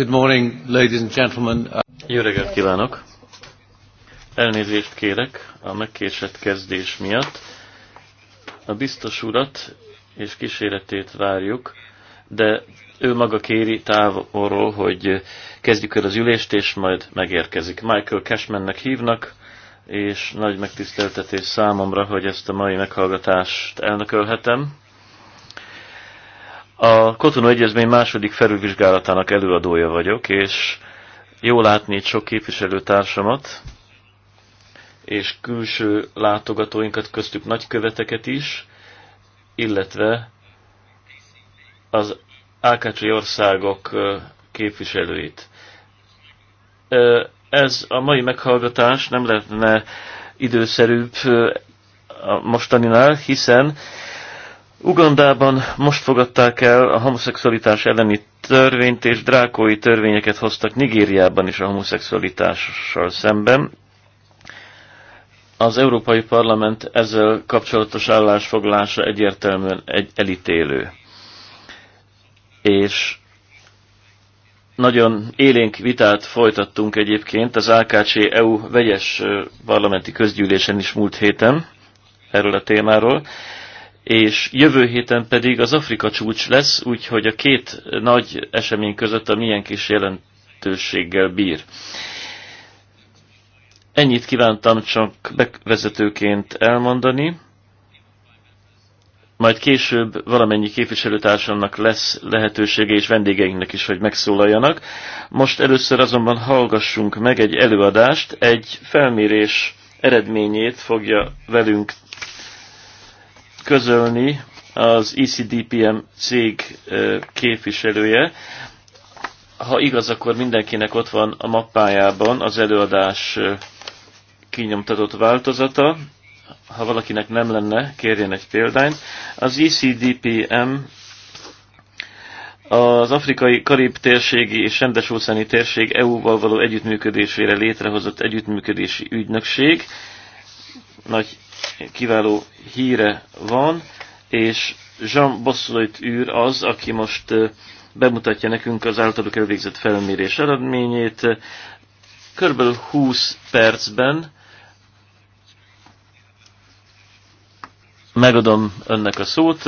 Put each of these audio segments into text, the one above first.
Good morning, ladies and gentlemen. Jó reggelt kívánok! Elnézést kérek a megkésett kezdés miatt. A biztos urat és kíséretét várjuk, de ő maga kéri távolról, hogy kezdjük el az ülést, és majd megérkezik. Michael Cashmannek hívnak, és nagy megtiszteltetés számomra, hogy ezt a mai meghallgatást elnökölhetem a Kotonó Egyezmény második felülvizsgálatának előadója vagyok, és jó látni itt sok képviselőtársamat, és külső látogatóinkat, köztük nagyköveteket is, illetve az Ákácsi országok képviselőit. Ez a mai meghallgatás nem lehetne időszerűbb a mostaninál, hiszen Ugandában most fogadták el a homoszexualitás elleni törvényt, és drákói törvényeket hoztak Nigériában is a homoszexualitással szemben. Az Európai Parlament ezzel kapcsolatos állásfoglalása egyértelműen egy elítélő. És nagyon élénk vitát folytattunk egyébként az AKC EU vegyes parlamenti közgyűlésen is múlt héten erről a témáról, és jövő héten pedig az Afrika csúcs lesz, úgyhogy a két nagy esemény között a milyen kis jelentőséggel bír. Ennyit kívántam csak bevezetőként elmondani. Majd később valamennyi képviselőtársamnak lesz lehetősége és vendégeinknek is, hogy megszólaljanak. Most először azonban hallgassunk meg egy előadást, egy felmérés eredményét fogja velünk közölni az ECDPM cég képviselője. Ha igaz, akkor mindenkinek ott van a mappájában az előadás kinyomtatott változata. Ha valakinek nem lenne, kérjen egy példányt. Az ECDPM az afrikai karib térségi és rendes óceáni térség EU-val való együttműködésére létrehozott együttműködési ügynökség, nagy kiváló híre van, és Jean Bosszolit űr az, aki most bemutatja nekünk az általuk elvégzett felmérés eredményét. Körülbelül 20 percben megadom önnek a szót,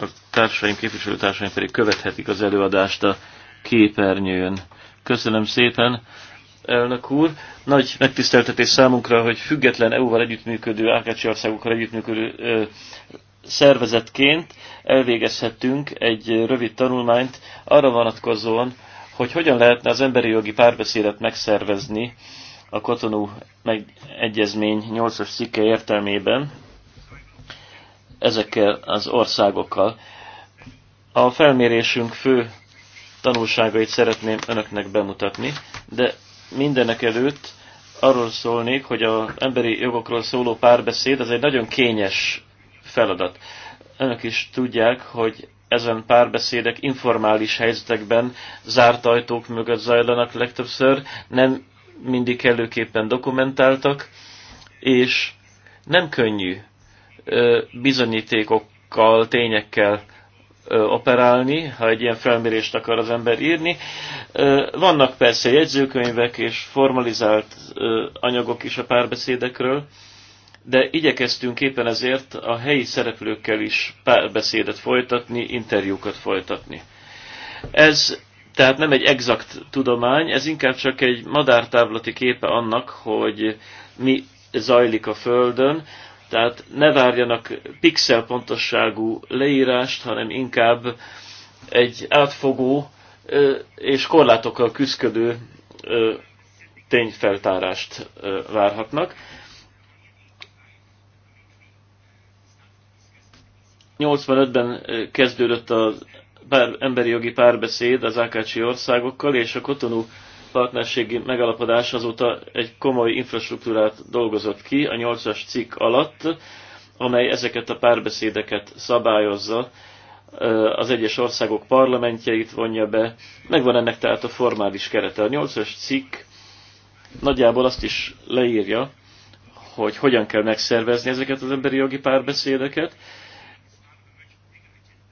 a társaim, képviselőtársaim pedig követhetik az előadást a képernyőn. Köszönöm szépen! elnök úr. Nagy megtiszteltetés számunkra, hogy független EU-val együttműködő, Ákácsi országokkal együttműködő ö, szervezetként elvégezhetünk egy rövid tanulmányt arra vonatkozóan, hogy hogyan lehetne az emberi jogi párbeszédet megszervezni a Kotonú egyezmény 8-as cikke értelmében ezekkel az országokkal. A felmérésünk fő tanulságait szeretném önöknek bemutatni, de mindenek előtt arról szólnék, hogy az emberi jogokról szóló párbeszéd az egy nagyon kényes feladat. Önök is tudják, hogy ezen párbeszédek informális helyzetekben zárt ajtók mögött zajlanak legtöbbször, nem mindig kellőképpen dokumentáltak, és nem könnyű bizonyítékokkal, tényekkel operálni, ha egy ilyen felmérést akar az ember írni. Vannak persze jegyzőkönyvek és formalizált anyagok is a párbeszédekről, de igyekeztünk éppen ezért a helyi szereplőkkel is párbeszédet folytatni, interjúkat folytatni. Ez tehát nem egy exakt tudomány, ez inkább csak egy madártávlati képe annak, hogy mi zajlik a Földön, tehát ne várjanak pixel pontosságú leírást, hanem inkább egy átfogó és korlátokkal küzdködő tényfeltárást várhatnak. 85-ben kezdődött az emberi jogi párbeszéd az Ákácsi országokkal, és a Kotonú partnerségi megalapodás azóta egy komoly infrastruktúrát dolgozott ki a 8-as cikk alatt, amely ezeket a párbeszédeket szabályozza, az egyes országok parlamentjeit vonja be, megvan ennek tehát a formális kerete. A 8-as cikk nagyjából azt is leírja, hogy hogyan kell megszervezni ezeket az emberi jogi párbeszédeket.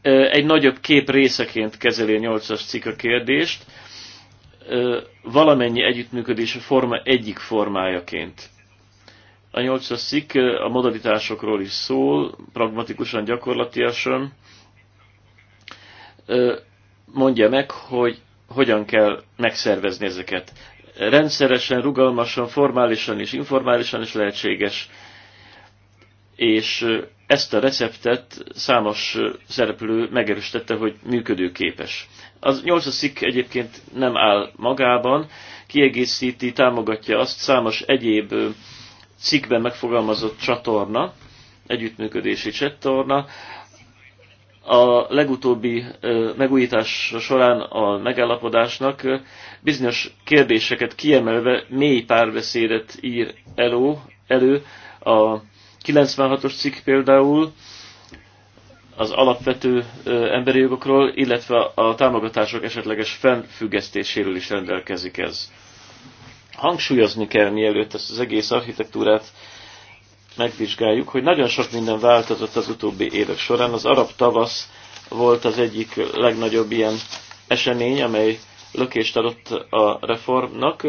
Egy nagyobb kép részeként kezeli a 8-as cikk a kérdést, valamennyi együttműködés a forma egyik formájaként. A nyolcas szik a modalitásokról is szól, pragmatikusan, gyakorlatiasan. Mondja meg, hogy hogyan kell megszervezni ezeket. Rendszeresen, rugalmasan, formálisan és informálisan is lehetséges, és ezt a receptet számos szereplő megerősítette, hogy működőképes. Az 8 szik egyébként nem áll magában, kiegészíti, támogatja azt számos egyéb cikkben megfogalmazott csatorna, együttműködési csatorna. A legutóbbi megújítás során a megállapodásnak bizonyos kérdéseket kiemelve mély párbeszédet ír elő, elő a 96-os cikk például, az alapvető emberi jogokról, illetve a támogatások esetleges fennfüggesztéséről is rendelkezik ez. Hangsúlyozni kell, mielőtt ezt az egész architektúrát megvizsgáljuk, hogy nagyon sok minden változott az utóbbi évek során. Az arab tavasz volt az egyik legnagyobb ilyen esemény, amely lökést adott a reformnak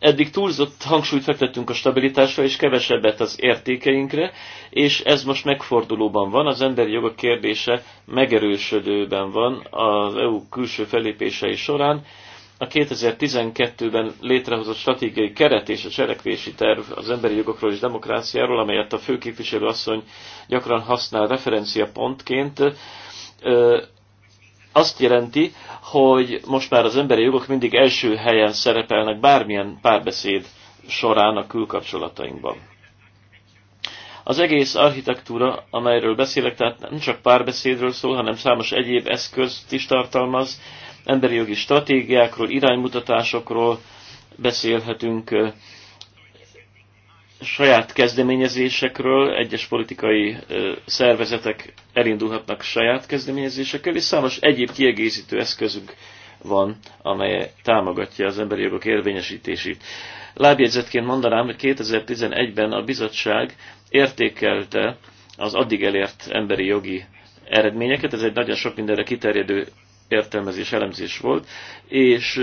eddig túlzott hangsúlyt fektettünk a stabilitásra, és kevesebbet az értékeinkre, és ez most megfordulóban van, az emberi jogok kérdése megerősödőben van az EU külső felépései során. A 2012-ben létrehozott stratégiai keret és a cselekvési terv az emberi jogokról és demokráciáról, amelyet a főképviselő asszony gyakran használ referenciapontként, azt jelenti, hogy most már az emberi jogok mindig első helyen szerepelnek bármilyen párbeszéd során a külkapcsolatainkban. Az egész architektúra, amelyről beszélek, tehát nem csak párbeszédről szól, hanem számos egyéb eszközt is tartalmaz, emberi jogi stratégiákról, iránymutatásokról beszélhetünk, saját kezdeményezésekről, egyes politikai szervezetek elindulhatnak saját kezdeményezésekkel, és számos egyéb kiegészítő eszközünk van, amely támogatja az emberi jogok érvényesítését. Lábjegyzetként mondanám, hogy 2011-ben a bizottság értékelte az addig elért emberi jogi eredményeket, ez egy nagyon sok mindenre kiterjedő értelmezés, elemzés volt, és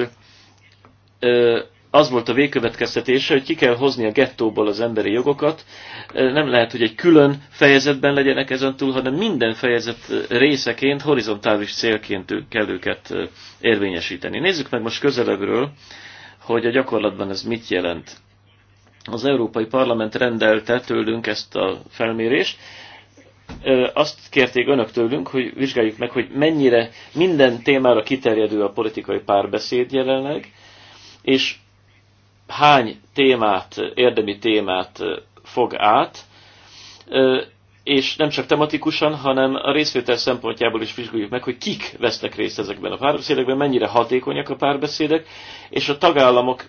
ö, az volt a végkövetkeztetése, hogy ki kell hozni a gettóból az emberi jogokat. Nem lehet, hogy egy külön fejezetben legyenek ezen túl, hanem minden fejezet részeként, horizontális célként kell őket érvényesíteni. Nézzük meg most közelebbről, hogy a gyakorlatban ez mit jelent. Az Európai Parlament rendelte tőlünk ezt a felmérést, azt kérték önök tőlünk, hogy vizsgáljuk meg, hogy mennyire minden témára kiterjedő a politikai párbeszéd jelenleg, és hány témát, érdemi témát fog át, és nem csak tematikusan, hanem a részvétel szempontjából is vizsgáljuk meg, hogy kik vesznek részt ezekben a párbeszédekben, mennyire hatékonyak a párbeszédek, és a tagállamok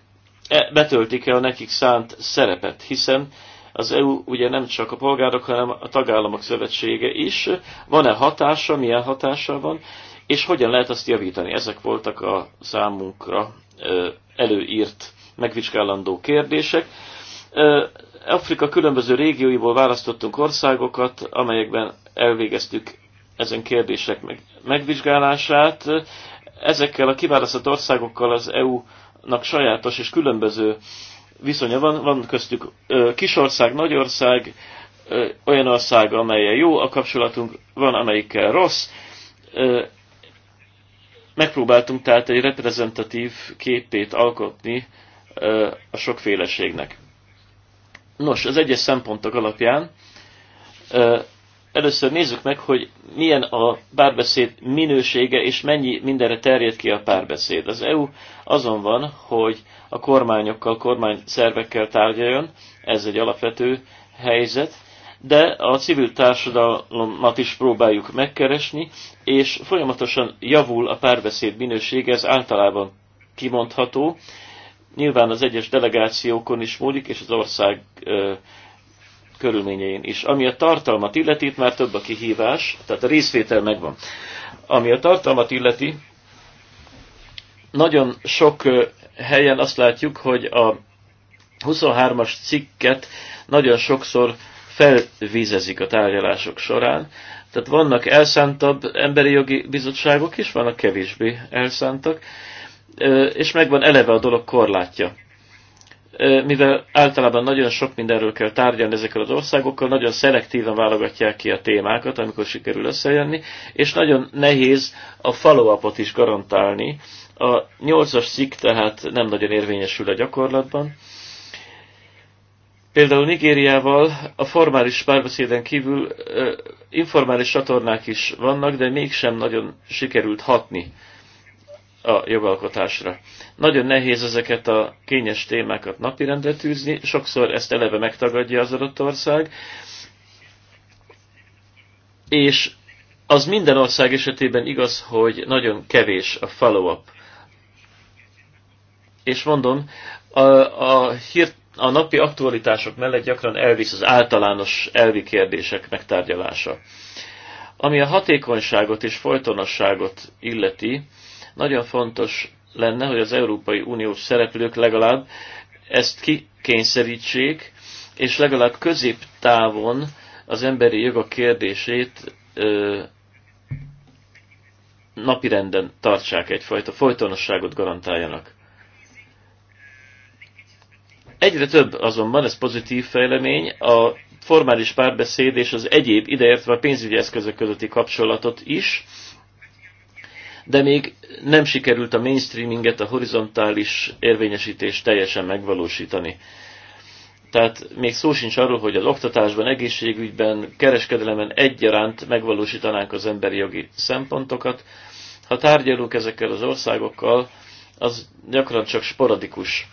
e, betöltik-e a nekik szánt szerepet, hiszen az EU ugye nem csak a polgárok, hanem a tagállamok szövetsége is. Van-e hatása, milyen hatása van, és hogyan lehet azt javítani? Ezek voltak a számunkra előírt megvizsgálandó kérdések. Afrika különböző régióiból választottunk országokat, amelyekben elvégeztük ezen kérdések megvizsgálását. Ezekkel a kiválasztott országokkal az EU-nak sajátos és különböző viszonya van. Van köztük kisország, nagyország, olyan ország, amelyen jó a kapcsolatunk, van amelyikkel rossz. Megpróbáltunk tehát egy reprezentatív képét alkotni a sokféleségnek. Nos, az egyes szempontok alapján először nézzük meg, hogy milyen a párbeszéd minősége, és mennyi mindenre terjed ki a párbeszéd. Az EU azon van, hogy a kormányokkal, kormányszervekkel tárgyaljon, ez egy alapvető helyzet, de a civil társadalomat is próbáljuk megkeresni, és folyamatosan javul a párbeszéd minősége, ez általában kimondható, Nyilván az egyes delegációkon is múlik, és az ország körülményein is. Ami a tartalmat illeti, itt már több a kihívás, tehát a részvétel megvan. Ami a tartalmat illeti, nagyon sok helyen azt látjuk, hogy a 23-as cikket nagyon sokszor felvízezik a tárgyalások során. Tehát vannak elszántabb emberi jogi bizottságok is, vannak kevésbé elszántak, és megvan eleve a dolog korlátja. Mivel általában nagyon sok mindenről kell tárgyalni ezekkel az országokkal, nagyon szelektíven válogatják ki a témákat, amikor sikerül összejönni, és nagyon nehéz a follow is garantálni. A nyolcas cikk tehát nem nagyon érvényesül a gyakorlatban. Például Nigériával a formális párbeszéden kívül informális csatornák is vannak, de mégsem nagyon sikerült hatni a jogalkotásra. Nagyon nehéz ezeket a kényes témákat napirendre tűzni, sokszor ezt eleve megtagadja az adott ország, és az minden ország esetében igaz, hogy nagyon kevés a follow-up. És mondom, a, a, hír, a napi aktualitások mellett gyakran elvisz az általános elvi kérdések megtárgyalása. Ami a hatékonyságot és folytonosságot illeti, nagyon fontos lenne, hogy az Európai Uniós szereplők legalább ezt kikényszerítsék, és legalább középtávon az emberi jogok kérdését ö, napirenden tartsák, egyfajta folytonosságot garantáljanak. Egyre több azonban, ez pozitív fejlemény, a formális párbeszéd és az egyéb, ideértve a pénzügyi eszközök közötti kapcsolatot is, de még nem sikerült a mainstreaminget, a horizontális érvényesítést teljesen megvalósítani. Tehát még szó sincs arról, hogy az oktatásban, egészségügyben, kereskedelemen egyaránt megvalósítanánk az emberi jogi szempontokat. Ha tárgyalunk ezekkel az országokkal, az gyakran csak sporadikus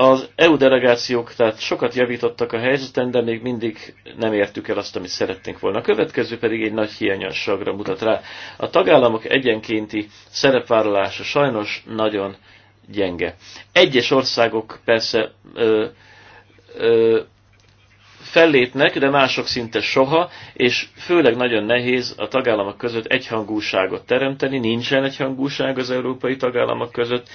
az EU delegációk tehát sokat javítottak a helyzeten, de még mindig nem értük el azt, amit szerettünk volna. A következő pedig egy nagy hiányosságra mutat rá. A tagállamok egyenkénti szerepvállalása sajnos nagyon gyenge. Egyes országok persze ö, ö, fellépnek, de mások szinte soha, és főleg nagyon nehéz a tagállamok között egyhangúságot teremteni, nincsen egyhangúság az európai tagállamok között,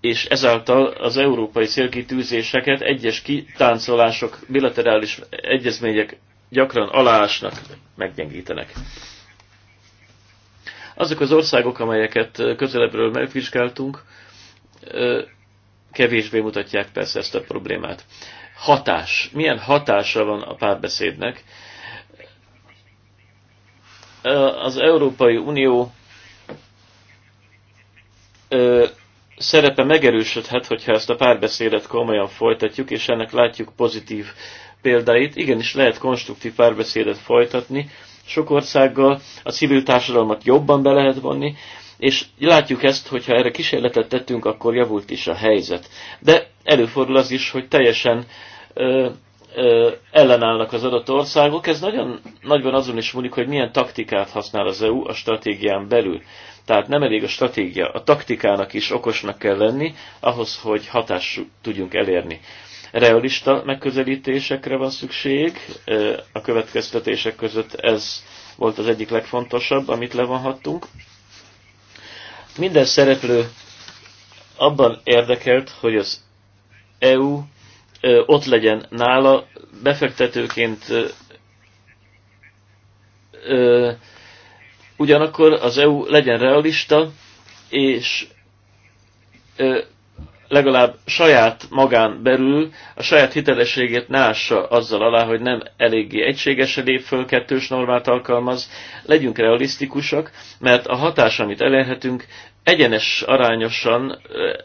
és ezáltal az európai célkitűzéseket egyes kitáncolások, bilaterális egyezmények gyakran aláásnak meggyengítenek. Azok az országok, amelyeket közelebbről megvizsgáltunk, kevésbé mutatják persze ezt a problémát. Hatás. Milyen hatása van a párbeszédnek? Az Európai Unió szerepe megerősödhet, hogyha ezt a párbeszédet komolyan folytatjuk, és ennek látjuk pozitív példáit. Igenis lehet konstruktív párbeszédet folytatni, sok országgal a civil társadalmat jobban be lehet vonni, és látjuk ezt, hogyha erre kísérletet tettünk, akkor javult is a helyzet. De előfordul az is, hogy teljesen ö, ellenállnak az adott országok. Ez nagyon nagyban azon is múlik, hogy milyen taktikát használ az EU a stratégián belül. Tehát nem elég a stratégia, a taktikának is okosnak kell lenni, ahhoz, hogy hatást tudjunk elérni. Realista megközelítésekre van szükség, a következtetések között ez volt az egyik legfontosabb, amit levonhattunk. Minden szereplő abban érdekelt, hogy az EU ott legyen nála, befektetőként ugyanakkor az EU legyen realista, és legalább saját magán belül a saját hitelességét ne ássa azzal alá, hogy nem eléggé egységesen lép föl, kettős normát alkalmaz. Legyünk realisztikusak, mert a hatás, amit elérhetünk, egyenes arányosan,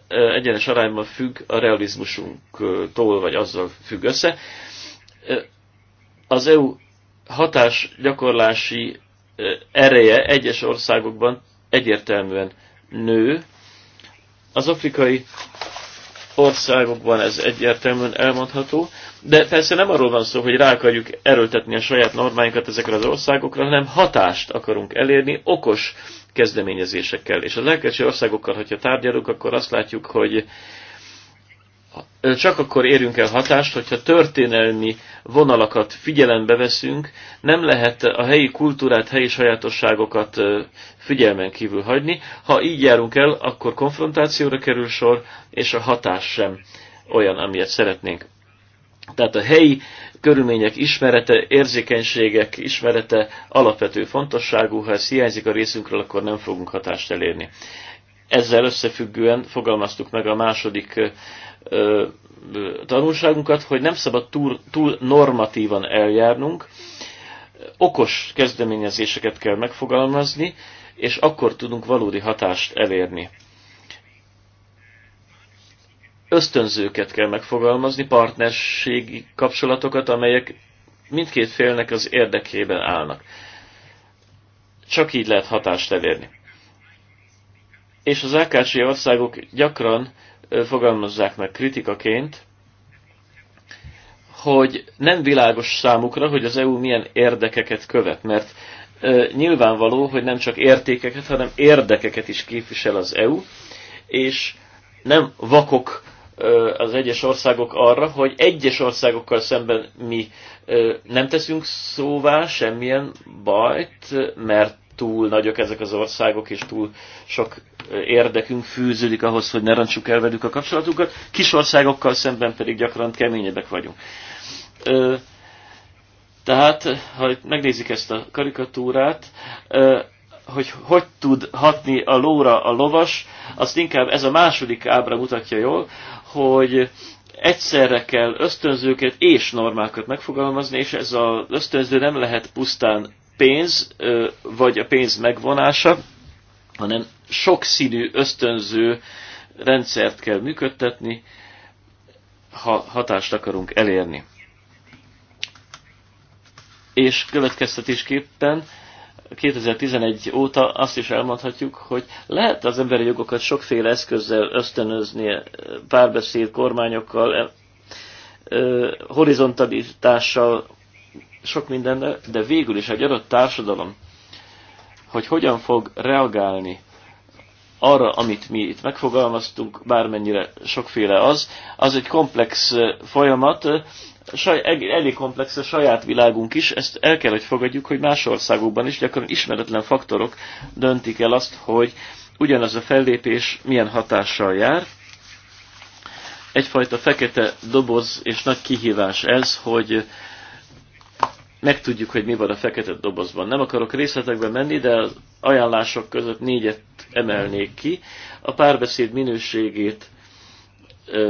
egyenes arányban függ a realizmusunktól, vagy azzal függ össze. Az EU hatás gyakorlási ereje egyes országokban egyértelműen nő. Az afrikai országokban ez egyértelműen elmondható, de persze nem arról van szó, hogy rá akarjuk erőltetni a saját normáinkat ezekre az országokra, hanem hatást akarunk elérni okos kezdeményezésekkel. És a legelső országokkal, hogyha tárgyalunk, akkor azt látjuk, hogy csak akkor érünk el hatást, hogyha történelmi vonalakat figyelembe veszünk, nem lehet a helyi kultúrát, helyi sajátosságokat figyelmen kívül hagyni. Ha így járunk el, akkor konfrontációra kerül sor, és a hatás sem olyan, amilyet szeretnénk. Tehát a helyi körülmények ismerete, érzékenységek ismerete alapvető fontosságú, ha ez hiányzik a részünkről, akkor nem fogunk hatást elérni. Ezzel összefüggően fogalmaztuk meg a második ö, tanulságunkat, hogy nem szabad túl, túl normatívan eljárnunk, okos kezdeményezéseket kell megfogalmazni, és akkor tudunk valódi hatást elérni. Ösztönzőket kell megfogalmazni, partnerségi kapcsolatokat, amelyek mindkét félnek az érdekében állnak. Csak így lehet hatást elérni. És az AKC országok gyakran fogalmazzák meg kritikaként, hogy nem világos számukra, hogy az EU milyen érdekeket követ, mert nyilvánvaló, hogy nem csak értékeket, hanem érdekeket is képvisel az EU, és nem vakok az egyes országok arra, hogy egyes országokkal szemben mi nem teszünk szóvá semmilyen bajt, mert túl nagyok ezek az országok, és túl sok érdekünk fűződik ahhoz, hogy ne rancsuk el velük a kapcsolatunkat. Kis országokkal szemben pedig gyakran keményebbek vagyunk. Tehát, ha megnézik ezt a karikatúrát, hogy hogy tud hatni a lóra a lovas, azt inkább ez a második ábra mutatja jól, hogy egyszerre kell ösztönzőket és normákat megfogalmazni, és ez az ösztönző nem lehet pusztán pénz, vagy a pénz megvonása, hanem sokszínű, ösztönző rendszert kell működtetni, ha hatást akarunk elérni. És következtetésképpen 2011 óta azt is elmondhatjuk, hogy lehet az emberi jogokat sokféle eszközzel ösztönözni, párbeszéd kormányokkal, horizontalitással, sok minden, de végül is egy adott társadalom, hogy hogyan fog reagálni arra, amit mi itt megfogalmaztunk, bármennyire sokféle az, az egy komplex folyamat, saj, elég komplex a saját világunk is, ezt el kell, hogy fogadjuk, hogy más országokban is gyakran ismeretlen faktorok döntik el azt, hogy ugyanaz a fellépés milyen hatással jár. Egyfajta fekete doboz és nagy kihívás ez, hogy megtudjuk, hogy mi van a fekete dobozban. Nem akarok részletekbe menni, de az ajánlások között négyet emelnék ki. A párbeszéd minőségét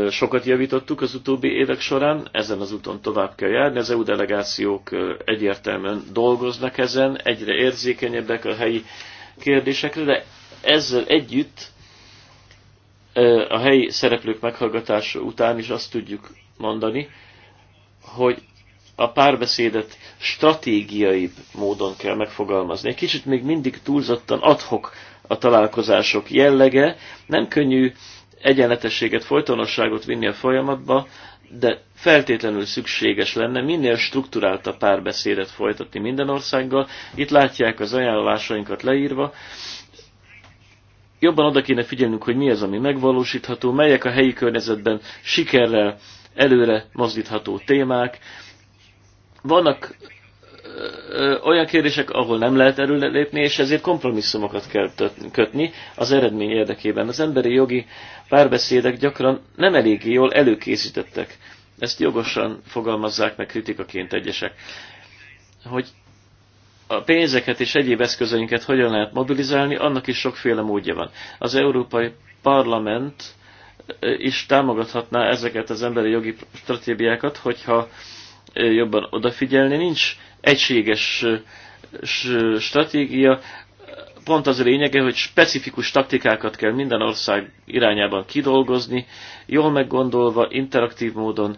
sokat javítottuk az utóbbi évek során, ezen az úton tovább kell járni, az EU delegációk egyértelműen dolgoznak ezen, egyre érzékenyebbek a helyi kérdésekre, de ezzel együtt a helyi szereplők meghallgatása után is azt tudjuk mondani, hogy a párbeszédet stratégiai módon kell megfogalmazni. Egy kicsit még mindig túlzottan adhok a találkozások jellege, nem könnyű egyenletességet, folytonosságot vinni a folyamatba, de feltétlenül szükséges lenne minél strukturált a párbeszédet folytatni minden országgal. Itt látják az ajánlásainkat leírva. Jobban oda kéne figyelnünk, hogy mi az, ami megvalósítható, melyek a helyi környezetben sikerrel előre mozdítható témák, vannak olyan kérdések, ahol nem lehet előrelépni, és ezért kompromisszumokat kell kötni az eredmény érdekében. Az emberi jogi párbeszédek gyakran nem eléggé jól előkészítettek. Ezt jogosan fogalmazzák meg kritikaként egyesek. Hogy a pénzeket és egyéb eszközeinket hogyan lehet mobilizálni, annak is sokféle módja van. Az Európai Parlament is támogathatná ezeket az emberi jogi stratégiákat, hogyha jobban odafigyelni. Nincs egységes stratégia, pont az a lényege, hogy specifikus taktikákat kell minden ország irányában kidolgozni, jól meggondolva, interaktív módon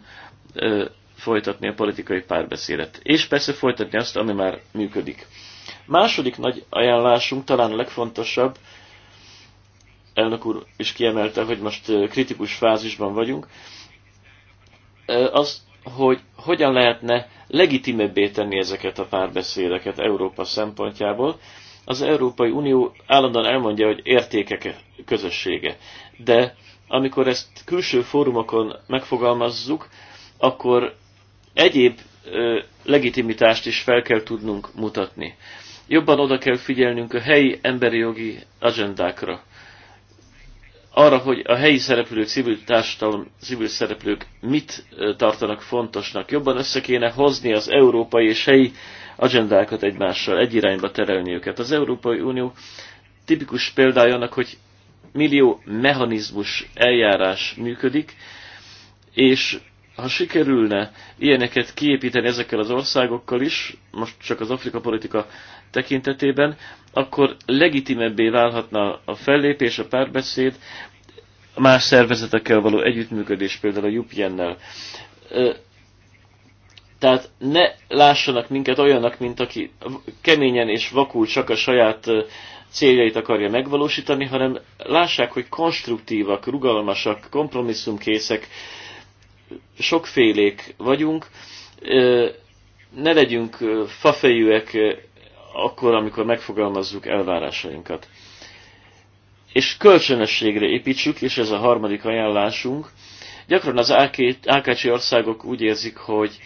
ö, folytatni a politikai párbeszédet. És persze folytatni azt, ami már működik. Második nagy ajánlásunk, talán a legfontosabb, elnök úr is kiemelte, hogy most kritikus fázisban vagyunk, az hogy hogyan lehetne legitimebbé tenni ezeket a párbeszédeket Európa szempontjából. Az Európai Unió állandóan elmondja, hogy értékek közössége. De amikor ezt külső fórumokon megfogalmazzuk, akkor egyéb legitimitást is fel kell tudnunk mutatni. Jobban oda kell figyelnünk a helyi emberi jogi agendákra arra, hogy a helyi szereplők, civil társadalom, civil szereplők mit tartanak fontosnak. Jobban össze kéne hozni az európai és helyi agendákat egymással, egy irányba terelni őket. Az Európai Unió tipikus példája annak, hogy millió mechanizmus eljárás működik, és ha sikerülne ilyeneket kiépíteni ezekkel az országokkal is, most csak az Afrika politika tekintetében, akkor legitimebbé válhatna a fellépés, a párbeszéd, más szervezetekkel való együttműködés, például a Jupiennel. Tehát ne lássanak minket olyannak, mint aki keményen és vakul csak a saját céljait akarja megvalósítani, hanem lássák, hogy konstruktívak, rugalmasak, kompromisszumkészek, sokfélék vagyunk, ne legyünk fafejűek akkor, amikor megfogalmazzuk elvárásainkat. És kölcsönösségre építsük, és ez a harmadik ajánlásunk. Gyakran az ákácsi országok úgy érzik, hogy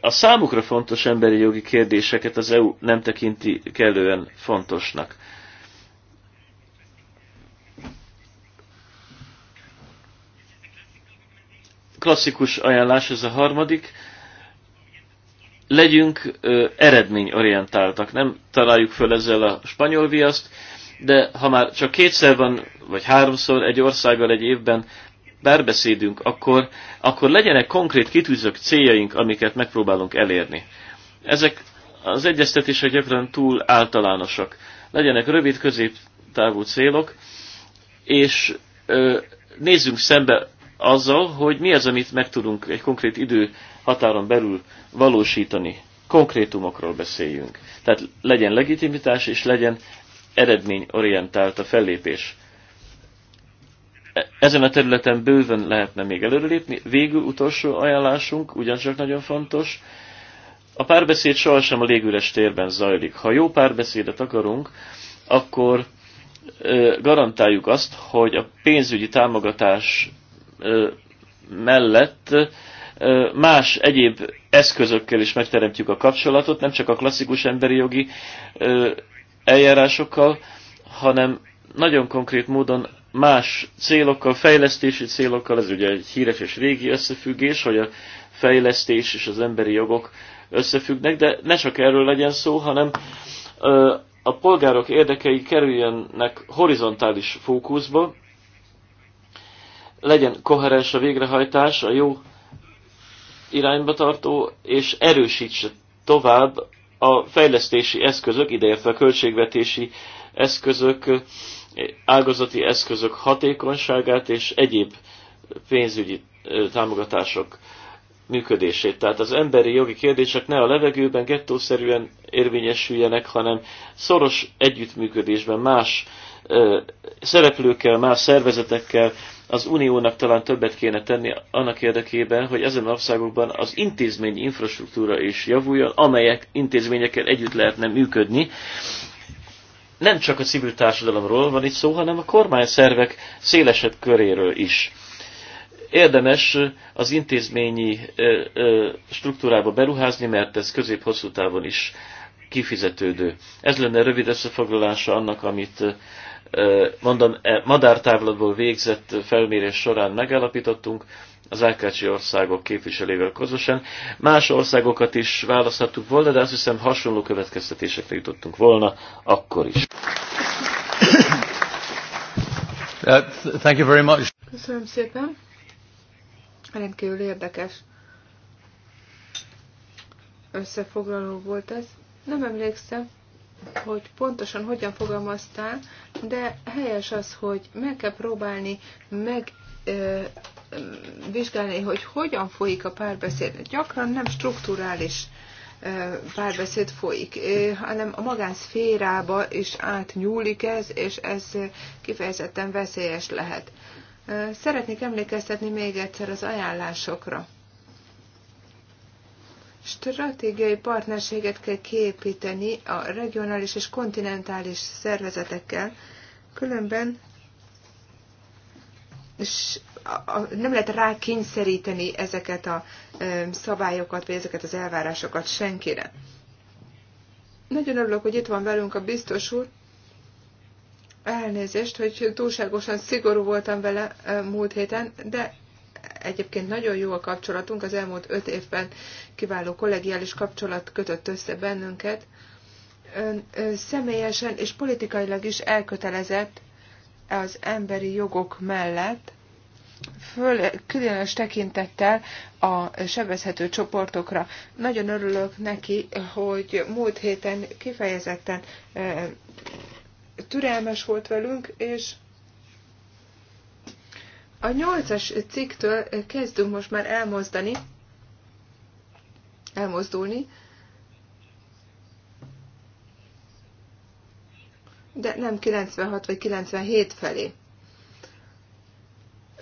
a számukra fontos emberi jogi kérdéseket az EU nem tekinti kellően fontosnak. klasszikus ajánlás, ez a harmadik. Legyünk ö, eredményorientáltak, nem találjuk föl ezzel a spanyol viaszt, de ha már csak kétszer van, vagy háromszor egy országgal egy évben bárbeszédünk, akkor, akkor legyenek konkrét kitűzök céljaink, amiket megpróbálunk elérni. Ezek az egyeztetések gyakran túl általánosak. Legyenek rövid, középtávú célok, és ö, nézzünk szembe azzal, hogy mi az, amit meg tudunk egy konkrét idő határon belül valósítani. Konkrétumokról beszéljünk. Tehát legyen legitimitás, és legyen eredményorientált a fellépés. E- ezen a területen bőven lehetne még előrelépni. Végül utolsó ajánlásunk, ugyancsak nagyon fontos, a párbeszéd sohasem a légüres térben zajlik. Ha jó párbeszédet akarunk, akkor garantáljuk azt, hogy a pénzügyi támogatás mellett más egyéb eszközökkel is megteremtjük a kapcsolatot, nem csak a klasszikus emberi jogi eljárásokkal, hanem nagyon konkrét módon más célokkal, fejlesztési célokkal, ez ugye egy híres és régi összefüggés, hogy a fejlesztés és az emberi jogok összefüggnek, de ne csak erről legyen szó, hanem a polgárok érdekei kerüljenek horizontális fókuszba, legyen koherens a végrehajtás, a jó irányba tartó, és erősítse tovább a fejlesztési eszközök, ideértve a költségvetési eszközök, ágazati eszközök hatékonyságát és egyéb pénzügyi támogatások működését. Tehát az emberi jogi kérdések ne a levegőben gettószerűen érvényesüljenek, hanem szoros együttműködésben más szereplőkkel, más szervezetekkel, az uniónak talán többet kéne tenni annak érdekében, hogy ezen országokban az intézmény infrastruktúra is javuljon, amelyek intézményekkel együtt lehetne működni. Nem csak a civil társadalomról van itt szó, hanem a kormányszervek szélesebb köréről is. Érdemes az intézményi struktúrába beruházni, mert ez közép-hosszú távon is kifizetődő. Ez lenne rövid összefoglalása annak, amit mondom, e, madártávlatból végzett felmérés során megállapítottunk, az Ákácsi országok képviselével közösen. Más országokat is választhattuk volna, de azt hiszem hasonló következtetésekre jutottunk volna akkor is. Uh, thank you very much. Köszönöm szépen. Rendkívül érdekes összefoglaló volt ez. Nem emlékszem, hogy pontosan hogyan fogalmaztál, de helyes az, hogy meg kell próbálni meg ö, vizsgálni, hogy hogyan folyik a párbeszéd. Gyakran nem strukturális párbeszéd folyik, hanem a magánszférába is átnyúlik ez, és ez kifejezetten veszélyes lehet. Szeretnék emlékeztetni még egyszer az ajánlásokra stratégiai partnerséget kell kiépíteni a regionális és kontinentális szervezetekkel, különben és nem lehet kényszeríteni ezeket a szabályokat, vagy ezeket az elvárásokat senkire. Nagyon örülök, hogy itt van velünk a biztos úr. Elnézést, hogy túlságosan szigorú voltam vele múlt héten, de Egyébként nagyon jó a kapcsolatunk, az elmúlt öt évben kiváló kollegiális kapcsolat kötött össze bennünket. Ön, ö, személyesen és politikailag is elkötelezett az emberi jogok mellett, föl, különös tekintettel a sebezhető csoportokra. Nagyon örülök neki, hogy múlt héten kifejezetten türelmes volt velünk, és a nyolcas cikktől kezdünk most már elmozdani, elmozdulni, de nem 96 vagy 97 felé.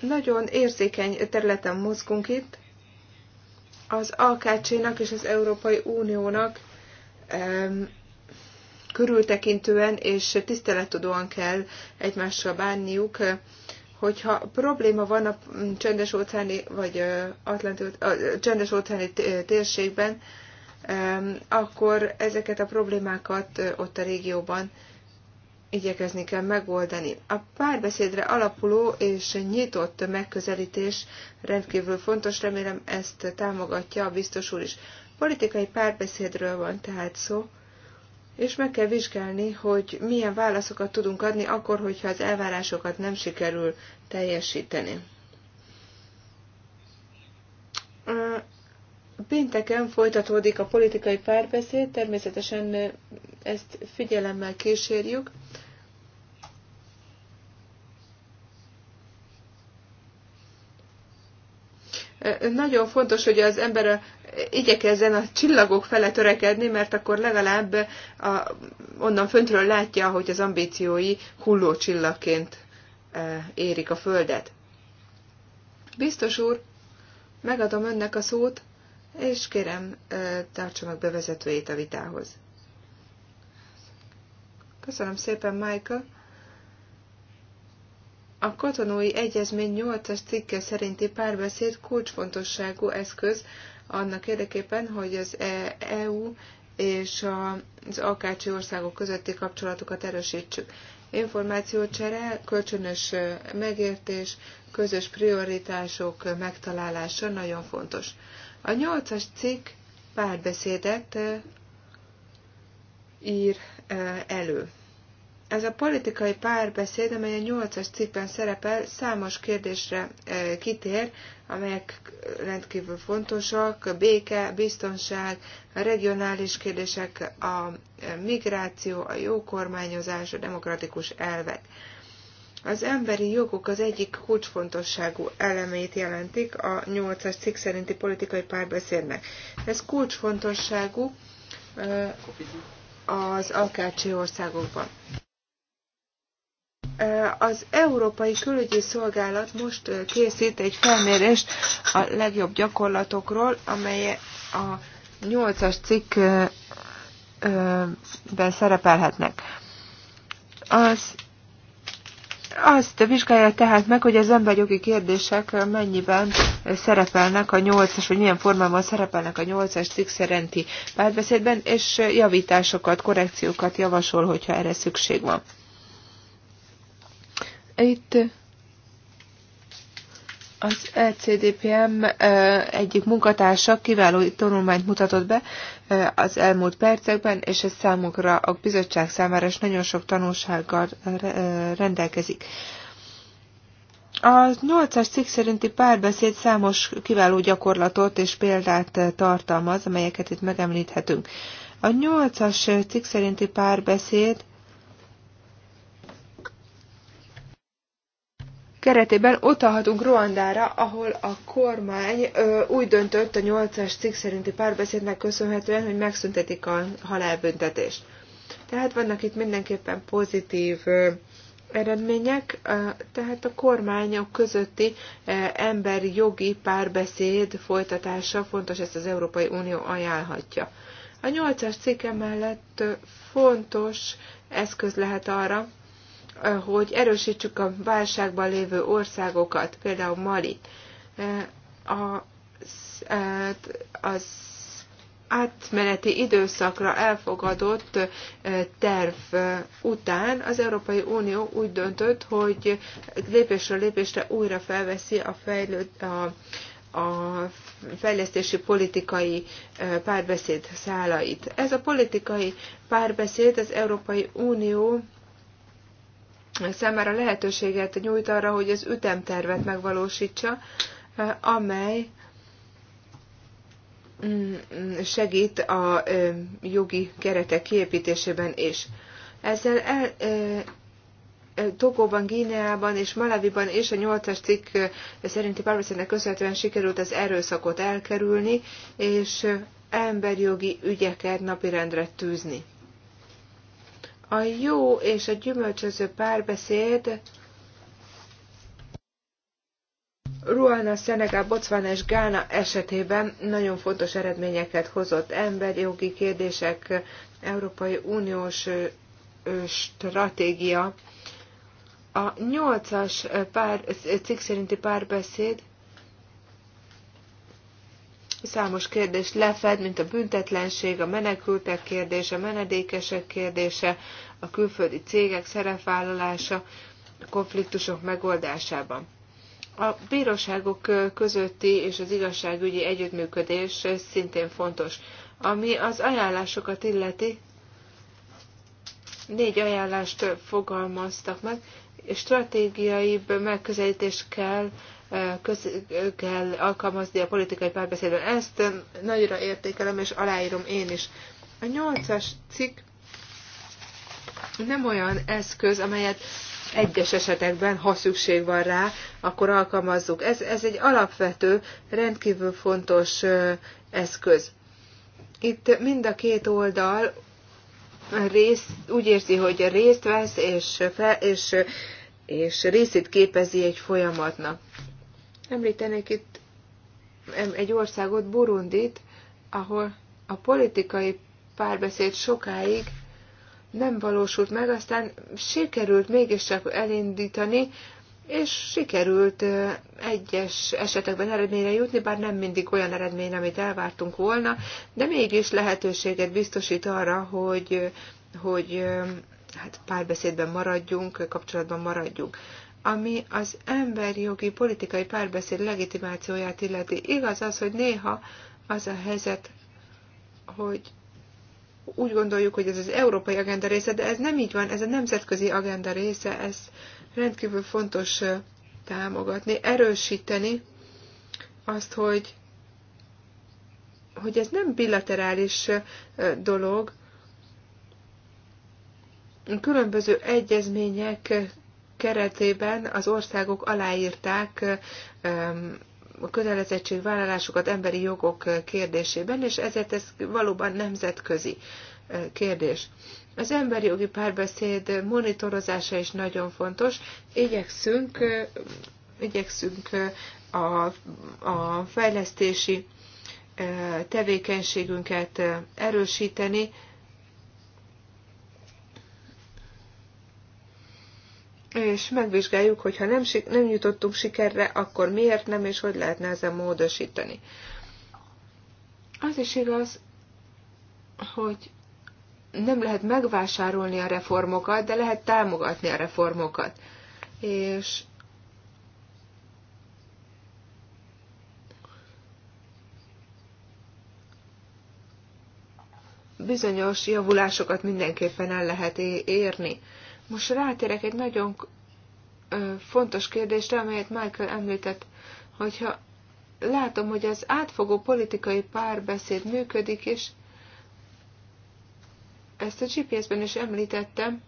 Nagyon érzékeny területen mozgunk itt. Az AKC-nak és az Európai Uniónak um, körültekintően és tisztelettudóan kell egymással bánniuk hogyha probléma van a csendes óceáni vagy Atlanti, a csendes óceáni térségben, akkor ezeket a problémákat ott a régióban igyekezni kell megoldani. A párbeszédre alapuló és nyitott megközelítés rendkívül fontos, remélem ezt támogatja a biztos úr is. Politikai párbeszédről van tehát szó, és meg kell vizsgálni, hogy milyen válaszokat tudunk adni akkor, hogyha az elvárásokat nem sikerül teljesíteni. Pénteken folytatódik a politikai párbeszéd, természetesen ezt figyelemmel kísérjük. Nagyon fontos, hogy az ember igyekezzen a csillagok fele törekedni, mert akkor legalább a, onnan föntről látja, hogy az ambíciói csillagként e, érik a földet. Biztos úr, megadom önnek a szót, és kérem, e, tartsa meg bevezetőjét a vitához. Köszönöm szépen, Michael. A katonói egyezmény 8-as cikke szerinti párbeszéd kulcsfontosságú eszköz annak érdekében, hogy az e- EU és az AKC országok közötti kapcsolatokat erősítsük. Információcsere, kölcsönös megértés, közös prioritások megtalálása nagyon fontos. A 8-as cikk párbeszédet ír elő. Ez a politikai párbeszéd, amely a nyolcas cikkben szerepel, számos kérdésre e, kitér, amelyek rendkívül fontosak, béke, biztonság, a regionális kérdések, a e, migráció, a jó kormányozás, a demokratikus elvek. Az emberi jogok az egyik kulcsfontosságú elemét jelentik a nyolcas cikk szerinti politikai párbeszédnek. Ez kulcsfontosságú e, az alkácsi országokban. Az Európai Külügyi Szolgálat most készít egy felmérést a legjobb gyakorlatokról, amely a 8-as cikkben szerepelhetnek. Az azt vizsgálja tehát meg, hogy az emberjogi kérdések mennyiben szerepelnek a 8-as, vagy milyen formában szerepelnek a 8-as cikk szerinti párbeszédben, és javításokat, korrekciókat javasol, hogyha erre szükség van. Itt az ECDPM egyik munkatársa kiváló tanulmányt mutatott be az elmúlt percekben, és ez számukra a bizottság számára is nagyon sok tanulsággal rendelkezik. A 8-as cikk szerinti párbeszéd számos kiváló gyakorlatot és példát tartalmaz, amelyeket itt megemlíthetünk. A 8-as cikk szerinti párbeszéd keretében utalhatunk Ruandára, ahol a kormány ö, úgy döntött a 8-as cikk szerinti párbeszédnek köszönhetően, hogy megszüntetik a halálbüntetést. Tehát vannak itt mindenképpen pozitív ö, eredmények, ö, tehát a kormányok közötti ö, emberi jogi párbeszéd folytatása fontos, ezt az Európai Unió ajánlhatja. A 8-as cikke mellett fontos eszköz lehet arra, hogy erősítsük a válságban lévő országokat, például Mali. E, a, e, az átmeneti időszakra elfogadott e, terv után az Európai Unió úgy döntött, hogy lépésről lépésre újra felveszi a, fejlőt, a, a fejlesztési politikai párbeszéd szálait. Ez a politikai párbeszéd az Európai Unió számára lehetőséget nyújt arra, hogy az ütemtervet megvalósítsa, amely mm, segít a jogi keretek kiépítésében is. Ezzel el, Togóban, Gíneában és Malaviban és a nyolcas cikk szerinti párbeszédnek köszönhetően sikerült az erőszakot elkerülni, és emberjogi ügyeket napirendre tűzni. A jó és a gyümölcsöző párbeszéd Ruana, Szenegá, Botswana és Gána esetében nagyon fontos eredményeket hozott jogi kérdések, Európai Uniós stratégia. A nyolcas pár, cikk szerinti párbeszéd számos kérdést lefed, mint a büntetlenség, a menekültek kérdése, a menedékesek kérdése, a külföldi cégek szerepvállalása, a konfliktusok megoldásában. A bíróságok közötti és az igazságügyi együttműködés szintén fontos. Ami az ajánlásokat illeti, négy ajánlást fogalmaztak meg, és stratégiai megközelítést kell köz, kell alkalmazni a politikai párbeszédben. Ezt nagyra értékelem, és aláírom én is. A nyolcas cikk nem olyan eszköz, amelyet egyes esetekben, ha szükség van rá, akkor alkalmazzuk. Ez, ez egy alapvető, rendkívül fontos eszköz. Itt mind a két oldal rész, úgy érzi, hogy részt vesz, és, fe, és, és részét képezi egy folyamatnak. Említenék itt egy országot, Burundit, ahol a politikai párbeszéd sokáig nem valósult meg, aztán sikerült mégiscsak elindítani, és sikerült egyes esetekben eredményre jutni, bár nem mindig olyan eredmény, amit elvártunk volna, de mégis lehetőséget biztosít arra, hogy, hogy hát párbeszédben maradjunk, kapcsolatban maradjunk ami az emberjogi politikai párbeszéd legitimációját illeti. Igaz az, hogy néha az a helyzet, hogy úgy gondoljuk, hogy ez az európai agenda része, de ez nem így van, ez a nemzetközi agenda része, ez rendkívül fontos támogatni, erősíteni azt, hogy, hogy ez nem bilaterális dolog, különböző egyezmények keretében az országok aláírták a kötelezettségvállalásukat emberi jogok kérdésében, és ezért ez valóban nemzetközi kérdés. Az emberi jogi párbeszéd monitorozása is nagyon fontos. Igyekszünk, igyekszünk a, a fejlesztési tevékenységünket erősíteni, és megvizsgáljuk, hogy ha nem, nem jutottunk sikerre, akkor miért nem, és hogy lehetne ezen módosítani. Az is igaz, hogy nem lehet megvásárolni a reformokat, de lehet támogatni a reformokat. És bizonyos javulásokat mindenképpen el lehet érni. Most rátérek egy nagyon fontos kérdésre, amelyet Michael említett, hogyha látom, hogy az átfogó politikai párbeszéd működik, és ezt a GPS-ben is említettem,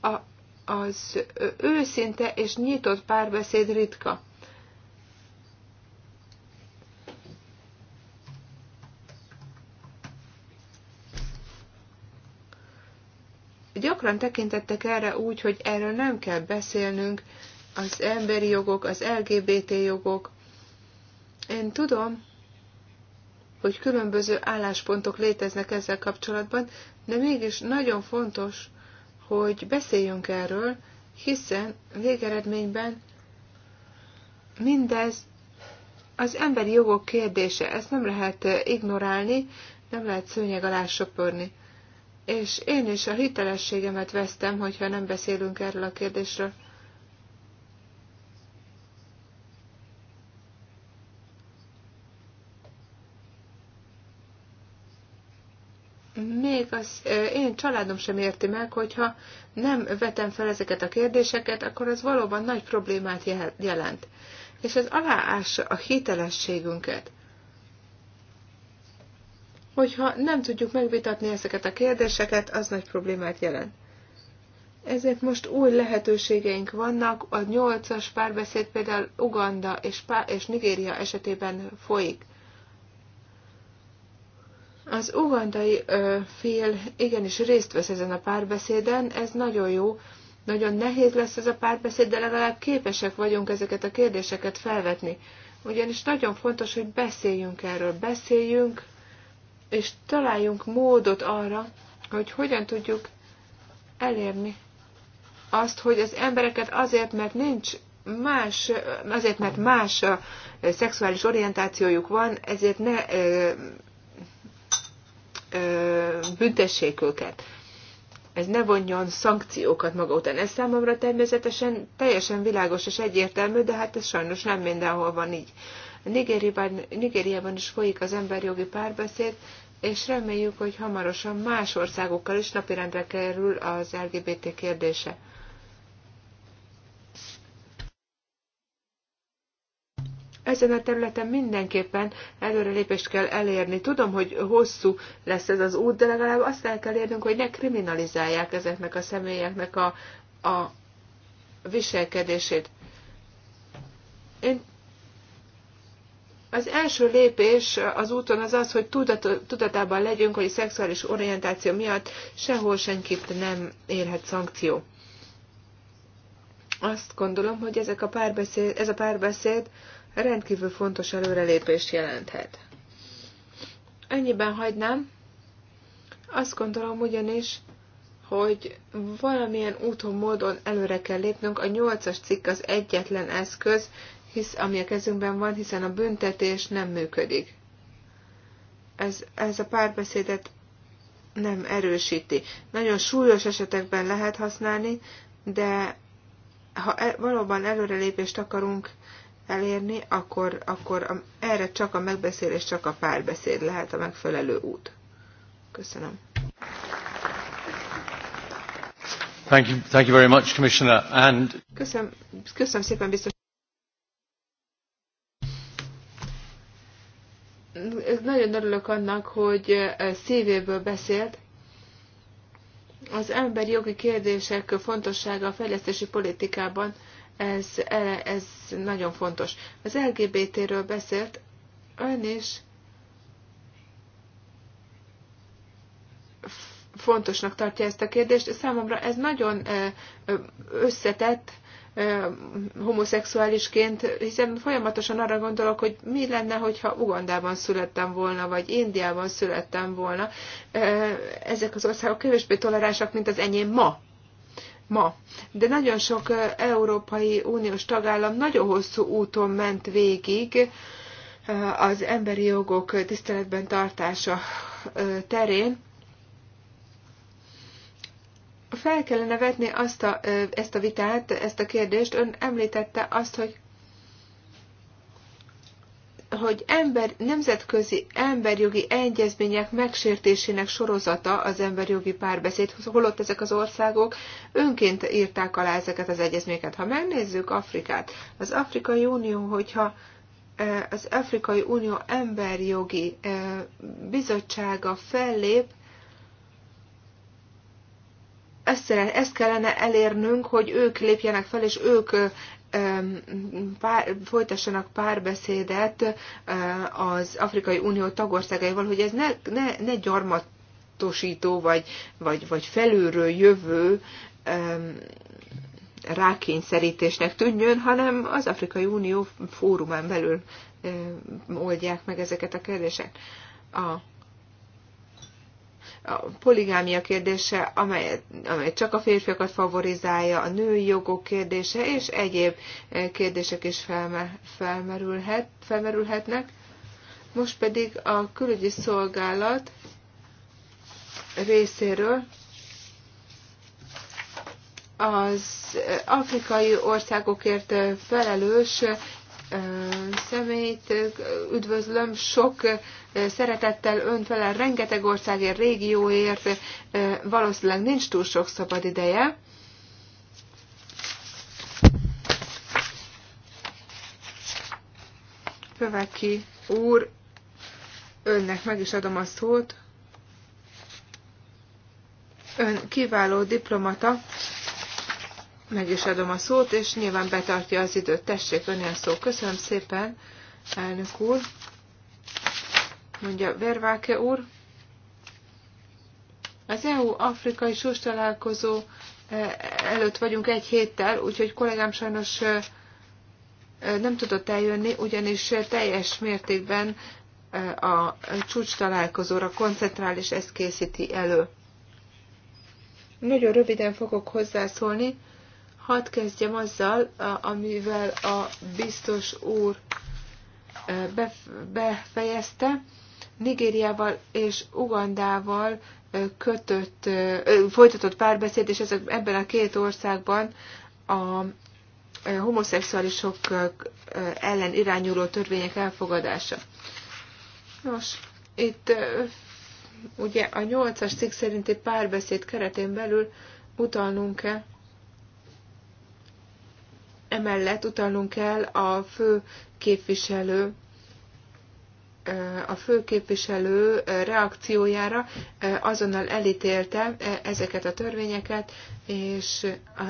a, az őszinte és nyitott párbeszéd ritka. gyakran tekintettek erre úgy, hogy erről nem kell beszélnünk, az emberi jogok, az LGBT jogok. Én tudom, hogy különböző álláspontok léteznek ezzel kapcsolatban, de mégis nagyon fontos, hogy beszéljünk erről, hiszen végeredményben mindez az emberi jogok kérdése, ezt nem lehet ignorálni, nem lehet szőnyeg alá söpörni és én is a hitelességemet vesztem, hogyha nem beszélünk erről a kérdésről. Még az én családom sem érti meg, hogyha nem vetem fel ezeket a kérdéseket, akkor ez valóban nagy problémát jelent. És ez aláássa a hitelességünket hogyha nem tudjuk megvitatni ezeket a kérdéseket, az nagy problémát jelent. Ezért most új lehetőségeink vannak, a nyolcas párbeszéd például Uganda és, Pá- és Nigéria esetében folyik. Az ugandai ö, fél igenis részt vesz ezen a párbeszéden, ez nagyon jó, nagyon nehéz lesz ez a párbeszéd, de legalább képesek vagyunk ezeket a kérdéseket felvetni. Ugyanis nagyon fontos, hogy beszéljünk erről, beszéljünk és találjunk módot arra, hogy hogyan tudjuk elérni azt, hogy az embereket azért, mert nincs más, azért, mert más a szexuális orientációjuk van, ezért ne ö, ö, büntessék őket. Ez ne vonjon szankciókat maga után. Ez számomra természetesen teljesen világos és egyértelmű, de hát ez sajnos nem mindenhol van így. Ö, Nigériában, Nigériában is folyik az emberjogi párbeszéd, és reméljük, hogy hamarosan más országokkal is napirendre kerül az LGBT kérdése. Ezen a területen mindenképpen előrelépést kell elérni. Tudom, hogy hosszú lesz ez az út, de legalább azt el kell érnünk, hogy ne kriminalizálják ezeknek a személyeknek a, a viselkedését. Én az első lépés az úton az az, hogy tudatában legyünk, hogy a szexuális orientáció miatt sehol senkit nem érhet szankció. Azt gondolom, hogy ezek a párbeszéd, ez a párbeszéd rendkívül fontos előrelépést jelenthet. Ennyiben hagynám. Azt gondolom ugyanis, hogy valamilyen úton, módon előre kell lépnünk. A nyolcas cikk az egyetlen eszköz, hisz, ami a kezünkben van, hiszen a büntetés nem működik. Ez, ez a párbeszédet nem erősíti. Nagyon súlyos esetekben lehet használni, de ha e, valóban előrelépést akarunk elérni, akkor, akkor a, erre csak a megbeszélés, csak a párbeszéd lehet a megfelelő út. Köszönöm. Thank you, thank you very much, Commissioner. And... Köszönöm, köszönöm szépen, biztos. nagyon örülök annak, hogy szívéből beszélt. Az emberi jogi kérdések fontossága a fejlesztési politikában, ez, e, ez nagyon fontos. Az LGBT-ről beszélt ön is. Fontosnak tartja ezt a kérdést. Számomra ez nagyon összetett, homoszexuálisként, hiszen folyamatosan arra gondolok, hogy mi lenne, hogyha Ugandában születtem volna, vagy Indiában születtem volna. Ezek az országok kevésbé toleránsak, mint az enyém ma. Ma. De nagyon sok Európai Uniós tagállam nagyon hosszú úton ment végig az emberi jogok tiszteletben tartása terén fel kellene vetni azt a, ezt a vitát, ezt a kérdést. Ön említette azt, hogy hogy ember, nemzetközi emberjogi egyezmények megsértésének sorozata az emberjogi párbeszéd, holott ezek az országok önként írták alá ezeket az egyezményeket. Ha megnézzük Afrikát, az Afrikai Unió, hogyha az Afrikai Unió emberjogi bizottsága fellép, ezt, ezt kellene elérnünk, hogy ők lépjenek fel, és ők pár, folytassanak párbeszédet az Afrikai Unió tagországaival, hogy ez ne, ne, ne gyarmatosító vagy, vagy, vagy felülről jövő rákényszerítésnek tűnjön, hanem az Afrikai Unió fórumán belül oldják meg ezeket a kérdéseket. A a poligámia kérdése, amely, amely csak a férfiakat favorizálja, a női jogok kérdése és egyéb eh, kérdések is felme, felmerülhet, felmerülhetnek. Most pedig a külügyi szolgálat részéről az eh, afrikai országokért eh, felelős személyt üdvözlöm, sok szeretettel önt felel rengeteg országért, régióért, valószínűleg nincs túl sok szabad ideje. Föveki úr, önnek meg is adom a szót. Ön kiváló diplomata, meg is adom a szót, és nyilván betartja az időt. Tessék, önél szó. Köszönöm szépen, elnök úr mondja Verváke úr. Az EU-Afrikai sós találkozó eh, előtt vagyunk egy héttel, úgyhogy kollégám sajnos eh, eh, nem tudott eljönni, ugyanis teljes mértékben a csúcs találkozóra koncentrál, és ezt készíti elő. Nagyon röviden fogok hozzászólni. Hadd kezdjem azzal, amivel a biztos úr befejezte. Nigériával és Ugandával kötött, folytatott párbeszéd, és ezek, ebben a két országban a homoszexuálisok ellen irányuló törvények elfogadása. Nos, itt ugye a nyolcas cikk szerinti párbeszéd keretén belül utalnunk kell, emellett utalnunk kell a fő képviselő a főképviselő reakciójára azonnal elítélte ezeket a törvényeket, és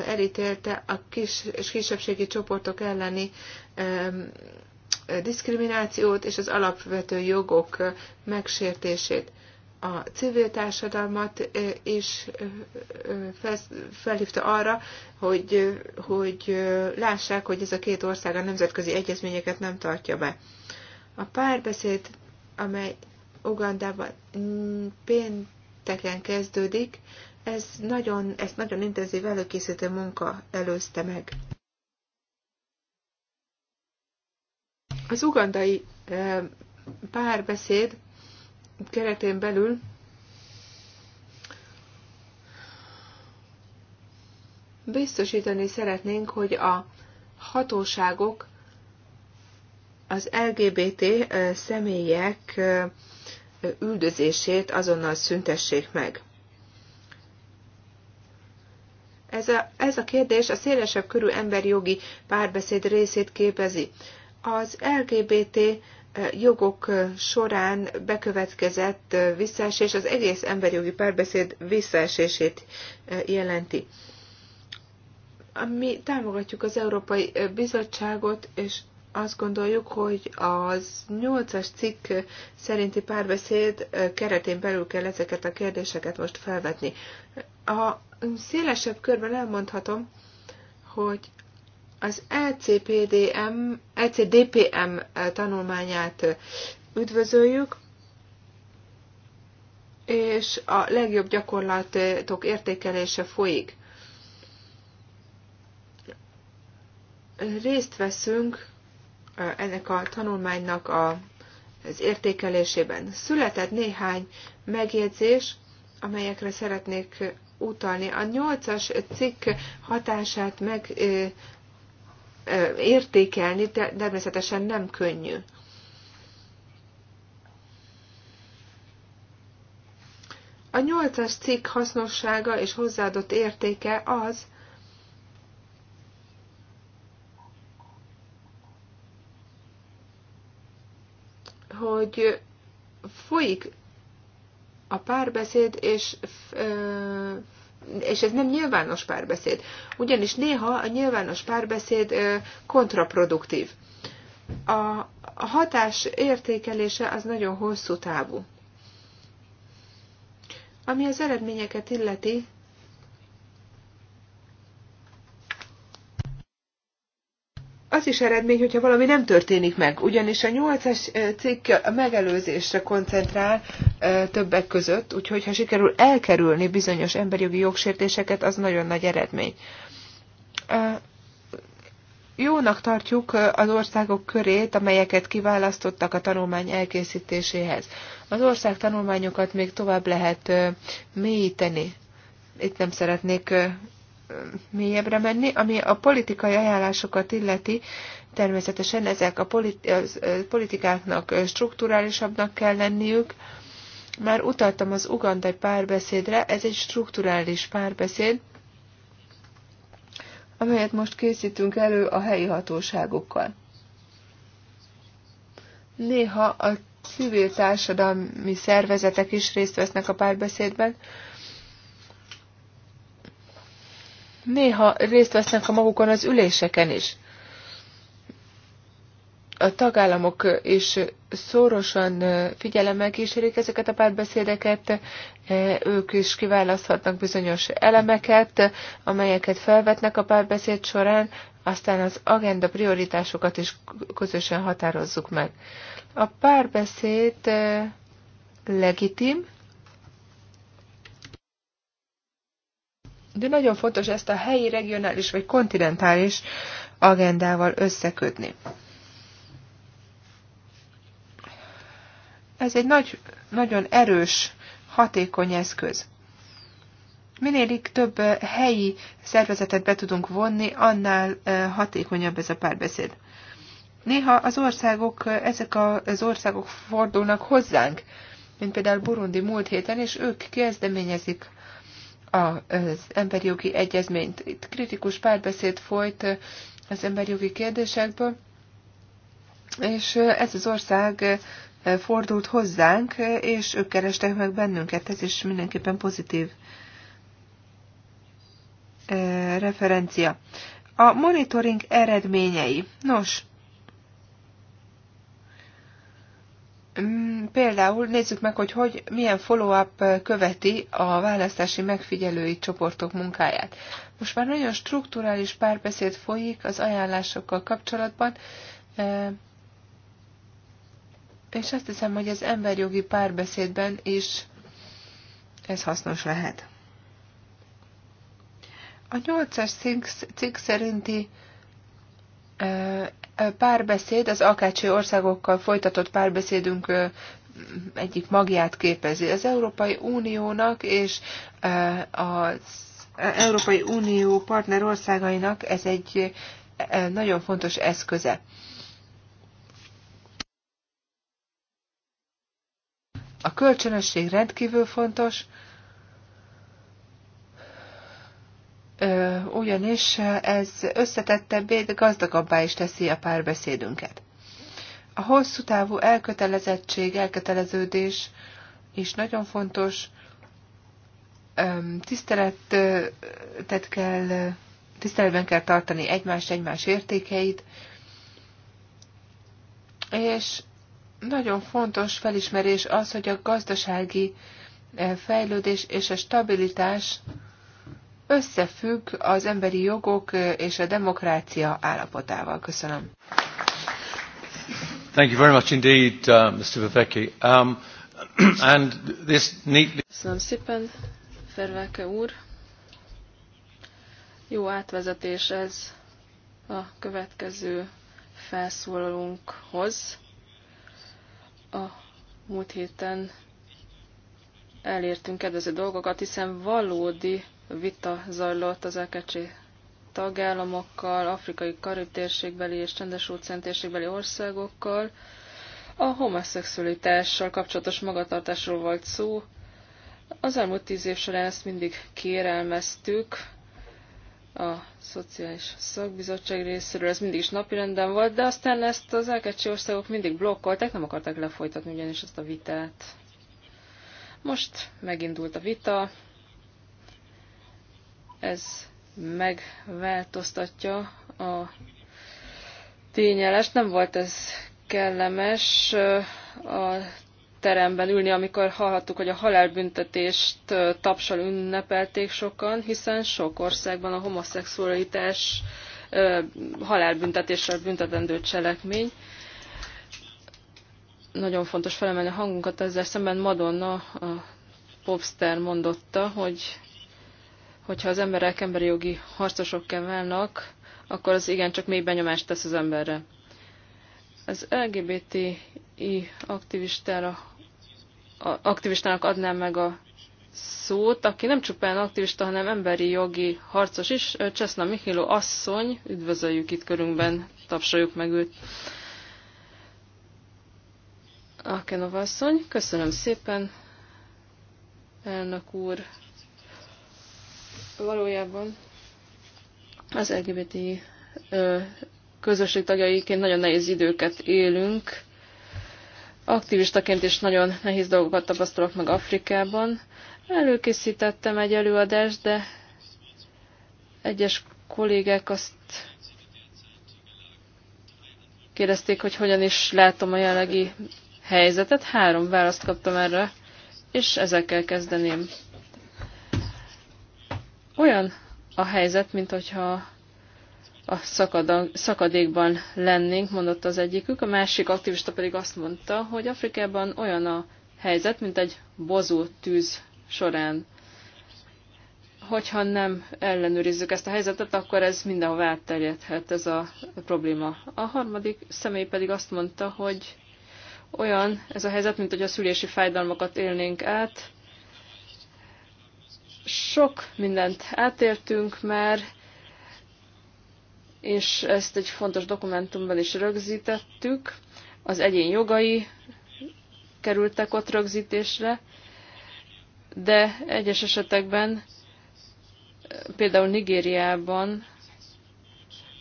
elítélte a kis, kisebbségi csoportok elleni diszkriminációt és az alapvető jogok megsértését. A civil társadalmat is felhívta arra, hogy, hogy lássák, hogy ez a két ország a nemzetközi egyezményeket nem tartja be. A párbeszéd, amely Ugandában pénteken kezdődik, ez nagyon, ez nagyon intenzív előkészítő munka előzte meg. Az ugandai eh, párbeszéd keretén belül biztosítani szeretnénk, hogy a hatóságok az LGBT személyek üldözését azonnal szüntessék meg. Ez a, ez a kérdés a szélesebb körű emberjogi párbeszéd részét képezi. Az LGBT jogok során bekövetkezett visszaesés az egész emberjogi párbeszéd visszaesését jelenti. Mi támogatjuk az Európai Bizottságot és azt gondoljuk, hogy az nyolcas cikk szerinti párbeszéd keretén belül kell ezeket a kérdéseket most felvetni. A szélesebb körben elmondhatom, hogy az ECPDM, ECDPM tanulmányát üdvözöljük, és a legjobb gyakorlatok értékelése folyik. Részt veszünk ennek a tanulmánynak a, az értékelésében. Született néhány megjegyzés, amelyekre szeretnék utalni. A nyolcas cikk hatását meg ö, ö, értékelni de természetesen nem könnyű. A nyolcas cikk hasznossága és hozzáadott értéke az, hogy folyik a párbeszéd, és és ez nem nyilvános párbeszéd, ugyanis néha a nyilvános párbeszéd kontraproduktív. A hatás értékelése az nagyon hosszú távú. Ami az eredményeket illeti, az is eredmény, hogyha valami nem történik meg, ugyanis a nyolcas cikk a megelőzésre koncentrál többek között, úgyhogy ha sikerül elkerülni bizonyos emberjogi jogsértéseket, az nagyon nagy eredmény. Jónak tartjuk az országok körét, amelyeket kiválasztottak a tanulmány elkészítéséhez. Az ország tanulmányokat még tovább lehet mélyíteni. Itt nem szeretnék mélyebbre menni, ami a politikai ajánlásokat illeti, természetesen ezek a politikáknak strukturálisabbnak kell lenniük. Már utaltam az ugandai párbeszédre, ez egy strukturális párbeszéd, amelyet most készítünk elő a helyi hatóságokkal. Néha a civil társadalmi szervezetek is részt vesznek a párbeszédben, néha részt vesznek a magukon az üléseken is. A tagállamok is szorosan figyelemmel kísérik ezeket a párbeszédeket, ők is kiválaszthatnak bizonyos elemeket, amelyeket felvetnek a párbeszéd során, aztán az agenda prioritásokat is közösen határozzuk meg. A párbeszéd legitim, De nagyon fontos ezt a helyi, regionális vagy kontinentális agendával összekötni. Ez egy nagy, nagyon erős, hatékony eszköz. Minél több eh, helyi szervezetet be tudunk vonni, annál eh, hatékonyabb ez a párbeszéd. Néha az országok, eh, ezek az országok fordulnak hozzánk, mint például Burundi múlt héten, és ők kezdeményezik az emberi jogi egyezményt. Itt kritikus párbeszéd folyt az emberi jogi kérdésekből, és ez az ország fordult hozzánk, és ők kerestek meg bennünket. Ez is mindenképpen pozitív eh, referencia. A monitoring eredményei. Nos, Mm, például nézzük meg, hogy, hogy milyen follow-up követi a választási megfigyelői csoportok munkáját. Most már nagyon strukturális párbeszéd folyik az ajánlásokkal kapcsolatban, és azt hiszem, hogy az emberjogi párbeszédben is ez hasznos lehet. A nyolcas cikk szerinti párbeszéd az AKC országokkal folytatott párbeszédünk egyik magját képezi. Az Európai Uniónak és az Európai Unió partner országainak ez egy nagyon fontos eszköze. A kölcsönösség rendkívül fontos, ugyanis ez összetettebbé, de gazdagabbá is teszi a párbeszédünket. A hosszú távú elkötelezettség, elköteleződés is nagyon fontos. Tiszteletet kell, tiszteletben kell tartani egymást, egymás értékeit, és nagyon fontos felismerés az, hogy a gazdasági fejlődés és a stabilitás összefügg az emberi jogok és a demokrácia állapotával. Köszönöm. Thank you very much indeed, uh, Mr. Viveki. Um, and this neatly... Köszönöm szépen, Ferveke úr. Jó átvezetés ez a következő felszólalunkhoz. A múlt héten elértünk kedvező dolgokat, hiszen valódi vita zajlott az LKC tagállamokkal, afrikai karib térségbeli és csendes óceán térségbeli országokkal. A homoszexualitással kapcsolatos magatartásról volt szó. Az elmúlt tíz év során ezt mindig kérelmeztük a Szociális Szakbizottság részéről, ez mindig is napirenden volt, de aztán ezt az elkecsi országok mindig blokkolták, nem akarták lefolytatni ugyanis ezt a vitát. Most megindult a vita, ez megváltoztatja a tényelest. Nem volt ez kellemes a teremben ülni, amikor hallhattuk, hogy a halálbüntetést tapsal ünnepelték sokan, hiszen sok országban a homoszexualitás halálbüntetéssel büntetendő cselekmény. Nagyon fontos felemelni a hangunkat ezzel szemben. Madonna, a popster mondotta, hogy hogyha az emberek emberi jogi harcosok válnak, akkor az igencsak mély benyomást tesz az emberre. Az LGBTI aktivistára, a, aktivistának adnám meg a szót, aki nem csupán aktivista, hanem emberi jogi harcos is. Cseszna Mihilo asszony, üdvözöljük itt körünkben, tapsoljuk meg őt. Akenov asszony, köszönöm szépen, elnök úr valójában az LGBT közösség tagjaiként nagyon nehéz időket élünk. Aktivistaként is nagyon nehéz dolgokat tapasztalok meg Afrikában. Előkészítettem egy előadást, de egyes kollégák azt kérdezték, hogy hogyan is látom a jelenlegi helyzetet. Három választ kaptam erre, és ezekkel kezdeném. Olyan a helyzet, mint hogyha a szakadékban lennénk, mondott az egyikük, a másik aktivista pedig azt mondta, hogy Afrikában olyan a helyzet, mint egy bozó tűz során. Hogyha nem ellenőrizzük ezt a helyzetet, akkor ez mindenhova átterjedhet ez a probléma. A harmadik személy pedig azt mondta, hogy olyan ez a helyzet, mint hogy a szülési fájdalmakat élnénk át, sok mindent átértünk már, és ezt egy fontos dokumentumban is rögzítettük. Az egyén jogai kerültek ott rögzítésre, de egyes esetekben, például Nigériában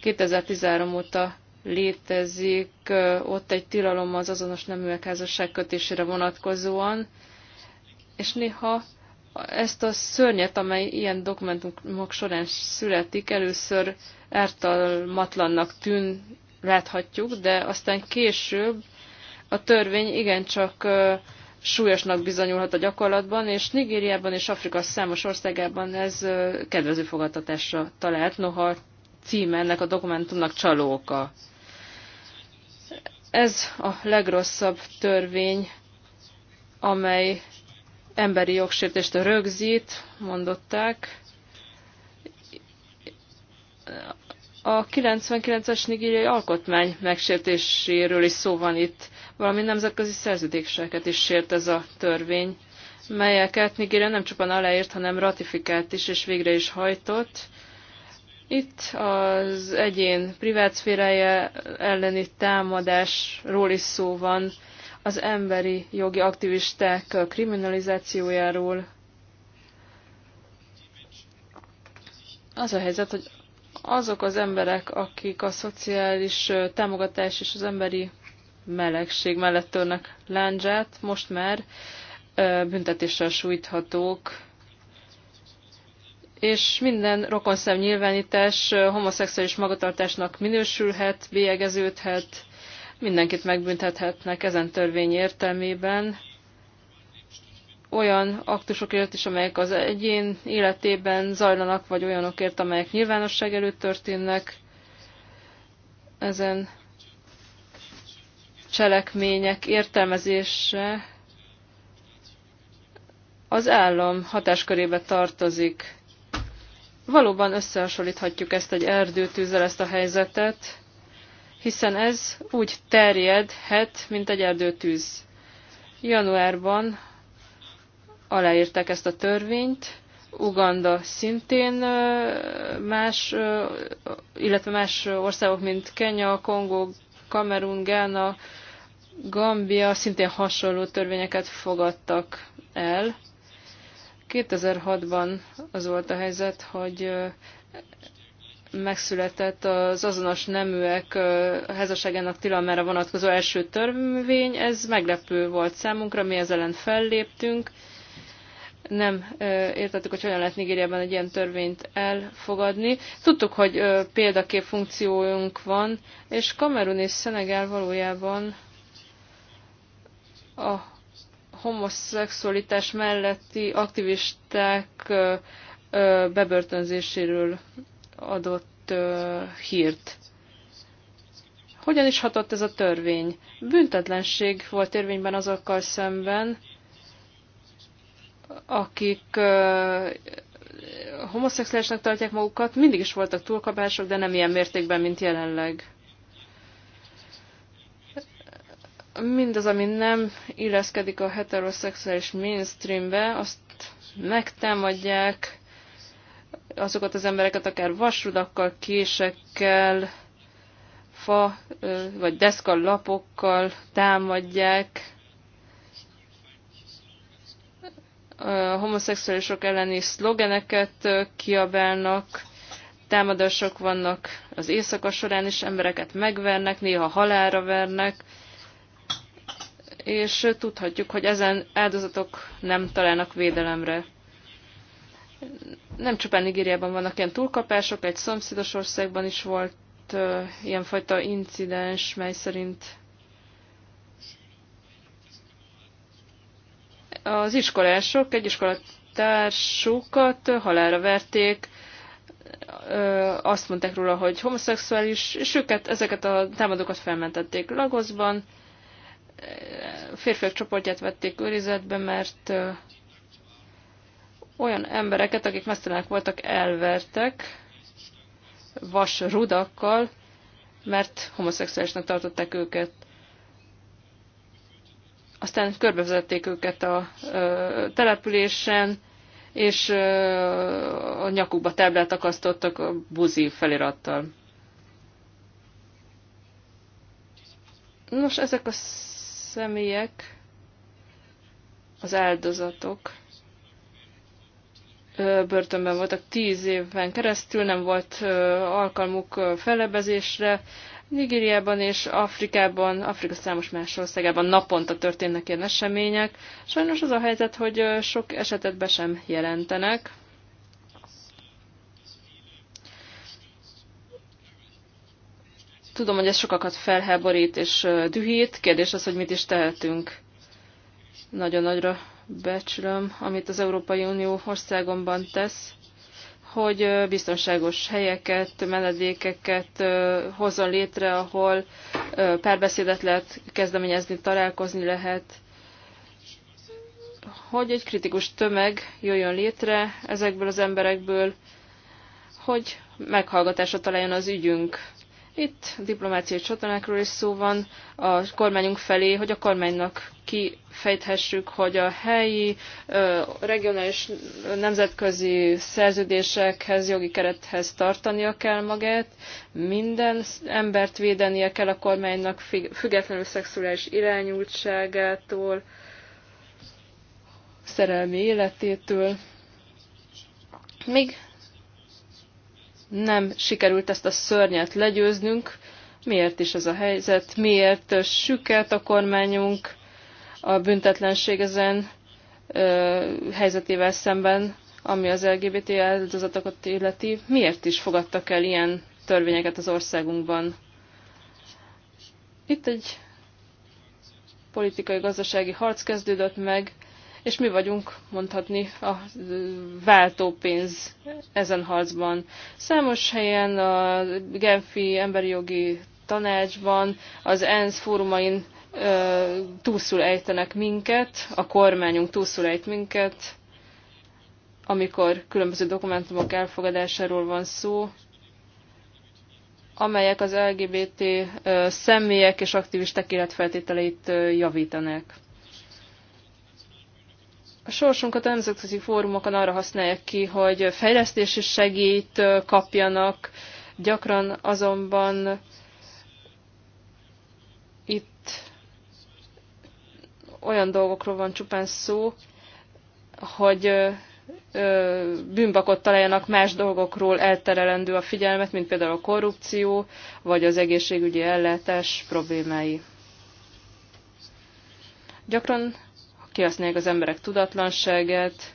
2013 óta létezik ott egy tilalom az azonos neműek házasság kötésére vonatkozóan, és néha ezt a szörnyet, amely ilyen dokumentumok során születik, először ártalmatlannak tűn láthatjuk, de aztán később a törvény igencsak súlyosnak bizonyulhat a gyakorlatban, és Nigériában és Afrika számos országában ez kedvező fogadtatásra talált, noha címe ennek a dokumentumnak csalóka. Ez a legrosszabb törvény, amely emberi jogsértést rögzít, mondották. A 99-es nigériai alkotmány megsértéséről is szó van itt, valami nemzetközi szerződéseket is sért ez a törvény, melyeket Nigéria nem csupán aláírt, hanem ratifikált is és végre is hajtott. Itt az egyén privátszférája elleni támadásról is szó van, az emberi jogi aktivisták kriminalizációjáról. Az a helyzet, hogy azok az emberek, akik a szociális támogatás és az emberi melegség mellett törnek láncsát, most már büntetéssel sújthatók, és minden rokonszem nyilvánítás homoszexuális magatartásnak minősülhet, bélyegeződhet, Mindenkit megbüntethetnek ezen törvény értelmében, olyan aktusokért is, amelyek az egyén életében zajlanak, vagy olyanokért, amelyek nyilvánosság előtt történnek. Ezen cselekmények értelmezése az állam hatáskörébe tartozik. Valóban összehasonlíthatjuk ezt egy erdőtűzzel, ezt a helyzetet, hiszen ez úgy terjedhet, mint egy erdőtűz. Januárban aláírták ezt a törvényt, Uganda szintén más, illetve más országok, mint Kenya, Kongó, Kamerun, Gána, Gambia szintén hasonló törvényeket fogadtak el. 2006-ban az volt a helyzet, hogy megszületett az azonos neműek házasságának tilalmára vonatkozó első törvény. Ez meglepő volt számunkra, mi ezzel ellen felléptünk. Nem értettük, hogy hogyan lehet Nigériában egy ilyen törvényt elfogadni. Tudtuk, hogy példakép funkciójunk van, és Kamerun és Szenegál valójában a homoszexualitás melletti aktivisták bebörtönzéséről adott hírt. Hogyan is hatott ez a törvény? Büntetlenség volt törvényben azokkal szemben, akik homoszexuálisnak tartják magukat, mindig is voltak túlkapások, de nem ilyen mértékben, mint jelenleg. Mindaz, ami nem illeszkedik a heteroszexuális mainstreambe, azt megtámadják, azokat az embereket akár vasrudakkal, késekkel, fa vagy deszkal, lapokkal támadják. A homoszexuálisok elleni szlogeneket kiabálnak, támadások vannak az éjszaka során is, embereket megvernek, néha halára vernek, és tudhatjuk, hogy ezen áldozatok nem találnak védelemre. Nem csupán Nigériában vannak ilyen túlkapások, egy szomszédos országban is volt ilyenfajta incidens, mely szerint az iskolások egy iskolatársukat halára verték, azt mondták róla, hogy homoszexuális, és őket, ezeket a támadókat felmentették Lagosban, férfiak csoportját vették őrizetbe, mert olyan embereket, akik mesztelenek voltak, elvertek vas rudakkal, mert homoszexuálisnak tartották őket. Aztán körbevezették őket a ö, településen, és ö, a nyakukba táblát akasztottak a buzi felirattal. Nos, ezek a személyek, az áldozatok, börtönben voltak tíz évben keresztül, nem volt alkalmuk fellebezésre. Nigériában és Afrikában, Afrika számos más országában naponta történnek ilyen események. Sajnos az a helyzet, hogy sok esetet be sem jelentenek. Tudom, hogy ez sokakat felháborít és dühít. Kérdés az, hogy mit is tehetünk. Nagyon nagyra becsülöm, amit az Európai Unió országomban tesz, hogy biztonságos helyeket, menedékeket hozzon létre, ahol párbeszédet lehet kezdeményezni, találkozni lehet, hogy egy kritikus tömeg jöjjön létre ezekből az emberekből, hogy meghallgatásra találjon az ügyünk. Itt diplomáciai csatornákról is szó van a kormányunk felé, hogy a kormánynak kifejthessük, hogy a helyi, regionális, nemzetközi szerződésekhez, jogi kerethez tartania kell magát, minden embert védenie kell a kormánynak függetlenül szexuális irányultságától, szerelmi életétől. Még nem sikerült ezt a szörnyet legyőznünk. Miért is ez a helyzet? Miért süket a kormányunk a büntetlenség ezen ö, helyzetével szemben, ami az LGBT áldozatokat illeti? Miért is fogadtak el ilyen törvényeket az országunkban? Itt egy politikai-gazdasági harc kezdődött meg, és mi vagyunk, mondhatni, a váltópénz ezen harcban. Számos helyen a Genfi Emberi Jogi Tanácsban, az ENSZ fórumain túlszul ejtenek minket, a kormányunk túlszul ejt minket, amikor különböző dokumentumok elfogadásáról van szó, amelyek az LGBT személyek és aktivisták életfeltételeit javítanak. A sorsunkat a nemzetközi fórumokon arra használják ki, hogy fejlesztési segít kapjanak, gyakran azonban itt olyan dolgokról van csupán szó, hogy bűnbakot találjanak más dolgokról elterelendő a figyelmet, mint például a korrupció, vagy az egészségügyi ellátás problémái. Gyakran kihasználják az emberek tudatlanságát,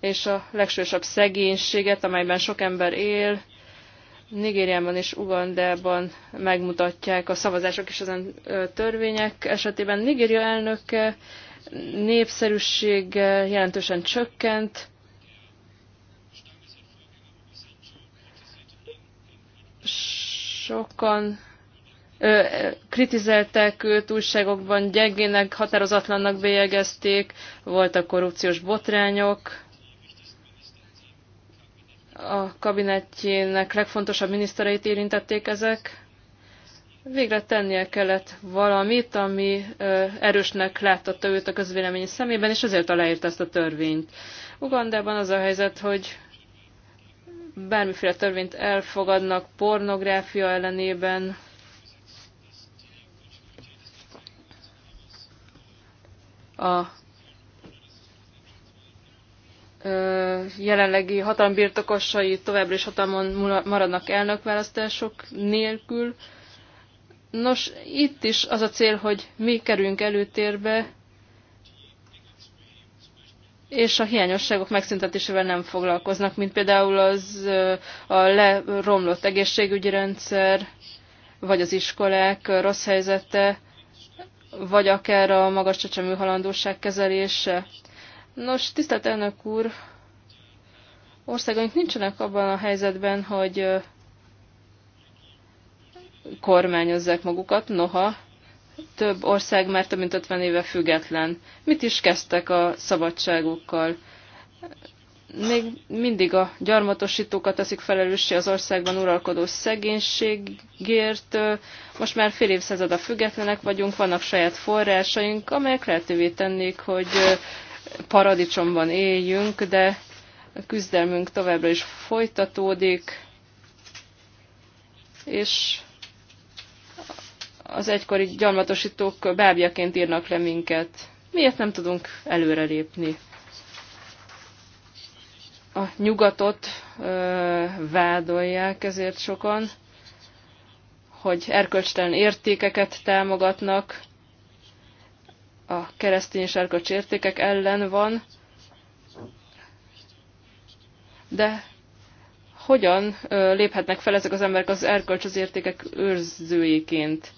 és a legsősabb szegénységet, amelyben sok ember él, Nigériában és Ugandában megmutatják a szavazások és ezen törvények esetében. Nigéria elnöke népszerűség jelentősen csökkent, sokan kritizeltek őt gyengének, határozatlannak bélyegezték, voltak korrupciós botrányok, a kabinetjének legfontosabb minisztereit érintették ezek. Végre tennie kellett valamit, ami erősnek láttatta őt a közvélemény szemében, és ezért aláírta ezt a törvényt. Ugandában az a helyzet, hogy bármiféle törvényt elfogadnak pornográfia ellenében, a jelenlegi hatalombirtokosai továbbra is hatalmon maradnak elnökválasztások nélkül. Nos, itt is az a cél, hogy mi kerüljünk előtérbe, és a hiányosságok megszüntetésével nem foglalkoznak, mint például az a leromlott egészségügyi rendszer, vagy az iskolák rossz helyzete, vagy akár a magas csecsemő halandóság kezelése. Nos, tisztelt elnök úr, országaink nincsenek abban a helyzetben, hogy kormányozzák magukat, noha több ország már több mint 50 éve független. Mit is kezdtek a szabadságukkal? még mindig a gyarmatosítókat teszik felelőssé az országban uralkodó szegénységért. Most már fél a függetlenek vagyunk, vannak saját forrásaink, amelyek lehetővé tennék, hogy paradicsomban éljünk, de a küzdelmünk továbbra is folytatódik, és az egykori gyarmatosítók bábjaként írnak le minket. Miért nem tudunk előrelépni? a nyugatot ö, vádolják ezért sokan, hogy erkölcstelen értékeket támogatnak, a keresztény és erkölcs értékek ellen van, de hogyan ö, léphetnek fel ezek az emberek az erkölcs az értékek őrzőiként?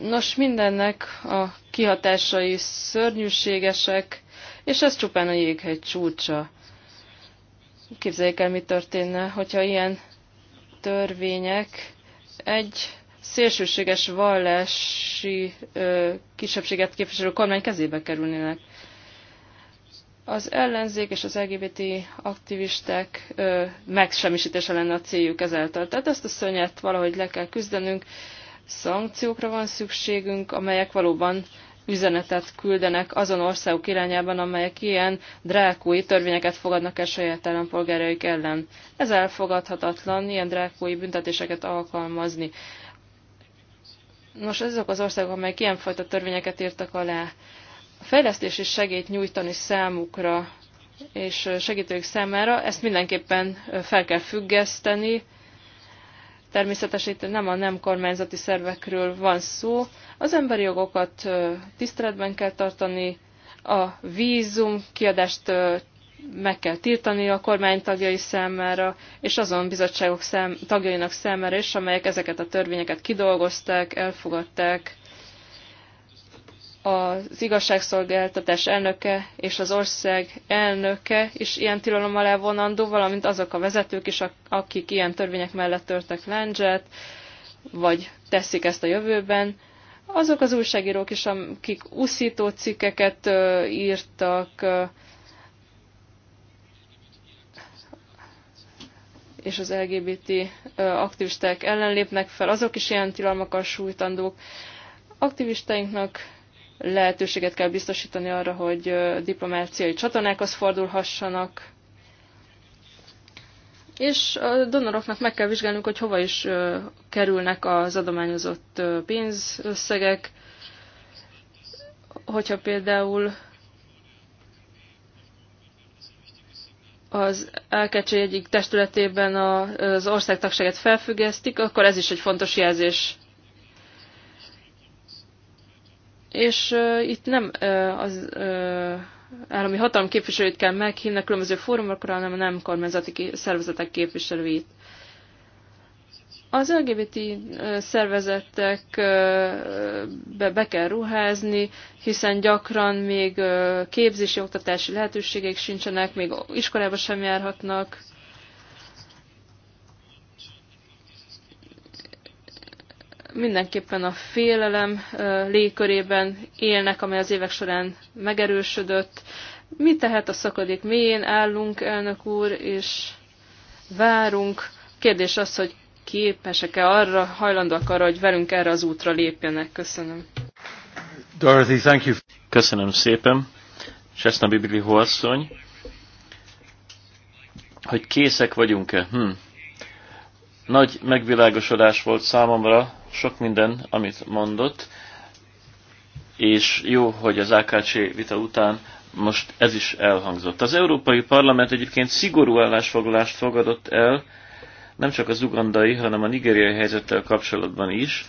Nos, mindennek a kihatásai szörnyűségesek, és ez csupán a jéghegy csúcsa. Képzeljék el, mi történne, hogyha ilyen törvények egy szélsőséges vallási ö, kisebbséget képviselő kormány kezébe kerülnének. Az ellenzék és az LGBT aktivisták ö, megsemmisítése lenne a céljuk ezáltal. Tehát ezt a szönyet valahogy le kell küzdenünk, szankciókra van szükségünk, amelyek valóban üzenetet küldenek azon országok irányában, amelyek ilyen drákói törvényeket fogadnak el saját állampolgáraik ellen. Ez elfogadhatatlan, ilyen drákói büntetéseket alkalmazni. Nos, ezek az országok, amelyek ilyenfajta törvényeket írtak alá, a fejlesztési segélyt nyújtani számukra és segítők számára, ezt mindenképpen fel kell függeszteni. Természetesen itt nem a nem kormányzati szervekről van szó, az emberi jogokat tiszteletben kell tartani, a vízum kiadást meg kell tiltani a kormány tagjai számára, és azon bizottságok szám, tagjainak számára is, amelyek ezeket a törvényeket kidolgozták, elfogadták. Az igazságszolgáltatás elnöke és az ország elnöke is ilyen tilalom alá vonandó, valamint azok a vezetők is, akik ilyen törvények mellett törtek láncset, vagy teszik ezt a jövőben. Azok az újságírók is, akik uszító cikkeket írtak, és az LGBT aktivisták ellen lépnek fel, azok is ilyen tilalmakkal sújtandók. Aktivistáinknak lehetőséget kell biztosítani arra, hogy diplomáciai csatornákhoz fordulhassanak, és a donoroknak meg kell vizsgálnunk, hogy hova is kerülnek az adományozott pénzösszegek, hogyha például az LKC egyik testületében az ország tagságát felfüggesztik, akkor ez is egy fontos jelzés. És uh, itt nem uh, az uh, állami hatalom képviselőit kell meghívni a különböző fórumokra, hanem a nem kormányzati szervezetek képviselőit. Az LGBT szervezetekbe be kell ruházni, hiszen gyakran még képzési, oktatási lehetőségek sincsenek, még iskolába sem járhatnak. Mindenképpen a félelem légkörében élnek, amely az évek során megerősödött. Mi tehát a szakadék mélyén állunk, elnök úr, és várunk. Kérdés az, hogy képesek-e arra, hajlandóak arra, hogy velünk erre az útra lépjenek. Köszönöm. Dorothy, thank you. Köszönöm szépen. Cseszna Bibli Hóasszony, Hogy készek vagyunk-e? Hm. Nagy megvilágosodás volt számomra sok minden, amit mondott, és jó, hogy az AKC vita után most ez is elhangzott. Az Európai Parlament egyébként szigorú állásfoglalást fogadott el, nem csak az ugandai, hanem a nigériai helyzettel kapcsolatban is,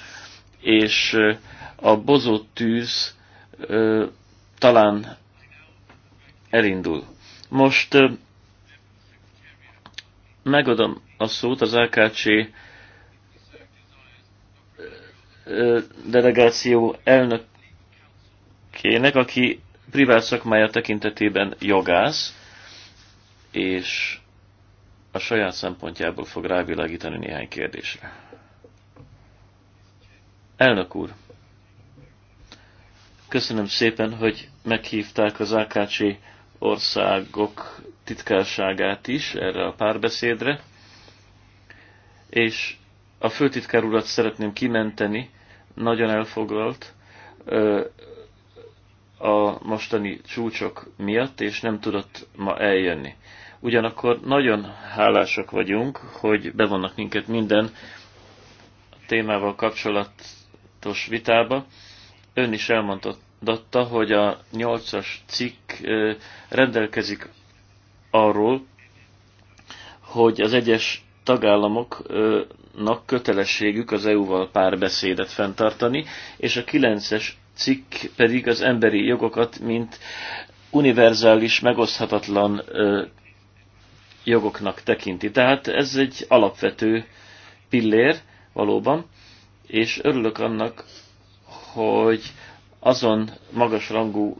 és a bozott tűz talán elindul. Most megadom a szót az AKC delegáció elnökének, aki privát szakmája tekintetében jogász, és a saját szempontjából fog rávilágítani néhány kérdésre. Elnök úr, köszönöm szépen, hogy meghívták az AKC országok titkárságát is erre a párbeszédre, és a főtitkár urat szeretném kimenteni, nagyon elfoglalt, a mostani csúcsok miatt, és nem tudott ma eljönni. Ugyanakkor nagyon hálásak vagyunk, hogy bevonnak minket minden a témával kapcsolatos vitába. Ön is elmondotta, hogy a nyolcas cikk rendelkezik arról, hogy az egyes tagállamoknak kötelességük az EU-val párbeszédet fenntartani, és a 9-es cikk pedig az emberi jogokat, mint univerzális, megoszthatatlan jogoknak tekinti. Tehát ez egy alapvető pillér valóban, és örülök annak, hogy azon magasrangú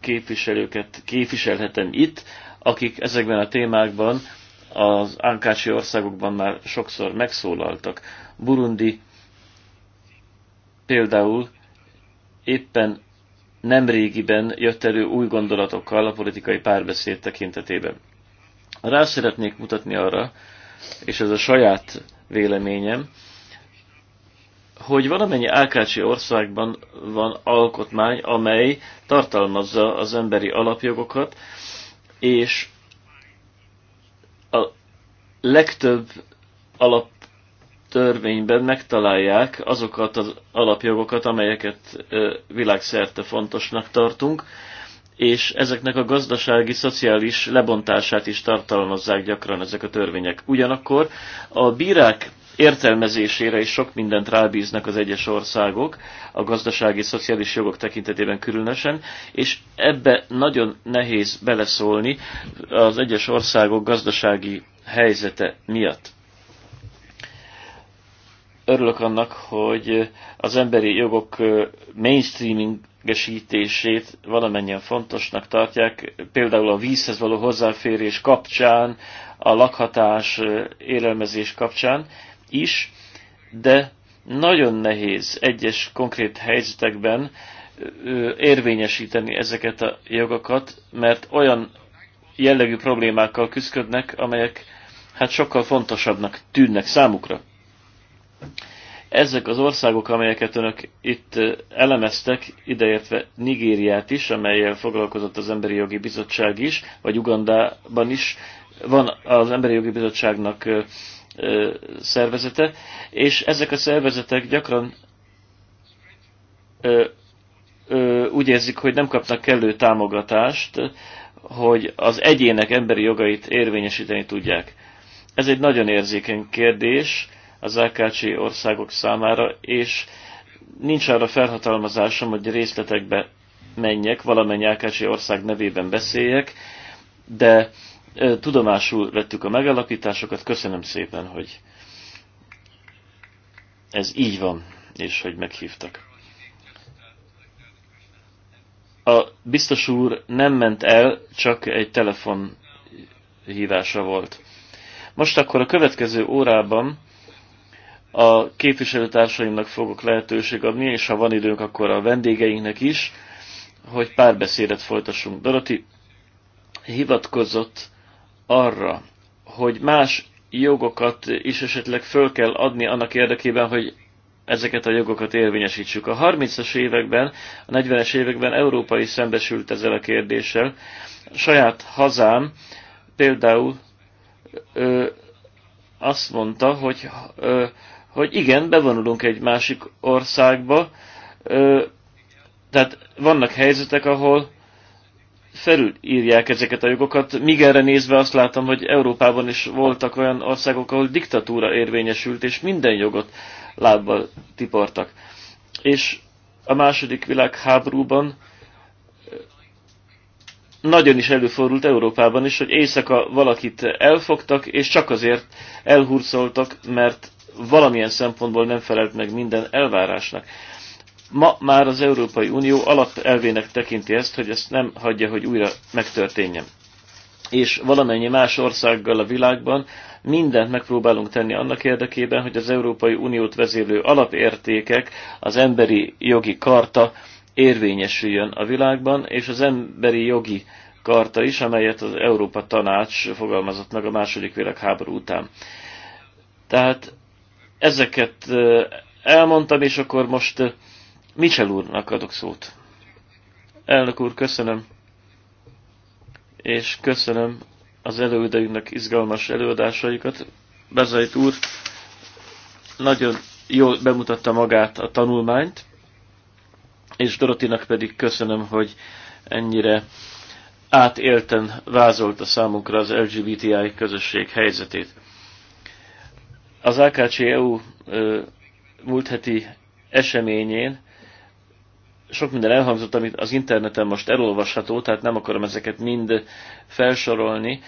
képviselőket képviselhetem itt, akik ezekben a témákban az ánkási országokban már sokszor megszólaltak. Burundi például éppen nemrégiben jött elő új gondolatokkal a politikai párbeszéd tekintetében. Rá szeretnék mutatni arra, és ez a saját véleményem, hogy valamennyi Ákácsi országban van alkotmány, amely tartalmazza az emberi alapjogokat, és a legtöbb alap törvényben megtalálják azokat az alapjogokat, amelyeket világszerte fontosnak tartunk, és ezeknek a gazdasági, szociális lebontását is tartalmazzák gyakran ezek a törvények. Ugyanakkor a bírák értelmezésére is sok mindent rábíznak az egyes országok, a gazdasági, szociális jogok tekintetében különösen, és ebbe nagyon nehéz beleszólni az egyes országok gazdasági helyzete miatt örülök annak, hogy az emberi jogok mainstreamingesítését valamennyien fontosnak tartják, például a vízhez való hozzáférés kapcsán, a lakhatás, élelmezés kapcsán is, de nagyon nehéz egyes konkrét helyzetekben érvényesíteni ezeket a jogokat, mert olyan jellegű problémákkal küzdködnek, amelyek hát sokkal fontosabbnak tűnnek számukra. Ezek az országok, amelyeket önök itt elemeztek, ideértve Nigériát is, amelyel foglalkozott az Emberi Jogi Bizottság is, vagy Ugandában is, van az Emberi Jogi Bizottságnak szervezete, és ezek a szervezetek gyakran úgy érzik, hogy nem kapnak kellő támogatást, hogy az egyének emberi jogait érvényesíteni tudják. Ez egy nagyon érzékeny kérdés, az AKC országok számára, és nincs arra felhatalmazásom, hogy részletekbe menjek, valamennyi AKC ország nevében beszéljek, de tudomásul vettük a megalapításokat. Köszönöm szépen, hogy ez így van, és hogy meghívtak. A biztos úr nem ment el, csak egy telefon hívása volt. Most akkor a következő órában a képviselőtársaimnak fogok lehetőség adni, és ha van időnk, akkor a vendégeinknek is, hogy párbeszédet folytassunk. Doroti hivatkozott arra, hogy más jogokat is esetleg föl kell adni annak érdekében, hogy ezeket a jogokat érvényesítsük. A 30-as években, a 40-es években európai szembesült ezzel a kérdéssel. A saját hazám például ö, azt mondta, hogy ö, hogy igen, bevonulunk egy másik országba, tehát vannak helyzetek, ahol felülírják ezeket a jogokat. Míg erre nézve azt látom, hogy Európában is voltak olyan országok, ahol diktatúra érvényesült, és minden jogot lábbal tipartak. És a második világháborúban nagyon is előfordult Európában is, hogy éjszaka valakit elfogtak, és csak azért elhurcoltak, mert valamilyen szempontból nem felelt meg minden elvárásnak. Ma már az Európai Unió alapelvének tekinti ezt, hogy ezt nem hagyja, hogy újra megtörténjen. És valamennyi más országgal a világban mindent megpróbálunk tenni annak érdekében, hogy az Európai Uniót vezérlő alapértékek, az emberi jogi karta érvényesüljön a világban, és az emberi jogi karta is, amelyet az Európa Tanács fogalmazott meg a második világháború után. Tehát Ezeket elmondtam, és akkor most Michel úrnak adok szót. Elnök úr, köszönöm. És köszönöm az elődeimnek izgalmas előadásaikat. Bezajt úr nagyon jól bemutatta magát a tanulmányt, és Dorotinak pedig köszönöm, hogy ennyire átélten vázolta számunkra az LGBTI közösség helyzetét. Az AKC EU múlt heti eseményén sok minden elhangzott, amit az interneten most elolvasható, tehát nem akarom ezeket mind felsorolni,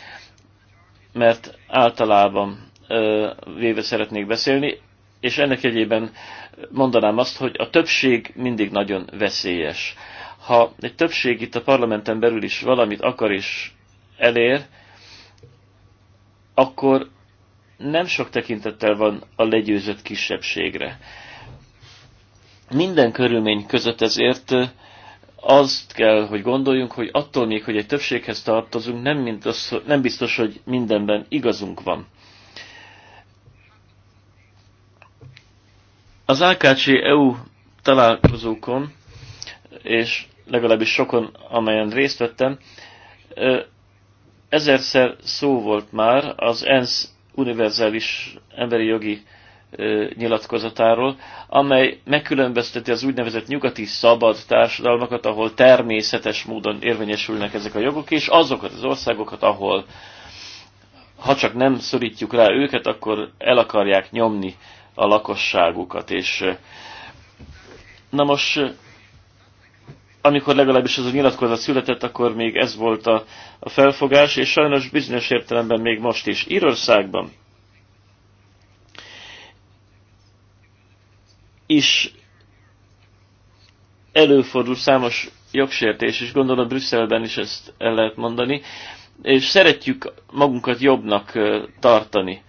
mert általában véve szeretnék beszélni, és ennek egyében mondanám azt, hogy a többség mindig nagyon veszélyes. Ha egy többség itt a parlamenten belül is valamit akar és elér, akkor nem sok tekintettel van a legyőzött kisebbségre. Minden körülmény között ezért azt kell, hogy gondoljunk, hogy attól még, hogy egy többséghez tartozunk, nem, mint az, nem biztos, hogy mindenben igazunk van. Az AKC-EU találkozókon, és legalábbis sokon, amelyen részt vettem, ezerszer szó volt már az ENSZ univerzális emberi jogi nyilatkozatáról, amely megkülönbözteti az úgynevezett nyugati szabad társadalmakat, ahol természetes módon érvényesülnek ezek a jogok, és azokat az országokat, ahol ha csak nem szorítjuk rá őket, akkor el akarják nyomni a lakosságukat. És, na most amikor legalábbis ez a nyilatkozat született, akkor még ez volt a, a felfogás, és sajnos bizonyos értelemben még most is. Írországban is előfordul számos jogsértés, és gondolom Brüsszelben is ezt el lehet mondani, és szeretjük magunkat jobbnak tartani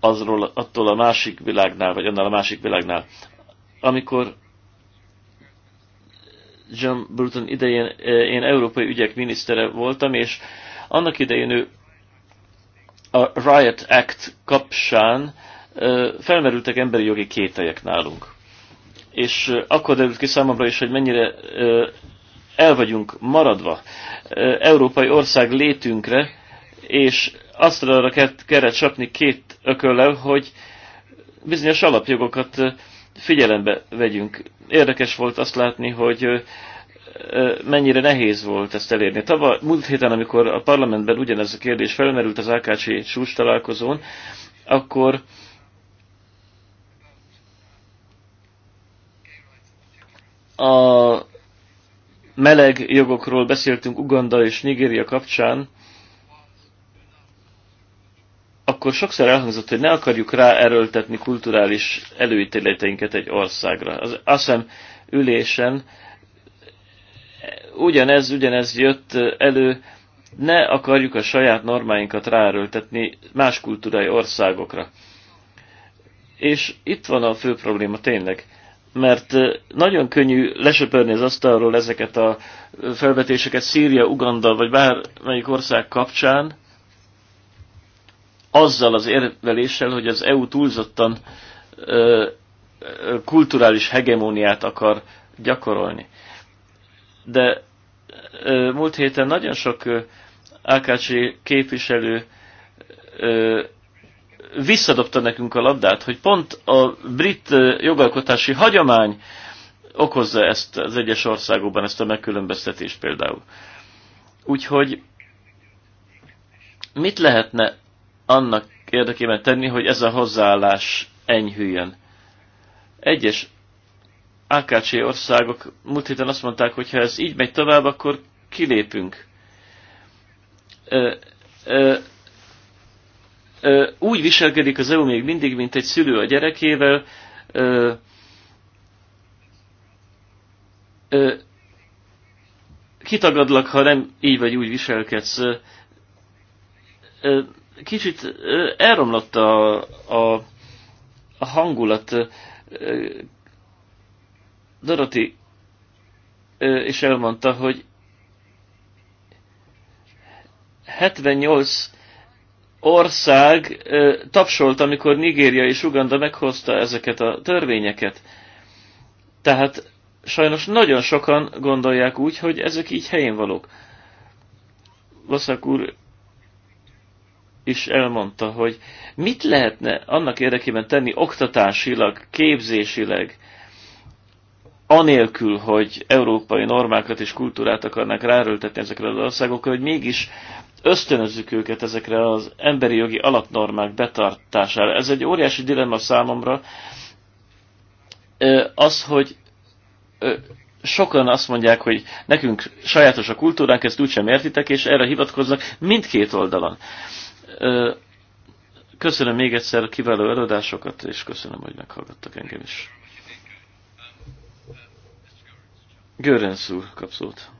azról, attól a másik világnál, vagy annál a másik világnál. Amikor John Bruton idején én európai ügyek minisztere voltam, és annak idején ő a Riot Act kapcsán felmerültek emberi jogi kételyek nálunk. És akkor derült ki számomra is, hogy mennyire el vagyunk maradva európai ország létünkre, és azt arra kellett keret két ököllel, hogy bizonyos alapjogokat figyelembe vegyünk. Érdekes volt azt látni, hogy mennyire nehéz volt ezt elérni. Tavaly, múlt héten, amikor a parlamentben ugyanez a kérdés felmerült az Ákácsi csúcs találkozón, akkor a meleg jogokról beszéltünk Uganda és Nigéria kapcsán, akkor sokszor elhangzott, hogy ne akarjuk rá erőltetni kulturális előítéleteinket egy országra. Az ASEM ülésen ugyanez, ugyanez jött elő, ne akarjuk a saját normáinkat ráerőltetni más kultúrai országokra. És itt van a fő probléma tényleg, mert nagyon könnyű lesöpörni az asztalról ezeket a felvetéseket Szíria, Uganda vagy bármelyik ország kapcsán, azzal az érveléssel, hogy az EU túlzottan ö, kulturális hegemóniát akar gyakorolni. De ö, múlt héten nagyon sok ö, AKC képviselő ö, visszadobta nekünk a labdát, hogy pont a brit jogalkotási hagyomány okozza ezt az egyes országokban, ezt a megkülönböztetést például. Úgyhogy mit lehetne annak érdekében tenni, hogy ez a hozzáállás enyhüljön. Egyes AKC országok múlt héten azt mondták, hogy ha ez így megy tovább, akkor kilépünk. Ö, ö, ö, úgy viselkedik az EU még mindig, mint egy szülő a gyerekével. Ö, ö, kitagadlak, ha nem így vagy úgy viselkedsz. Ö, ö, kicsit elromlott a, a, a hangulat. Doroti és elmondta, hogy 78 ország tapsolt, amikor Nigéria és Uganda meghozta ezeket a törvényeket. Tehát sajnos nagyon sokan gondolják úgy, hogy ezek így helyén valók. Vaszak úr is elmondta, hogy mit lehetne annak érdekében tenni oktatásilag, képzésileg, anélkül, hogy európai normákat és kultúrát akarnak ráröltetni ezekre az országokra, hogy mégis ösztönözzük őket ezekre az emberi jogi alapnormák betartására. Ez egy óriási dilemma számomra, az, hogy sokan azt mondják, hogy nekünk sajátos a kultúránk, ezt úgysem értitek, és erre hivatkoznak mindkét oldalon. Köszönöm még egyszer a kiváló előadásokat, és köszönöm, hogy meghallgattak engem is. Görenc úr kapszót.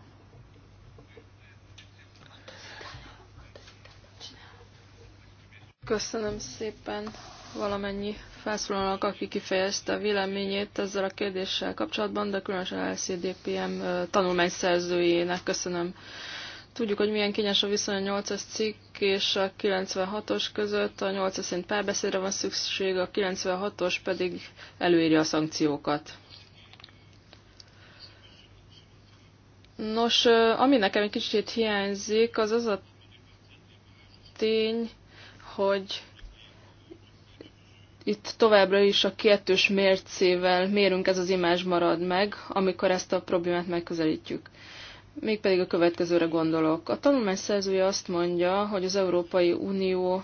Köszönöm szépen valamennyi felszólalnak, aki kifejezte a véleményét ezzel a kérdéssel kapcsolatban, de különösen a LCDPM tanulmányszerzőjének köszönöm Tudjuk, hogy milyen kényes a viszony a 8-as cikk és a 96-os között. A 8-as szerint párbeszédre van szükség, a 96-os pedig előírja a szankciókat. Nos, ami nekem egy kicsit hiányzik, az az a tény, hogy itt továbbra is a kettős mércével mérünk, ez az imázs marad meg, amikor ezt a problémát megközelítjük mégpedig a következőre gondolok. A tanulmány szerzője azt mondja, hogy az Európai Unió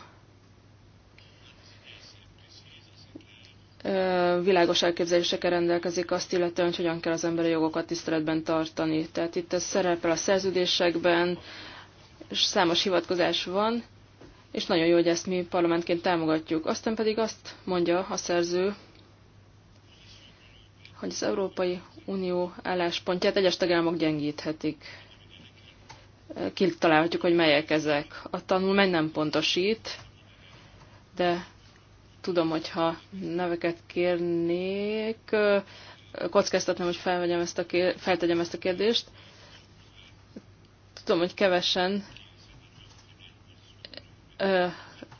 világos elképzelésekkel rendelkezik azt illetően, hogy hogyan kell az emberi jogokat tiszteletben tartani. Tehát itt ez szerepel a szerződésekben, és számos hivatkozás van, és nagyon jó, hogy ezt mi parlamentként támogatjuk. Aztán pedig azt mondja a szerző, hogy az Európai Unió álláspontját egyes tagállamok gyengíthetik. Kitalálhatjuk, hogy melyek ezek. A tanulmány nem pontosít, de tudom, hogyha neveket kérnék, kockáztatnám, hogy felvegyem ezt a kér... feltegyem ezt a kérdést. Tudom, hogy kevesen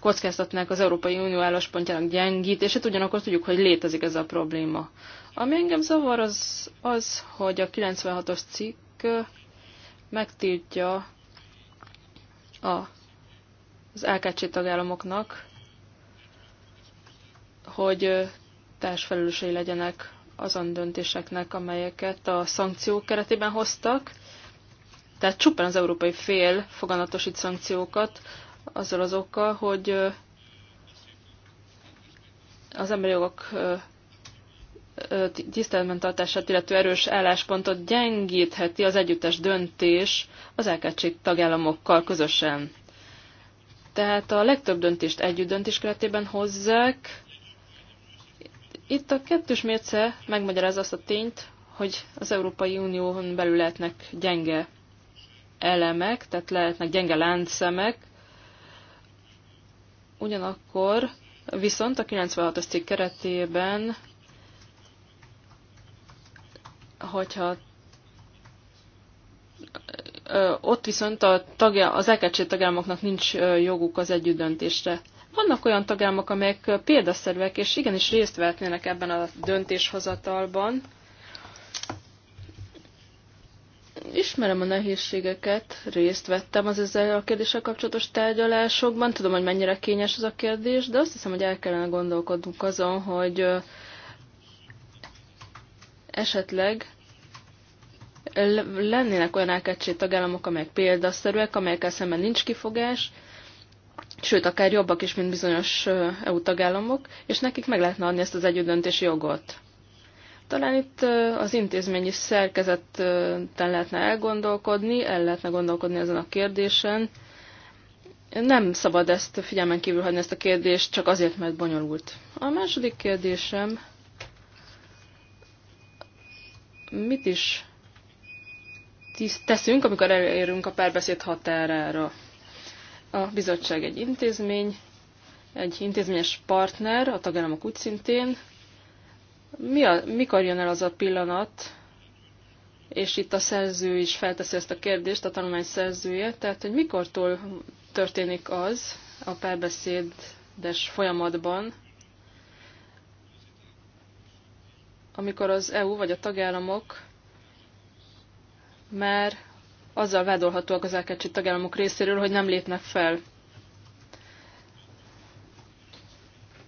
kockáztatnák az Európai Unió álláspontjának gyengítését, ugyanakkor tudjuk, hogy létezik ez a probléma. Ami engem zavar, az, az hogy a 96-os cikk megtiltja a, az LKC tagállamoknak, hogy társfelelősei legyenek azon döntéseknek, amelyeket a szankciók keretében hoztak. Tehát csupán az európai fél foganatosít szankciókat, azzal az okkal, hogy az emberi jogok tiszteletben tartását illető erős álláspontot gyengítheti az együttes döntés az elkátség tagállamokkal közösen. Tehát a legtöbb döntést együtt döntés keretében hozzák. Itt a kettős mérce megmagyarázza azt a tényt, hogy az Európai Unión belül lehetnek gyenge elemek, tehát lehetnek gyenge láncszemek, Ugyanakkor viszont a 96-as cikk keretében, hogyha ott viszont a tagja, az EKC tagállamoknak nincs joguk az együttdöntésre. Vannak olyan tagállamok, amelyek példaszerűek, és igenis részt vehetnének ebben a döntéshozatalban, ismerem a nehézségeket, részt vettem az ezzel a kérdéssel kapcsolatos tárgyalásokban, tudom, hogy mennyire kényes ez a kérdés, de azt hiszem, hogy el kellene gondolkodnunk azon, hogy esetleg lennének olyan elkettsé tagállamok, amelyek példaszerűek, amelyekkel szemben nincs kifogás, sőt, akár jobbak is, mint bizonyos EU tagállamok, és nekik meg lehetne adni ezt az együttdöntési jogot. Talán itt az intézményi szerkezetten lehetne elgondolkodni, el lehetne gondolkodni ezen a kérdésen. Nem szabad ezt figyelmen kívül hagyni ezt a kérdést, csak azért, mert bonyolult. A második kérdésem, mit is teszünk, amikor elérünk a párbeszéd határára? A bizottság egy intézmény, egy intézményes partner, a tagállamok úgy szintén, mi a, mikor jön el az a pillanat, és itt a szerző is felteszi ezt a kérdést, a tanulmány szerzője, tehát hogy mikortól történik az a párbeszédes folyamatban, amikor az EU vagy a tagállamok már azzal vádolhatóak az elkecsi tagállamok részéről, hogy nem lépnek fel.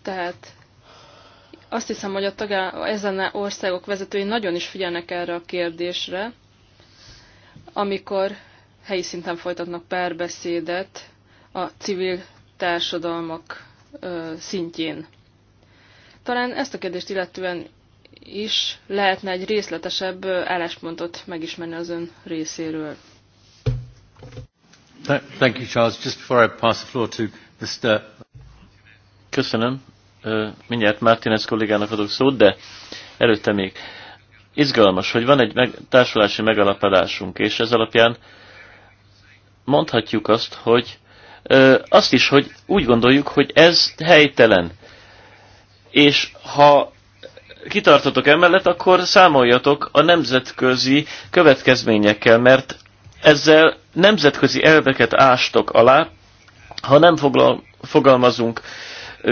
Tehát azt hiszem, hogy a tagá, ezen országok vezetői nagyon is figyelnek erre a kérdésre, amikor helyi szinten folytatnak párbeszédet a civil társadalmak ö, szintjén. Talán ezt a kérdést illetően is lehetne egy részletesebb álláspontot megismerni az ön részéről. Thank you, Charles. Just before I pass the floor to Mr. Köszönöm mindjárt Martinez kollégának adok szót, de előtte még izgalmas, hogy van egy meg, társulási megalapadásunk, és ez alapján mondhatjuk azt, hogy ö, azt is, hogy úgy gondoljuk, hogy ez helytelen. És ha kitartotok emellett, akkor számoljatok a nemzetközi következményekkel, mert ezzel nemzetközi elveket ástok alá, ha nem foglal, fogalmazunk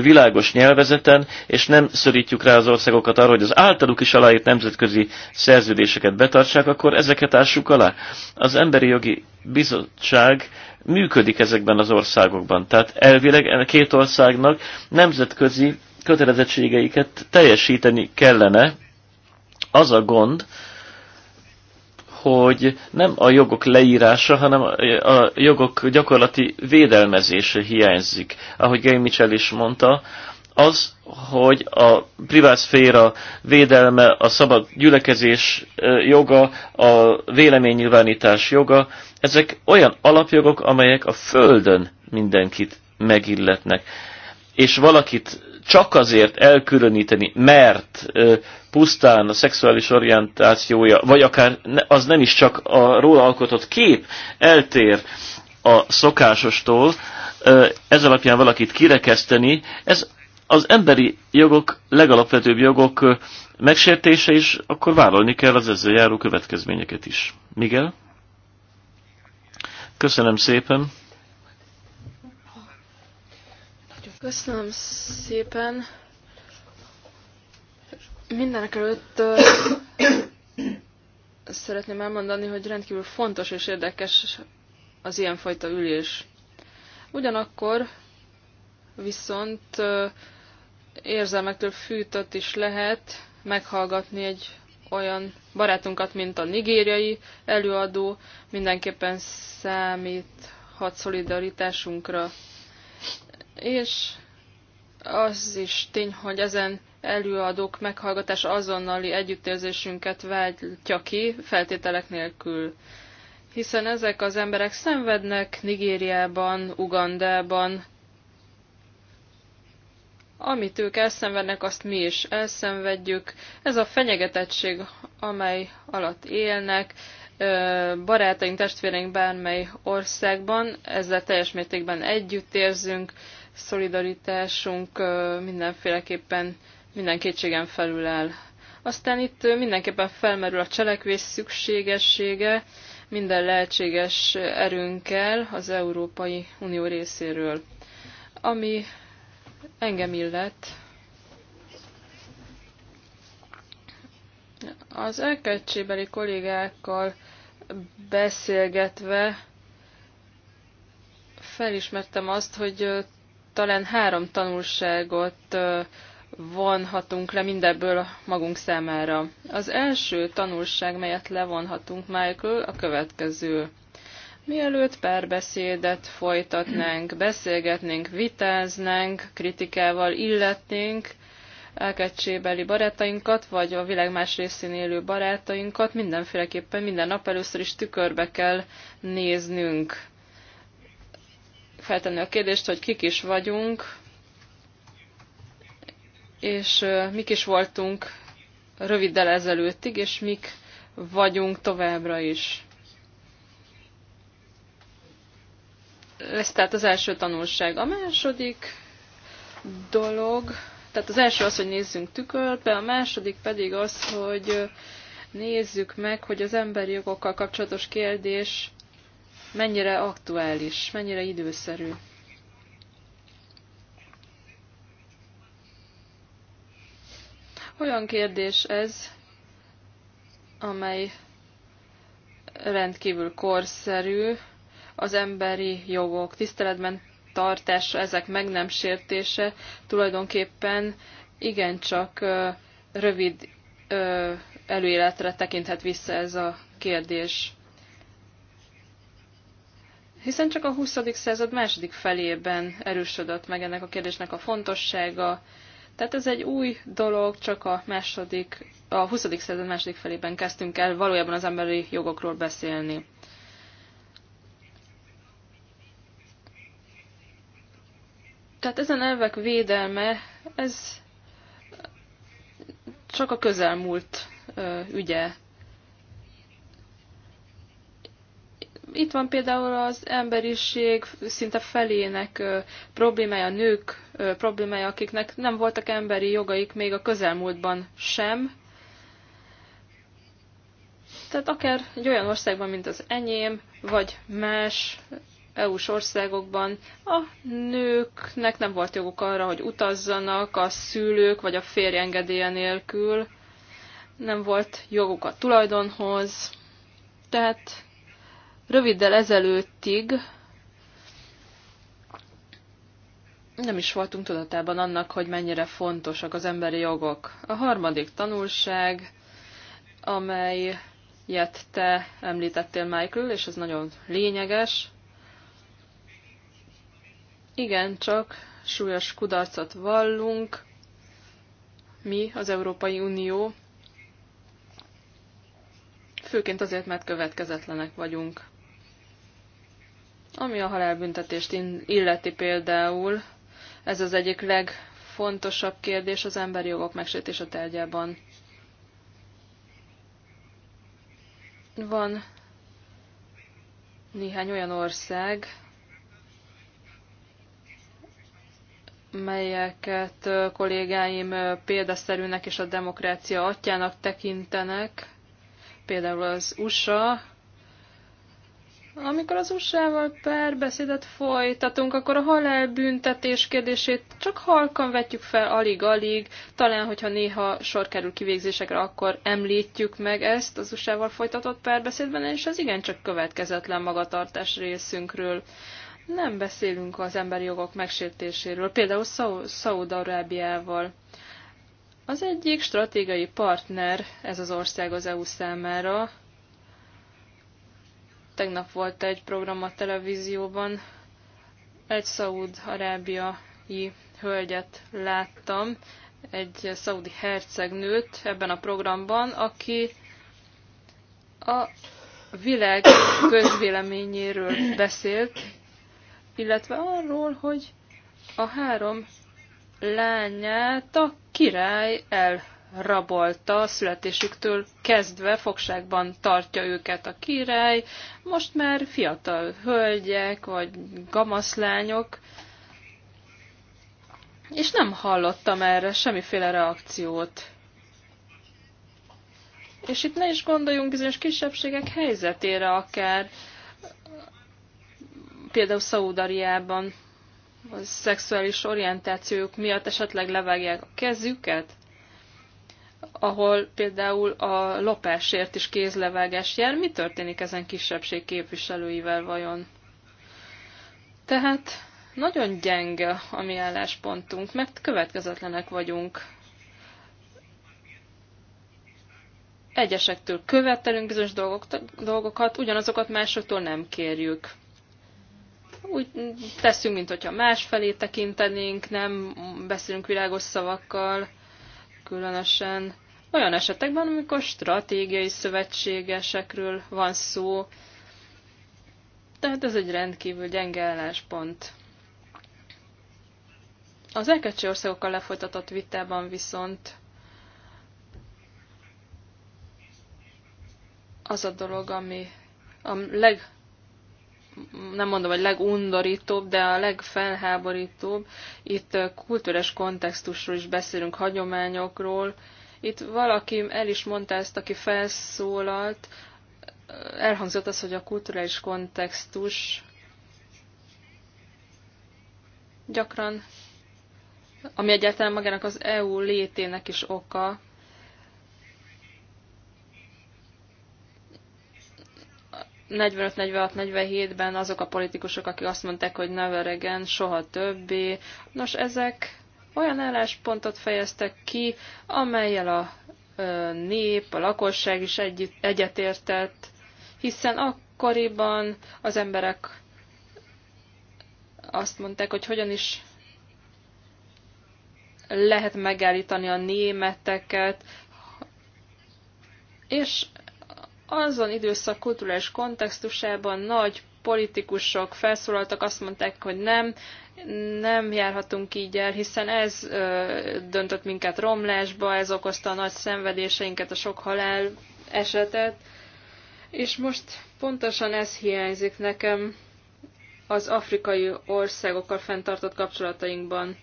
világos nyelvezeten, és nem szorítjuk rá az országokat arra, hogy az általuk is aláírt nemzetközi szerződéseket betartsák, akkor ezeket ássuk alá. Az Emberi Jogi Bizottság működik ezekben az országokban. Tehát elvileg a két országnak nemzetközi kötelezettségeiket teljesíteni kellene. Az a gond, hogy nem a jogok leírása, hanem a jogok gyakorlati védelmezése hiányzik. Ahogy Gay Mitchell is mondta, az, hogy a privát szféra védelme, a szabad gyülekezés joga, a véleménynyilvánítás joga, ezek olyan alapjogok, amelyek a Földön mindenkit megilletnek. És valakit csak azért elkülöníteni, mert pusztán a szexuális orientációja, vagy akár az nem is csak a róla alkotott kép eltér a szokásostól, ez alapján valakit kirekeszteni, ez az emberi jogok, legalapvetőbb jogok megsértése is, akkor vállalni kell az ezzel járó következményeket is. Miguel? Köszönöm szépen. Köszönöm szépen. Mindenek előtt szeretném elmondani, hogy rendkívül fontos és érdekes az ilyenfajta ülés. Ugyanakkor viszont érzelmektől fűtött is lehet meghallgatni egy olyan barátunkat, mint a nigériai előadó, mindenképpen számít hat szolidaritásunkra. És az is tény, hogy ezen előadók meghallgatása azonnali együttérzésünket váltja ki, feltételek nélkül. Hiszen ezek az emberek szenvednek Nigériában, Ugandában. Amit ők elszenvednek, azt mi is elszenvedjük. Ez a fenyegetettség, amely alatt élnek, barátaink, testvéreink bármely országban, ezzel teljes mértékben együttérzünk, érzünk, szolidaritásunk mindenféleképpen minden kétségen felül áll. Aztán itt mindenképpen felmerül a cselekvés szükségessége minden lehetséges erőnkkel az Európai Unió részéről. Ami engem illet, az elkecsébeli kollégákkal beszélgetve felismertem azt, hogy talán három tanulságot vonhatunk le mindebből magunk számára. Az első tanulság, melyet levonhatunk, Michael, a következő. Mielőtt párbeszédet folytatnánk, beszélgetnénk, vitáznánk, kritikával illetnénk, elkecsébeli barátainkat, vagy a világ más részén élő barátainkat, mindenféleképpen minden nap először is tükörbe kell néznünk feltenni a kérdést, hogy kik is vagyunk, és mik is voltunk röviddel ezelőttig, és mik vagyunk továbbra is. Ez tehát az első tanulság. A második dolog, tehát az első az, hogy nézzünk tükörbe, a második pedig az, hogy nézzük meg, hogy az emberi jogokkal kapcsolatos kérdés mennyire aktuális, mennyire időszerű. Olyan kérdés ez, amely rendkívül korszerű, az emberi jogok tiszteletben tartása, ezek meg nem sértése tulajdonképpen igencsak rövid előéletre tekinthet vissza ez a kérdés. Hiszen csak a 20. század második felében erősödött meg ennek a kérdésnek a fontossága. Tehát ez egy új dolog, csak a, második, a 20. század második felében kezdtünk el valójában az emberi jogokról beszélni. Tehát ezen elvek védelme, ez csak a közelmúlt ügye. Itt van például az emberiség szinte felének problémája, nők problémája, akiknek nem voltak emberi jogaik még a közelmúltban sem. Tehát akár egy olyan országban, mint az enyém, vagy más EU-s országokban a nőknek nem volt joguk arra, hogy utazzanak a szülők vagy a férj engedélye nélkül, nem volt joguk a tulajdonhoz, tehát röviddel ezelőttig nem is voltunk tudatában annak, hogy mennyire fontosak az emberi jogok. A harmadik tanulság, amelyet te említettél, Michael, és ez nagyon lényeges. Igen, csak súlyos kudarcot vallunk, mi, az Európai Unió, főként azért, mert következetlenek vagyunk. Ami a halálbüntetést illeti például, ez az egyik legfontosabb kérdés az emberi jogok megsértése tárgyában. Van néhány olyan ország, melyeket kollégáim példaszerűnek és a demokrácia atyának tekintenek, például az USA, amikor az USA-val párbeszédet folytatunk, akkor a halál büntetés kérdését csak halkan vetjük fel, alig-alig, talán, hogyha néha sor kerül kivégzésekre, akkor említjük meg ezt az USA-val folytatott párbeszédben, és ez igencsak következetlen magatartás részünkről. Nem beszélünk az emberi jogok megsértéséről, például Szaúd-Arábiával. Az egyik stratégiai partner ez az ország az EU számára, Tegnap volt egy program a televízióban, egy szaúd-arábiai hölgyet láttam, egy szaudi hercegnőt ebben a programban, aki a világ közvéleményéről beszélt, illetve arról, hogy a három lányát a király el Rabolta születésüktől kezdve fogságban tartja őket a király, most már fiatal hölgyek vagy gamaszlányok, és nem hallottam erre semmiféle reakciót. És itt ne is gondoljunk bizonyos kisebbségek helyzetére akár, például Szaúdariában a szexuális orientációjuk miatt esetleg levágják a kezüket? ahol például a lopásért is kézlevágás jár. Mi történik ezen kisebbség képviselőivel vajon? Tehát nagyon gyenge a mi álláspontunk, mert következetlenek vagyunk. Egyesektől követelünk bizonyos dolgok, dolgokat, ugyanazokat másoktól nem kérjük. Úgy teszünk, mintha más másfelé tekintenénk, nem beszélünk világos szavakkal különösen olyan esetekben, amikor stratégiai szövetségesekről van szó, tehát ez egy rendkívül gyenge álláspont. Az elkecsi országokkal lefolytatott vitában viszont az a dolog, ami a leg nem mondom, hogy legundorítóbb, de a legfelháborítóbb. Itt kultúrás kontextusról is beszélünk, hagyományokról. Itt valaki el is mondta ezt, aki felszólalt, elhangzott az, hogy a kulturális kontextus gyakran, ami egyáltalán magának az EU létének is oka, 45-46-47-ben azok a politikusok, akik azt mondták, hogy never again, soha többé. Nos, ezek olyan álláspontot fejeztek ki, amelyel a nép, a lakosság is egy, egyetértett, hiszen akkoriban az emberek azt mondták, hogy hogyan is lehet megállítani a németeket, és azon időszak kulturális kontextusában nagy politikusok felszólaltak, azt mondták, hogy nem, nem járhatunk így el, hiszen ez ö, döntött minket romlásba, ez okozta a nagy szenvedéseinket, a sok halál esetet, és most pontosan ez hiányzik nekem az afrikai országokkal fenntartott kapcsolatainkban.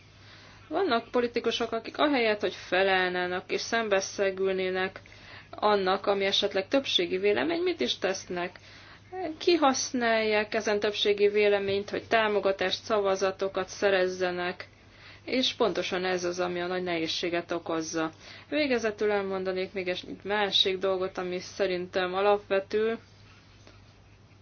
Vannak politikusok, akik ahelyett, hogy felelnának és szembeszegülnének annak, ami esetleg többségi vélemény, mit is tesznek? Kihasználják ezen többségi véleményt, hogy támogatást, szavazatokat szerezzenek, és pontosan ez az, ami a nagy nehézséget okozza. Végezetül elmondanék még egy másik dolgot, ami szerintem alapvető,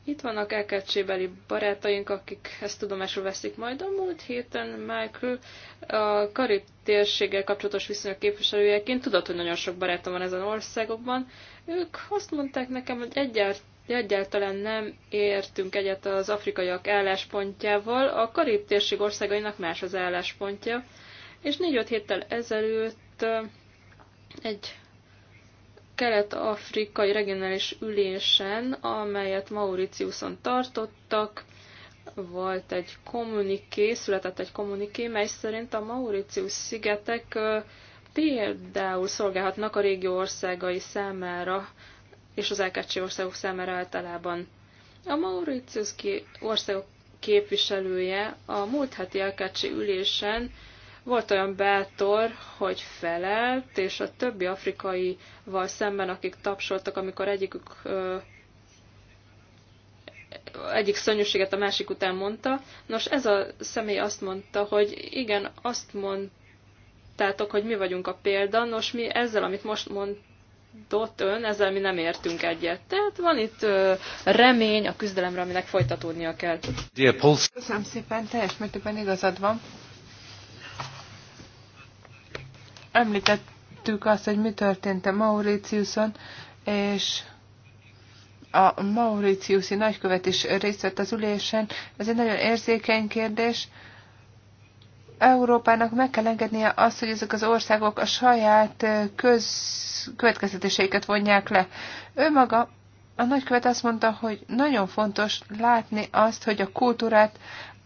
itt vannak elkecsébeli barátaink, akik ezt tudomásul veszik majd. A múlt héten Michael a Karib térséggel kapcsolatos viszonyok képviselőjeként tudod, hogy nagyon sok barátom van ezen országokban. Ők azt mondták nekem, hogy egyáltalán egyáltalán nem értünk egyet az afrikaiak álláspontjával, a karib térség országainak más az álláspontja, és négy-öt héttel ezelőtt egy kelet-afrikai regionális ülésen, amelyet Mauritiuson tartottak, volt egy kommuniké, született egy kommuniké, mely szerint a Mauritius szigetek például szolgálhatnak a régió országai számára, és az LKC országok számára általában. A Mauritius országok képviselője a múlt heti LKC ülésen volt olyan bátor, hogy felelt, és a többi afrikaival szemben, akik tapsoltak, amikor egyikük egyik szörnyűséget a másik után mondta. Nos, ez a személy azt mondta, hogy igen, azt mondtátok, hogy mi vagyunk a példa, nos, mi ezzel, amit most mondott ön, ezzel mi nem értünk egyet. Tehát van itt ö, remény a küzdelemre, aminek folytatódnia kell. Köszönöm szépen, teljes mértékben igazad van. Említettük azt, hogy mi történt a Mauritiuson, és a Mauritiusi nagykövet is részt vett az ülésen. Ez egy nagyon érzékeny kérdés. Európának meg kell engednie azt, hogy ezek az országok a saját eh, köz következtetéseiket vonják le. Ő maga, a nagykövet azt mondta, hogy nagyon fontos látni azt, hogy a kultúrát,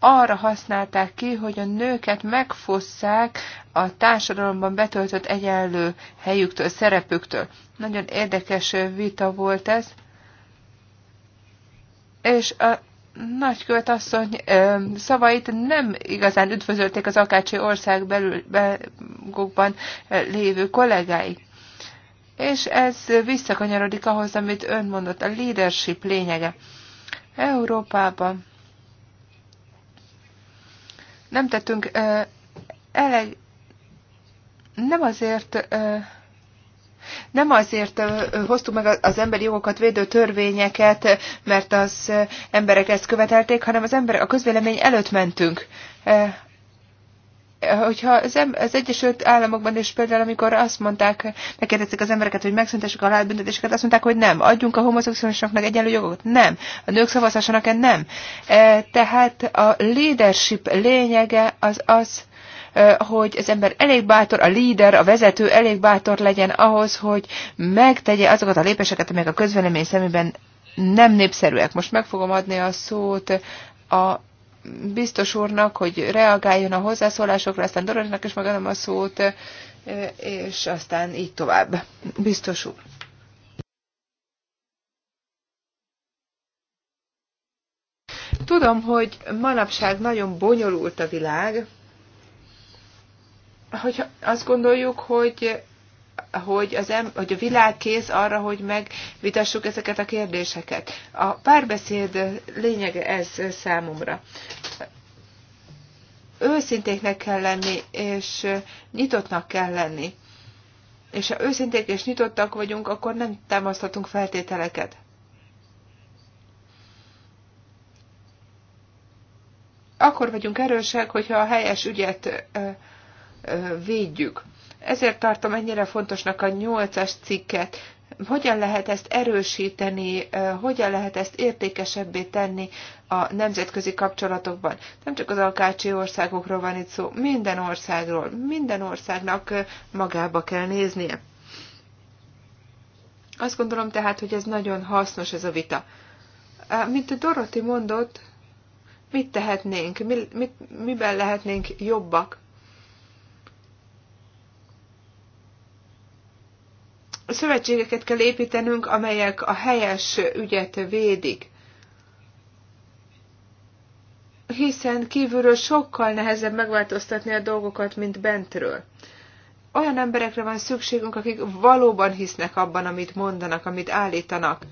arra használták ki, hogy a nőket megfosszák a társadalomban betöltött egyenlő helyüktől, szerepüktől. Nagyon érdekes vita volt ez. És a nagykövet asszony ö, szavait nem igazán üdvözölték az akácsi ország belül, lévő kollégái. És ez visszakanyarodik ahhoz, amit ön mondott, a leadership lényege. Európában nem tettünk elég, nem azért nem azért hoztuk meg az emberi jogokat védő törvényeket, mert az emberek ezt követelték, hanem az emberek a közvélemény előtt mentünk hogyha az, az Egyesült Államokban is például, amikor azt mondták, megkérdezték az embereket, hogy megszüntessük a halálbüntetéseket, azt mondták, hogy nem, adjunk a homoszexuálisoknak egyenlő jogot, nem, a nők szavazhassanak-e, nem. E, tehát a leadership lényege az az, e, hogy az ember elég bátor, a líder, a vezető elég bátor legyen ahhoz, hogy megtegye azokat a lépéseket, amelyek a közvélemény szemében nem népszerűek. Most meg fogom adni a szót a biztos úrnak, hogy reagáljon a hozzászólásokra, aztán Dorotnak is megadom a szót, és aztán így tovább. Biztos úr. Tudom, hogy manapság nagyon bonyolult a világ, hogyha azt gondoljuk, hogy hogy, az em- hogy a világ kész arra, hogy megvitassuk ezeket a kérdéseket. A párbeszéd lényege ez számomra. Őszintéknek kell lenni, és nyitottnak kell lenni. És ha őszinték és nyitottak vagyunk, akkor nem támaszthatunk feltételeket. Akkor vagyunk erősek, hogyha a helyes ügyet ö, ö, védjük ezért tartom ennyire fontosnak a nyolcas cikket. Hogyan lehet ezt erősíteni, hogyan lehet ezt értékesebbé tenni a nemzetközi kapcsolatokban? Nem csak az alkácsi országokról van itt szó, minden országról, minden országnak magába kell néznie. Azt gondolom tehát, hogy ez nagyon hasznos ez a vita. Mint a Doroti mondott, mit tehetnénk, mi, mit, miben lehetnénk jobbak? szövetségeket kell építenünk, amelyek a helyes ügyet védik. Hiszen kívülről sokkal nehezebb megváltoztatni a dolgokat, mint bentről. Olyan emberekre van szükségünk, akik valóban hisznek abban, amit mondanak, amit állítanak.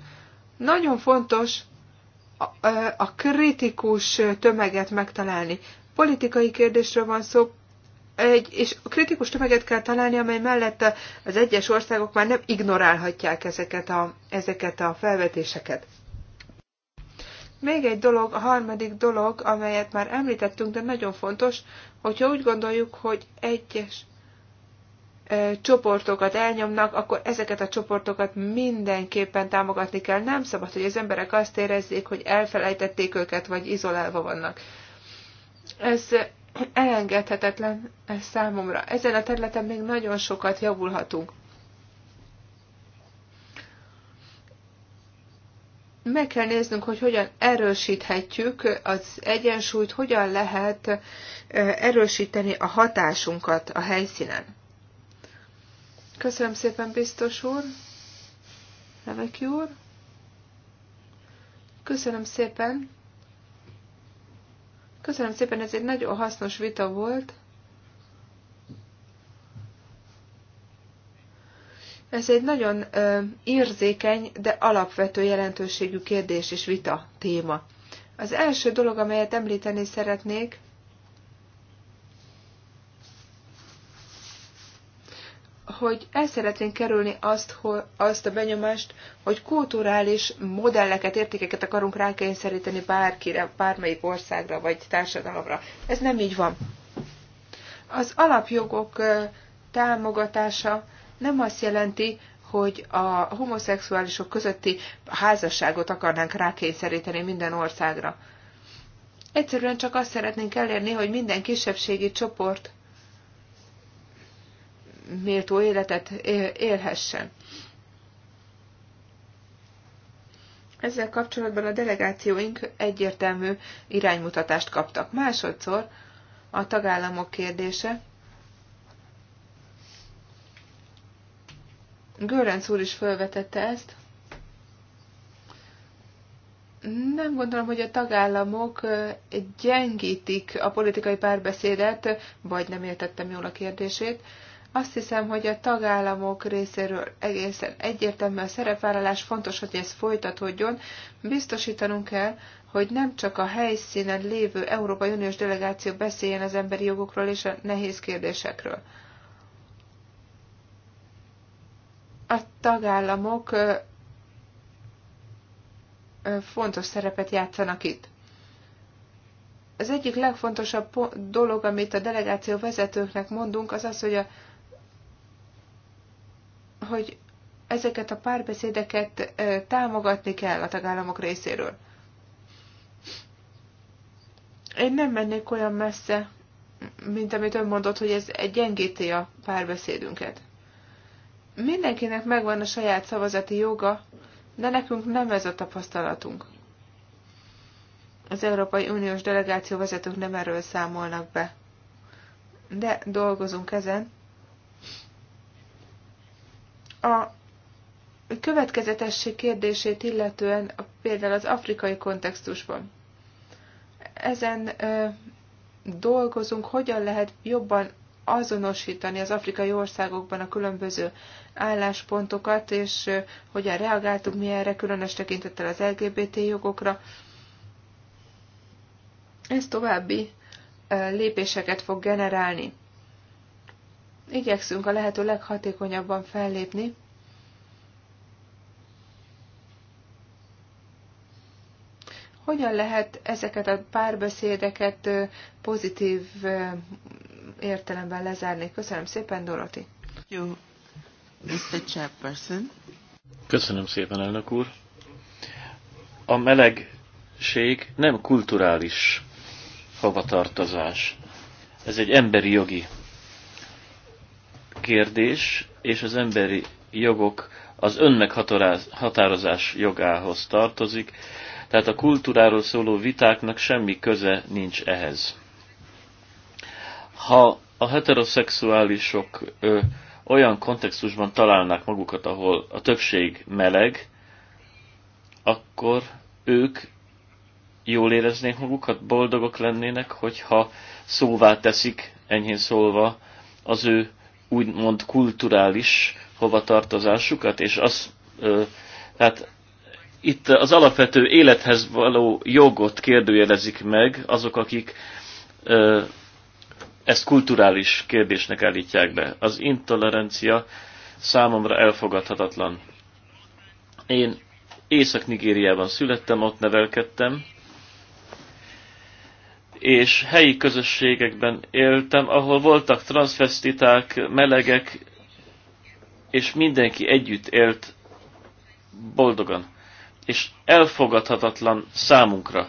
Nagyon fontos a, a kritikus tömeget megtalálni. Politikai kérdésről van szó, egy, és kritikus tömeget kell találni, amely mellett az egyes országok már nem ignorálhatják ezeket a, ezeket a felvetéseket. Még egy dolog, a harmadik dolog, amelyet már említettünk, de nagyon fontos, hogyha úgy gondoljuk, hogy egyes csoportokat elnyomnak, akkor ezeket a csoportokat mindenképpen támogatni kell. Nem szabad, hogy az emberek azt érezzék, hogy elfelejtették őket, vagy izolálva vannak. Ez elengedhetetlen ez számomra. Ezen a területen még nagyon sokat javulhatunk. Meg kell néznünk, hogy hogyan erősíthetjük az egyensúlyt, hogyan lehet erősíteni a hatásunkat a helyszínen. Köszönöm szépen, biztos úr, Leveki úr. Köszönöm szépen. Köszönöm szépen, ez egy nagyon hasznos vita volt. Ez egy nagyon ö, érzékeny, de alapvető jelentőségű kérdés és vita téma. Az első dolog, amelyet említeni szeretnék, hogy el szeretnénk kerülni azt, hogy azt a benyomást, hogy kulturális modelleket, értékeket akarunk rákényszeríteni bárkire, bármelyik országra vagy társadalomra. Ez nem így van. Az alapjogok támogatása nem azt jelenti, hogy a homoszexuálisok közötti házasságot akarnánk rákényszeríteni minden országra. Egyszerűen csak azt szeretnénk elérni, hogy minden kisebbségi csoport méltó életet élhessen. Ezzel kapcsolatban a delegációink egyértelmű iránymutatást kaptak. Másodszor a tagállamok kérdése. Görenc úr is felvetette ezt. Nem gondolom, hogy a tagállamok gyengítik a politikai párbeszédet, vagy nem értettem jól a kérdését. Azt hiszem, hogy a tagállamok részéről egészen egyértelmű a szerepvállalás, fontos, hogy ez folytatódjon. Biztosítanunk kell, hogy nem csak a helyszínen lévő Európai Uniós delegáció beszéljen az emberi jogokról és a nehéz kérdésekről. A tagállamok fontos szerepet játszanak itt. Az egyik legfontosabb dolog, amit a delegáció vezetőknek mondunk, az az, hogy a hogy ezeket a párbeszédeket támogatni kell a tagállamok részéről. Én nem mennék olyan messze, mint amit ön mondott, hogy ez egy gyengíti a párbeszédünket. Mindenkinek megvan a saját szavazati joga, de nekünk nem ez a tapasztalatunk. Az Európai Uniós delegáció vezetők nem erről számolnak be. De dolgozunk ezen. A következetesség kérdését illetően például az afrikai kontextusban. Ezen ö, dolgozunk, hogyan lehet jobban azonosítani az afrikai országokban a különböző álláspontokat, és hogyan reagáltuk mi erre, különös tekintettel az LGBT jogokra. Ez további lépéseket fog generálni igyekszünk a lehető leghatékonyabban fellépni, hogyan lehet ezeket a párbeszédeket pozitív értelemben lezárni. Köszönöm szépen, Doroti. Jó, Mr. Chairperson. Köszönöm szépen, elnök úr. A melegség nem kulturális hovatartozás. Ez egy emberi jogi kérdés és az emberi jogok az önmeghatározás jogához tartozik, tehát a kultúráról szóló vitáknak semmi köze nincs ehhez. Ha a heteroszexuálisok ö, olyan kontextusban találnák magukat, ahol a többség meleg, akkor ők jól éreznék magukat, boldogok lennének, hogyha szóvá teszik, enyhén szólva, az ő úgymond kulturális hovatartozásukat, és az, tehát itt az alapvető élethez való jogot kérdőjelezik meg azok, akik ezt kulturális kérdésnek állítják be. Az intolerancia számomra elfogadhatatlan. Én Észak-Nigériában születtem, ott nevelkedtem, és helyi közösségekben éltem, ahol voltak transvestiták, melegek, és mindenki együtt élt boldogan. És elfogadhatatlan számunkra,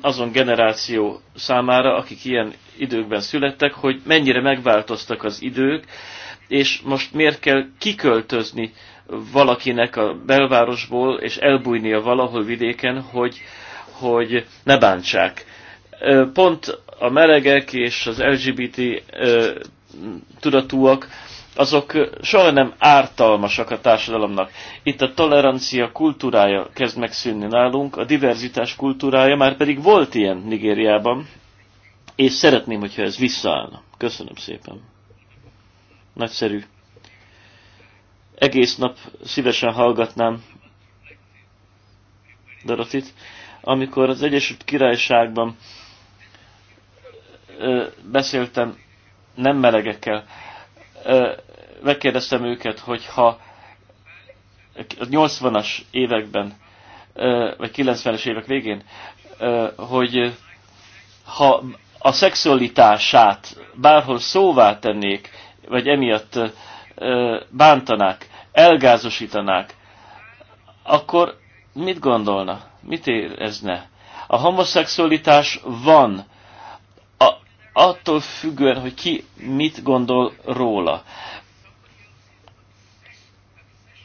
azon generáció számára, akik ilyen időkben születtek, hogy mennyire megváltoztak az idők, és most miért kell kiköltözni valakinek a belvárosból, és elbújnia valahol vidéken, hogy, hogy ne bántsák pont a melegek és az LGBT tudatúak, azok soha nem ártalmasak a társadalomnak. Itt a tolerancia kultúrája kezd megszűnni nálunk, a diverzitás kultúrája, már pedig volt ilyen Nigériában, és szeretném, hogyha ez visszaállna. Köszönöm szépen. Nagyszerű. Egész nap szívesen hallgatnám Dorotit. Amikor az Egyesült Királyságban beszéltem nem melegekkel, megkérdeztem őket, hogy ha a 80-as években, vagy 90-es évek végén, hogy ha a szexualitását bárhol szóvá tennék, vagy emiatt bántanák, elgázosítanák, akkor mit gondolna? Mit érezne? A homoszexualitás van, attól függően, hogy ki mit gondol róla.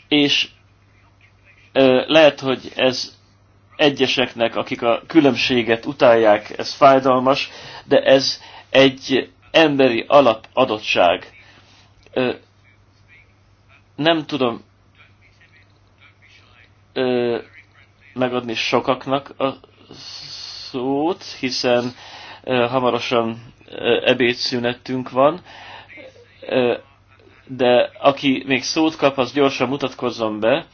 És ö, lehet, hogy ez egyeseknek, akik a különbséget utálják, ez fájdalmas, de ez egy emberi alapadottság. Ö, nem tudom ö, megadni sokaknak a szót, hiszen ö, hamarosan ebédszünetünk van, de aki még szót kap, az gyorsan mutatkozzon be,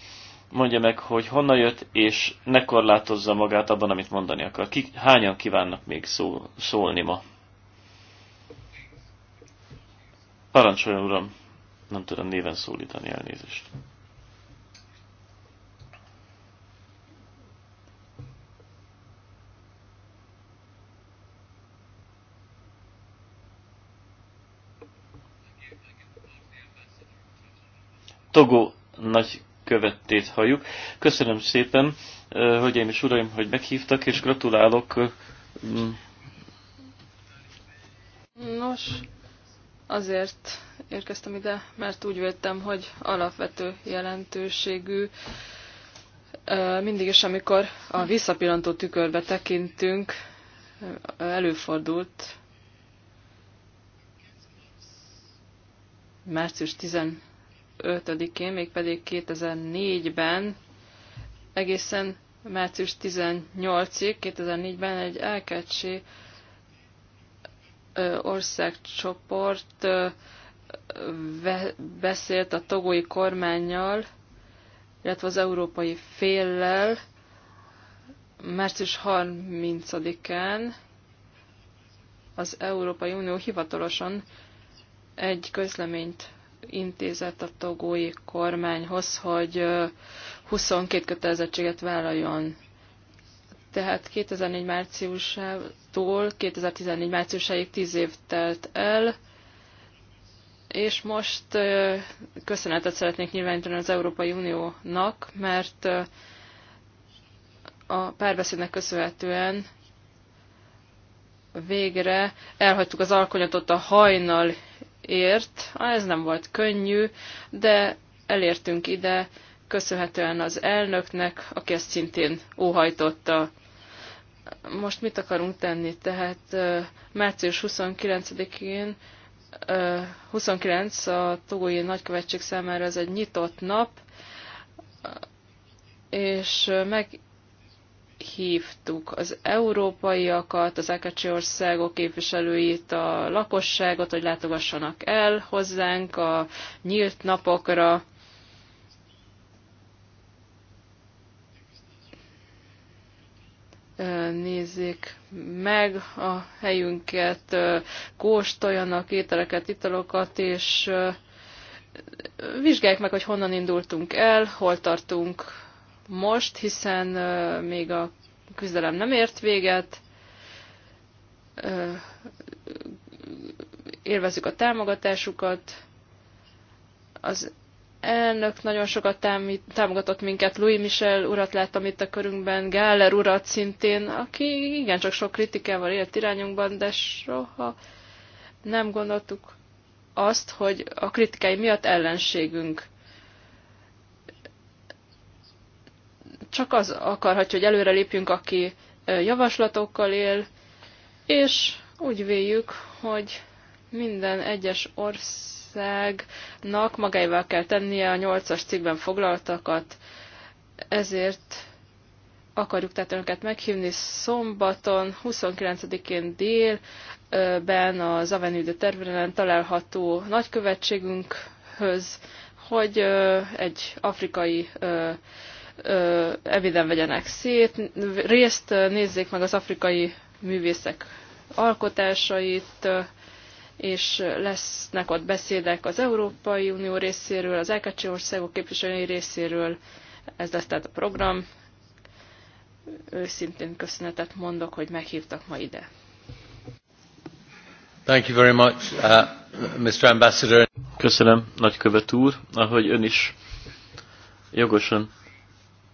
mondja meg, hogy honnan jött, és ne korlátozza magát abban, amit mondani akar. Ki, hányan kívánnak még szó, szólni ma? Parancsoljon, uram! Nem tudom néven szólítani elnézést. Togó követtét halljuk. Köszönöm szépen, hölgyeim és uraim, hogy meghívtak, és gratulálok. Mm. Nos, azért érkeztem ide, mert úgy véltem, hogy alapvető jelentőségű mindig is, amikor a visszapillantó tükörbe tekintünk, előfordult március 10 5-én, mégpedig 2004-ben, egészen március 18-ig, 2004-ben egy elkecsi országcsoport beszélt a togói kormányjal, illetve az európai féllel március 30-án az Európai Unió hivatalosan egy közleményt intézett a togói kormányhoz, hogy 22 kötelezettséget vállaljon. Tehát 2004 márciusától 2014 márciusáig 10 év telt el, és most köszönetet szeretnék nyilvánítani az Európai Uniónak, mert a párbeszédnek köszönhetően végre elhagytuk az alkonyatot a hajnal ért. Ez nem volt könnyű, de elértünk ide, köszönhetően az elnöknek, aki ezt szintén óhajtotta. Most mit akarunk tenni? Tehát március 29-én 29 a Togói Nagykövetség számára ez egy nyitott nap, és meg hívtuk az európaiakat, az AKC országok képviselőit, a lakosságot, hogy látogassanak el hozzánk a nyílt napokra. Nézzék meg a helyünket, kóstoljanak ételeket, italokat, és vizsgálják meg, hogy honnan indultunk el, hol tartunk most, hiszen még a küzdelem nem ért véget, Élvezzük a támogatásukat. Az elnök nagyon sokat támogatott minket, Louis Michel urat láttam itt a körünkben, Gáller urat szintén, aki igencsak sok kritikával élt irányunkban, de soha nem gondoltuk azt, hogy a kritikai miatt ellenségünk csak az akarhatja, hogy előre lépjünk, aki javaslatokkal él, és úgy véljük, hogy minden egyes országnak magáival kell tennie a nyolcas cikkben foglaltakat, ezért akarjuk tehát önöket meghívni szombaton, 29-én délben az Avenue de Tervelen található nagykövetségünkhöz, hogy egy afrikai eviden vegyenek szét, részt nézzék meg az afrikai művészek alkotásait, és lesznek ott beszédek az Európai Unió részéről, az LKC országok képviselői részéről, ez lesz tehát a program. Őszintén köszönetet mondok, hogy meghívtak ma ide. Thank you very much, uh, Mr. Ambassador. Köszönöm, nagykövet úr, ahogy ön is jogosan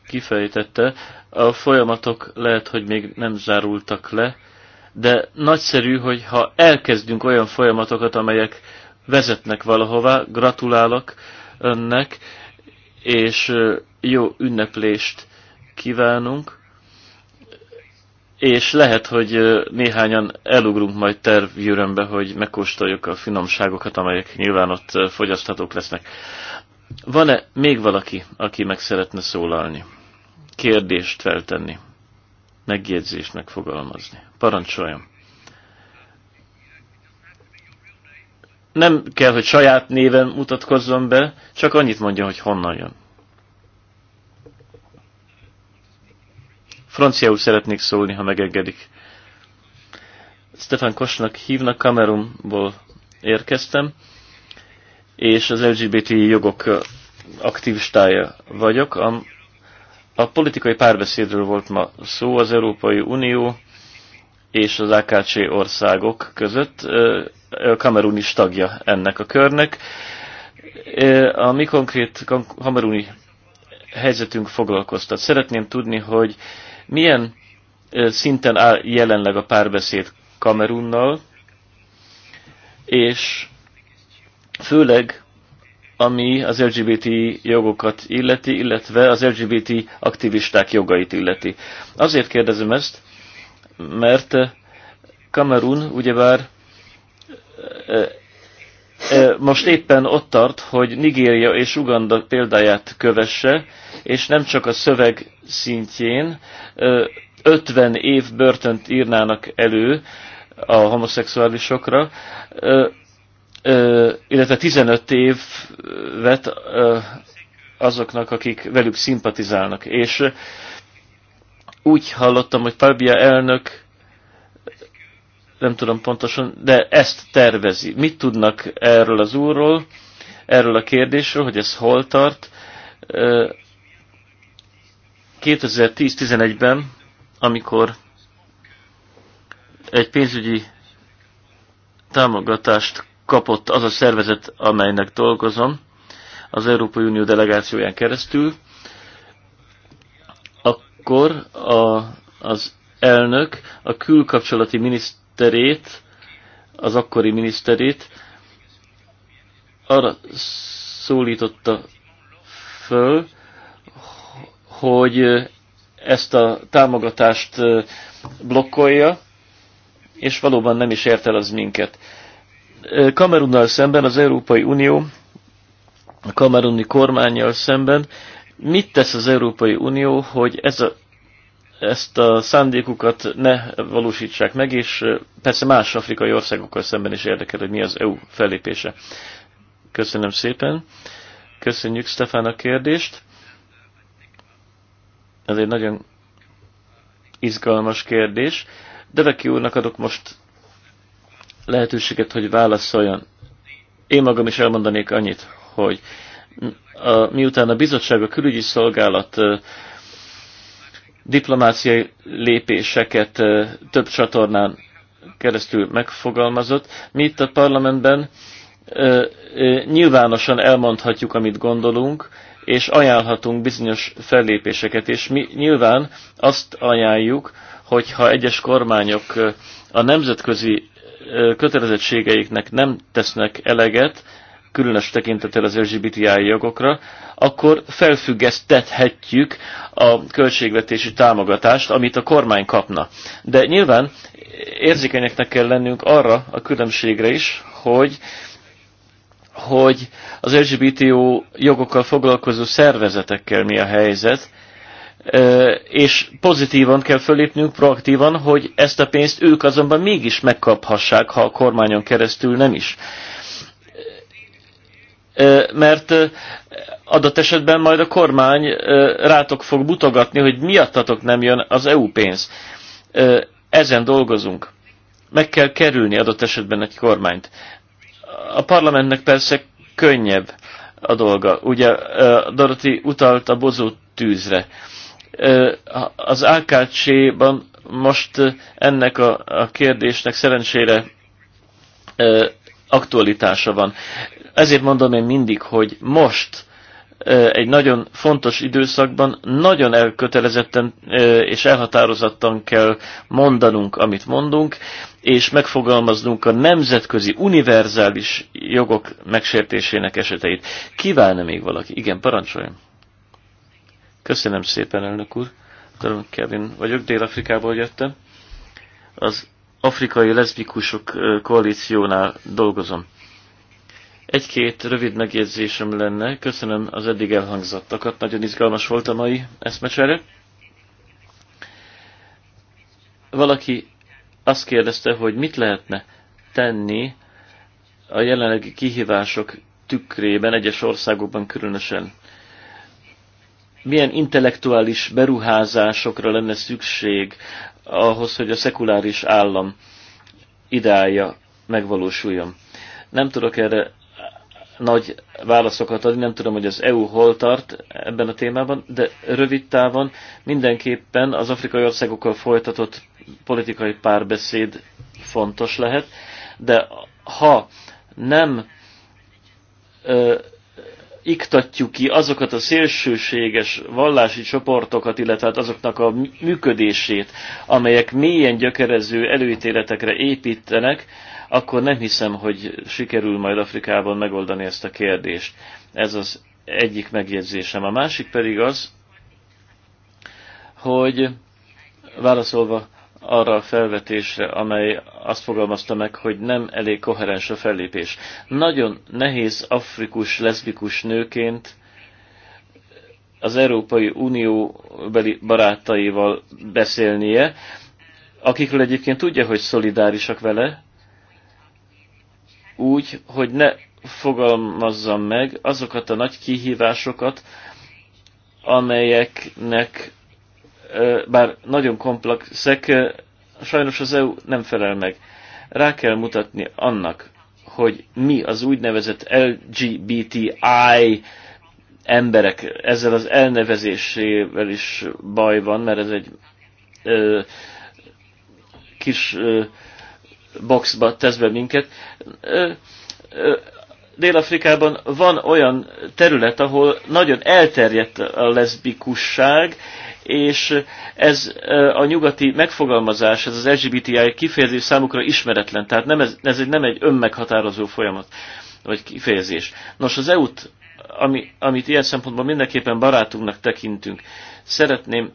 kifejtette, a folyamatok lehet, hogy még nem zárultak le, de nagyszerű, hogy ha elkezdünk olyan folyamatokat, amelyek vezetnek valahová, gratulálok önnek, és jó ünneplést kívánunk, és lehet, hogy néhányan elugrunk majd tervjürömbe, hogy megkóstoljuk a finomságokat, amelyek nyilván ott fogyaszthatók lesznek. Van-e még valaki, aki meg szeretne szólalni? Kérdést feltenni? Megjegyzést megfogalmazni? Parancsoljon! Nem kell, hogy saját néven mutatkozzon be, csak annyit mondja, hogy honnan jön. Franciául szeretnék szólni, ha megengedik. Stefan Kosnak hívnak, Kamerumból érkeztem és az LGBT jogok aktivistája vagyok. A, a politikai párbeszédről volt ma szó az Európai Unió és az AKC országok között. Kamerun is tagja ennek a körnek. A mi konkrét kameruni helyzetünk foglalkoztat. Szeretném tudni, hogy milyen szinten áll jelenleg a párbeszéd Kamerunnal, és Főleg ami az LGBT jogokat illeti, illetve az LGBT aktivisták jogait illeti. Azért kérdezem ezt, mert eh, Kamerun ugyebár eh, eh, most éppen ott tart, hogy Nigéria és Uganda példáját kövesse, és nem csak a szöveg szintjén 50 év börtönt írnának elő a homoszexuálisokra, illetve 15 évet azoknak, akik velük szimpatizálnak. És úgy hallottam, hogy Pabia elnök, nem tudom pontosan, de ezt tervezi. Mit tudnak erről az úrról, erről a kérdésről, hogy ez hol tart? 2010-11-ben, amikor egy pénzügyi támogatást kapott az a szervezet, amelynek dolgozom, az Európai Unió delegációján keresztül, akkor a, az elnök a külkapcsolati miniszterét, az akkori miniszterét arra szólította föl, hogy ezt a támogatást blokkolja, és valóban nem is ért el az minket. Kamerunnal szemben az Európai Unió, a kameruni kormányjal szemben, mit tesz az Európai Unió, hogy ez a, ezt a szándékukat ne valósítsák meg, és persze más afrikai országokkal szemben is érdekel, hogy mi az EU fellépése. Köszönöm szépen. Köszönjük Stefán a kérdést. Ez egy nagyon izgalmas kérdés. Deveki úrnak adok most lehetőséget, hogy válaszoljon. Én magam is elmondanék annyit, hogy a, miután a bizottság a külügyi szolgálat diplomáciai lépéseket több csatornán keresztül megfogalmazott, mi itt a parlamentben nyilvánosan elmondhatjuk, amit gondolunk, és ajánlhatunk bizonyos fellépéseket, és mi nyilván azt ajánljuk, hogyha egyes kormányok a nemzetközi kötelezettségeiknek nem tesznek eleget, különös tekintettel az LGBTI jogokra, akkor felfüggesztethetjük a költségvetési támogatást, amit a kormány kapna. De nyilván érzékenyeknek kell lennünk arra a különbségre is, hogy hogy az LGBTO jogokkal foglalkozó szervezetekkel mi a helyzet, és pozitívan kell fölépnünk, proaktívan, hogy ezt a pénzt ők azonban mégis megkaphassák, ha a kormányon keresztül nem is. Mert adott esetben majd a kormány rátok fog butogatni, hogy miattatok nem jön az EU pénz. Ezen dolgozunk. Meg kell kerülni adott esetben egy kormányt. A parlamentnek persze könnyebb a dolga. Ugye Dorothy utalt a bozó tűzre az AKC-ban most ennek a, a kérdésnek szerencsére aktualitása van. Ezért mondom én mindig, hogy most egy nagyon fontos időszakban nagyon elkötelezetten és elhatározottan kell mondanunk, amit mondunk, és megfogalmaznunk a nemzetközi univerzális jogok megsértésének eseteit. Kívánna még valaki? Igen, parancsoljon. Köszönöm szépen, elnök úr. Daron Kevin vagyok, Dél-Afrikából jöttem. Az afrikai leszbikusok koalíciónál dolgozom. Egy-két rövid megjegyzésem lenne. Köszönöm az eddig elhangzottakat. Nagyon izgalmas volt a mai eszmecsere. Valaki azt kérdezte, hogy mit lehetne tenni a jelenlegi kihívások tükrében egyes országokban különösen milyen intellektuális beruházásokra lenne szükség ahhoz, hogy a szekuláris állam ideája megvalósuljon. Nem tudok erre nagy válaszokat adni, nem tudom, hogy az EU hol tart ebben a témában, de rövid távon mindenképpen az afrikai országokkal folytatott politikai párbeszéd fontos lehet, de ha nem iktatjuk ki azokat a szélsőséges vallási csoportokat, illetve hát azoknak a működését, amelyek mélyen gyökerező előítéletekre építenek, akkor nem hiszem, hogy sikerül majd Afrikában megoldani ezt a kérdést. Ez az egyik megjegyzésem. A másik pedig az, hogy válaszolva arra a felvetésre, amely azt fogalmazta meg, hogy nem elég koherens a fellépés. Nagyon nehéz afrikus, leszbikus nőként az Európai Unió beli barátaival beszélnie, akikről egyébként tudja, hogy szolidárisak vele, úgy, hogy ne fogalmazzam meg azokat a nagy kihívásokat, amelyeknek bár nagyon komplexek, sajnos az EU nem felel meg. Rá kell mutatni annak, hogy mi az úgynevezett LGBTI emberek, ezzel az elnevezésével is baj van, mert ez egy ö, kis ö, boxba tesz be minket. Ö, ö, Dél-Afrikában van olyan terület, ahol nagyon elterjedt a leszbikusság, és ez a nyugati megfogalmazás, ez az LGBTI kifejezés számukra ismeretlen, tehát nem ez, ez egy, nem egy önmeghatározó folyamat, vagy kifejezés. Nos, az EU-t, ami, amit ilyen szempontból mindenképpen barátunknak tekintünk, szeretném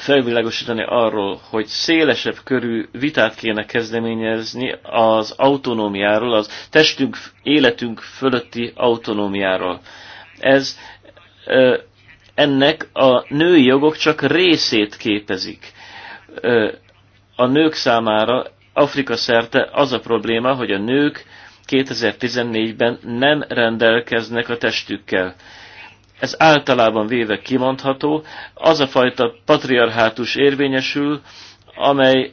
felvilágosítani arról, hogy szélesebb körű vitát kéne kezdeményezni az autonómiáról, az testünk, életünk fölötti autonómiáról. Ez ennek a női jogok csak részét képezik. A nők számára Afrika szerte az a probléma, hogy a nők 2014-ben nem rendelkeznek a testükkel ez általában véve kimondható, az a fajta patriarhátus érvényesül, amely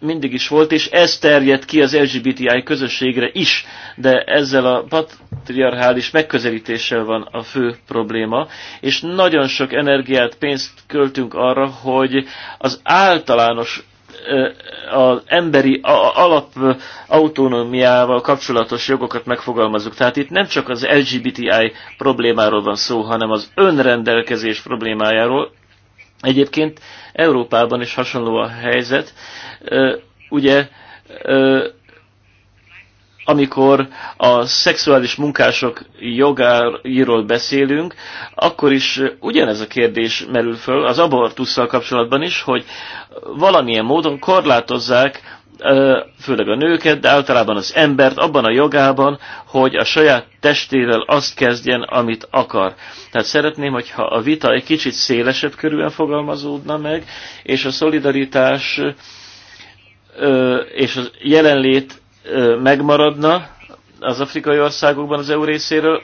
mindig is volt, és ez terjed ki az LGBTI közösségre is, de ezzel a patriarchális megközelítéssel van a fő probléma, és nagyon sok energiát, pénzt költünk arra, hogy az általános az emberi alap autonómiával kapcsolatos jogokat megfogalmazzuk. Tehát itt nem csak az LGBTI problémáról van szó, hanem az önrendelkezés problémájáról. Egyébként Európában is hasonló a helyzet. Ugye amikor a szexuális munkások jogáról beszélünk, akkor is ugyanez a kérdés merül föl az abortussal kapcsolatban is, hogy valamilyen módon korlátozzák főleg a nőket, de általában az embert abban a jogában, hogy a saját testével azt kezdjen, amit akar. Tehát szeretném, hogyha a vita egy kicsit szélesebb körülön fogalmazódna meg, és a szolidaritás és a jelenlét megmaradna az afrikai országokban az EU részéről,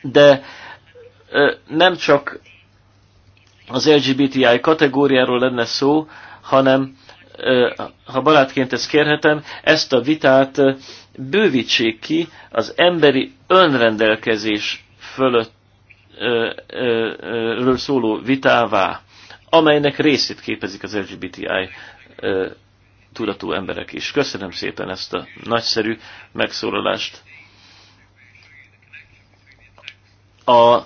de nem csak az LGBTI kategóriáról lenne szó, hanem ha barátként ezt kérhetem, ezt a vitát bővítsék ki az emberi önrendelkezés fölött ö, szóló vitává, amelynek részét képezik az LGBTI tudatú emberek is. Köszönöm szépen ezt a nagyszerű megszólalást. A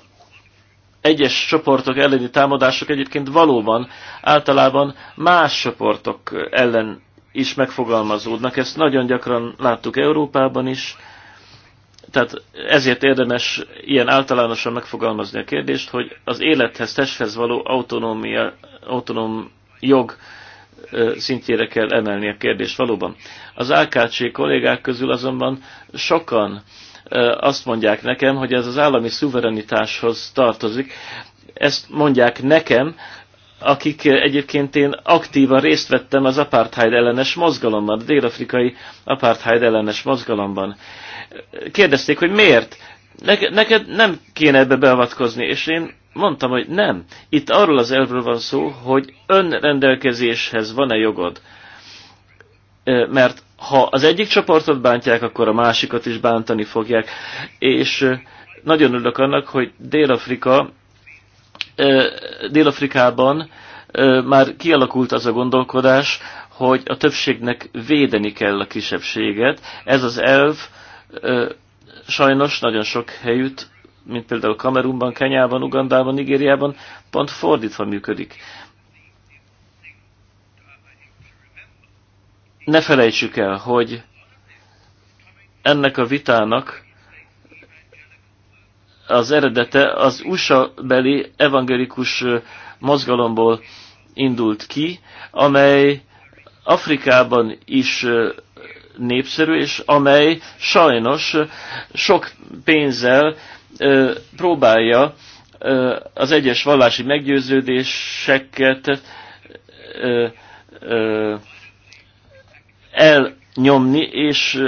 egyes csoportok elleni támadások egyébként valóban általában más csoportok ellen is megfogalmazódnak. Ezt nagyon gyakran láttuk Európában is. Tehát ezért érdemes ilyen általánosan megfogalmazni a kérdést, hogy az élethez, testhez való autonómia, autonóm jog szintjére kell emelni a kérdést valóban. Az AKC kollégák közül azonban sokan azt mondják nekem, hogy ez az állami szuverenitáshoz tartozik. Ezt mondják nekem, akik egyébként én aktívan részt vettem az apartheid ellenes mozgalomban, a dél-afrikai apartheid ellenes mozgalomban. Kérdezték, hogy miért? Neked, neked nem kéne ebbe beavatkozni, és én mondtam, hogy nem. Itt arról az elvről van szó, hogy önrendelkezéshez van-e jogod. Mert ha az egyik csoportot bántják, akkor a másikat is bántani fogják. És nagyon örülök annak, hogy Dél-Afrika, Dél-Afrikában már kialakult az a gondolkodás, hogy a többségnek védeni kell a kisebbséget. Ez az elv sajnos nagyon sok helyütt mint például Kamerunban, Kenyában, Ugandában, Nigériában, pont fordítva működik. Ne felejtsük el, hogy ennek a vitának az eredete az USA beli evangelikus mozgalomból indult ki, amely Afrikában is népszerű, és amely sajnos sok pénzzel ö, próbálja ö, az egyes vallási meggyőződéseket ö, ö, elnyomni, és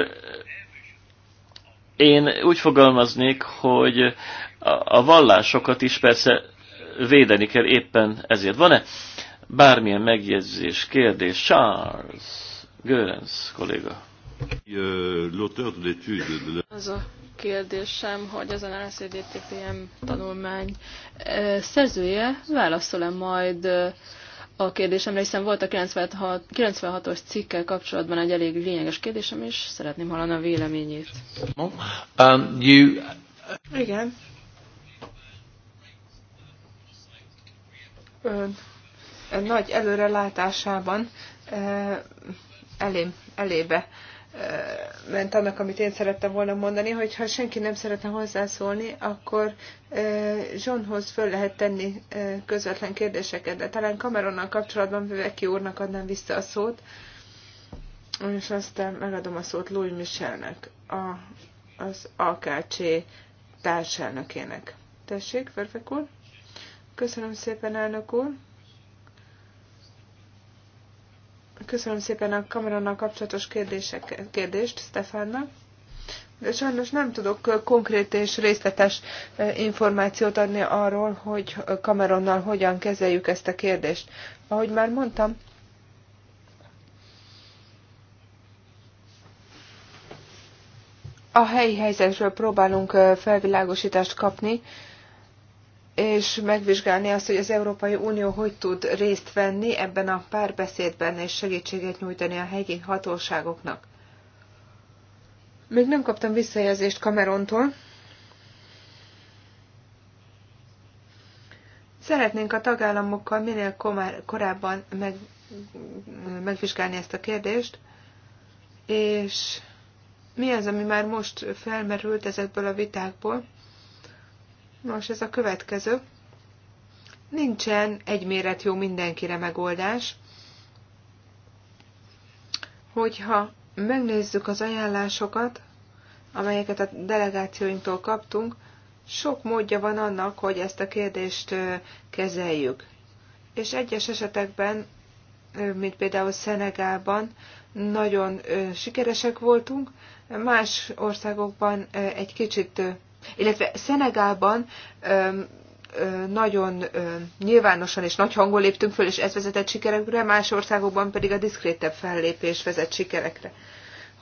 én úgy fogalmaznék, hogy a, a vallásokat is persze védeni kell éppen ezért. Van-e bármilyen megjegyzés, kérdés? Charles Görens kolléga. Az a kérdésem, hogy ezen a CDTPM tanulmány eh, szerzője válaszol-e majd eh, a kérdésemre, hiszen volt a 96, 96-os cikkel kapcsolatban egy elég lényeges kérdésem, és szeretném hallani a véleményét. Um, you... Igen. Ön, ön nagy előrelátásában eh, elém, elébe ment annak, amit én szerettem volna mondani, hogy ha senki nem szeretne hozzászólni, akkor Johnhoz föl lehet tenni közvetlen kérdéseket, de talán Cameronnal kapcsolatban Veki úrnak adnám vissza a szót, és aztán megadom a szót Louis Michelnek, a, az AKC társelnökének. Tessék, Verfek úr! Köszönöm szépen, elnök úr! Köszönöm szépen a kamerának kapcsolatos kérdést Stefánnak. De sajnos nem tudok konkrét és részletes eh, információt adni arról, hogy kameronnal hogyan kezeljük ezt a kérdést. Ahogy már mondtam, a helyi helyzetről próbálunk eh, felvilágosítást kapni, és megvizsgálni azt, hogy az Európai Unió hogy tud részt venni ebben a párbeszédben, és segítséget nyújtani a helyi hatóságoknak. Még nem kaptam visszajelzést Kamerontól. Szeretnénk a tagállamokkal minél korábban meg, megvizsgálni ezt a kérdést, és mi az, ami már most felmerült ezekből a vitákból, Nos, ez a következő. Nincsen egy méret jó mindenkire megoldás. Hogyha megnézzük az ajánlásokat, amelyeket a delegációinktól kaptunk, sok módja van annak, hogy ezt a kérdést kezeljük. És egyes esetekben, mint például Szenegálban, nagyon sikeresek voltunk, más országokban egy kicsit illetve Szenegában nagyon nyilvánosan és nagy hangon léptünk föl, és ez vezetett sikerekre, más országokban pedig a diszkrétebb fellépés vezet sikerekre.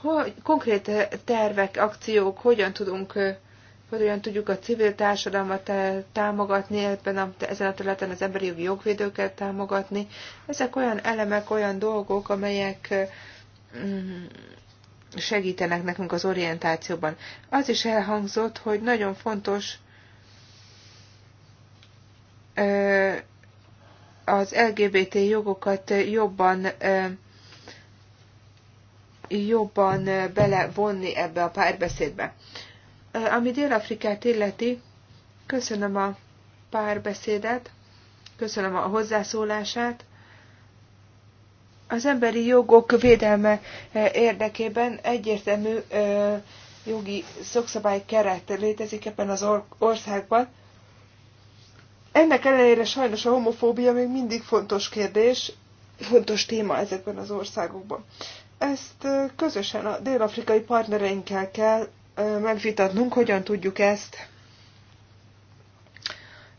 Hogy konkrét tervek, akciók, hogyan tudunk hogyan tudjuk a civil társadalmat támogatni ebben a, ezen a területen, az emberi jogi jogvédőket támogatni. Ezek olyan elemek, olyan dolgok, amelyek mm, segítenek nekünk az orientációban. Az is elhangzott, hogy nagyon fontos az LGBT jogokat jobban jobban belevonni ebbe a párbeszédbe. Ami Dél-Afrikát illeti, köszönöm a párbeszédet, köszönöm a hozzászólását, az emberi jogok védelme eh, érdekében egyértelmű eh, jogi szokszabály keret létezik ebben az országban. Ennek ellenére sajnos a homofóbia még mindig fontos kérdés, fontos téma ezekben az országokban. Ezt eh, közösen a dél-afrikai partnereinkkel kell megvitatnunk, hogyan tudjuk ezt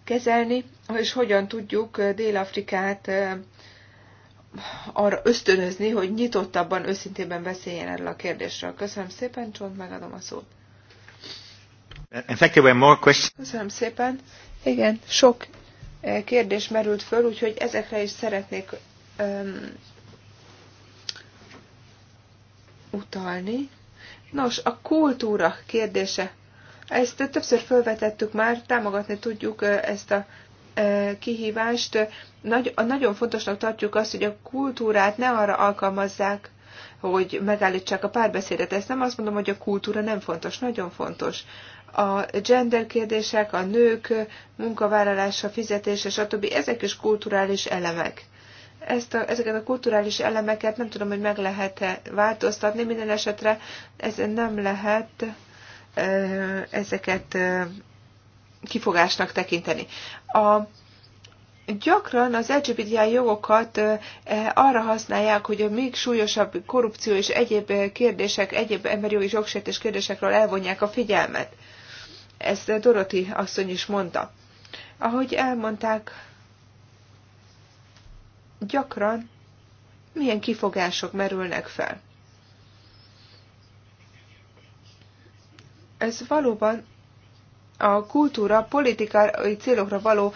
kezelni, és hogyan tudjuk Dél-Afrikát arra ösztönözni, hogy nyitottabban, őszintében beszéljen erről a kérdésről. Köszönöm szépen, Csont, megadom a szót. more questions. Köszönöm szépen. Igen, sok eh, kérdés merült föl, úgyhogy ezekre is szeretnék um, utalni. Nos, a kultúra kérdése. Ezt többször felvetettük már, támogatni tudjuk eh, ezt a kihívást. Nagy, nagyon fontosnak tartjuk azt, hogy a kultúrát ne arra alkalmazzák, hogy megállítsák a párbeszédet. Ezt nem azt mondom, hogy a kultúra nem fontos, nagyon fontos. A gender kérdések, a nők munkavállalása, fizetése, stb. ezek is kulturális elemek. Ezt a, ezeket a kulturális elemeket nem tudom, hogy meg lehet-e változtatni, minden esetre ez nem lehet ezeket kifogásnak tekinteni. A gyakran az LGBTI jogokat arra használják, hogy a még súlyosabb korrupció és egyéb kérdések, egyéb emberi jogi jogsértés kérdésekről elvonják a figyelmet. Ezt Doroti asszony is mondta. Ahogy elmondták, gyakran milyen kifogások merülnek fel. Ez valóban a kultúra politikai célokra való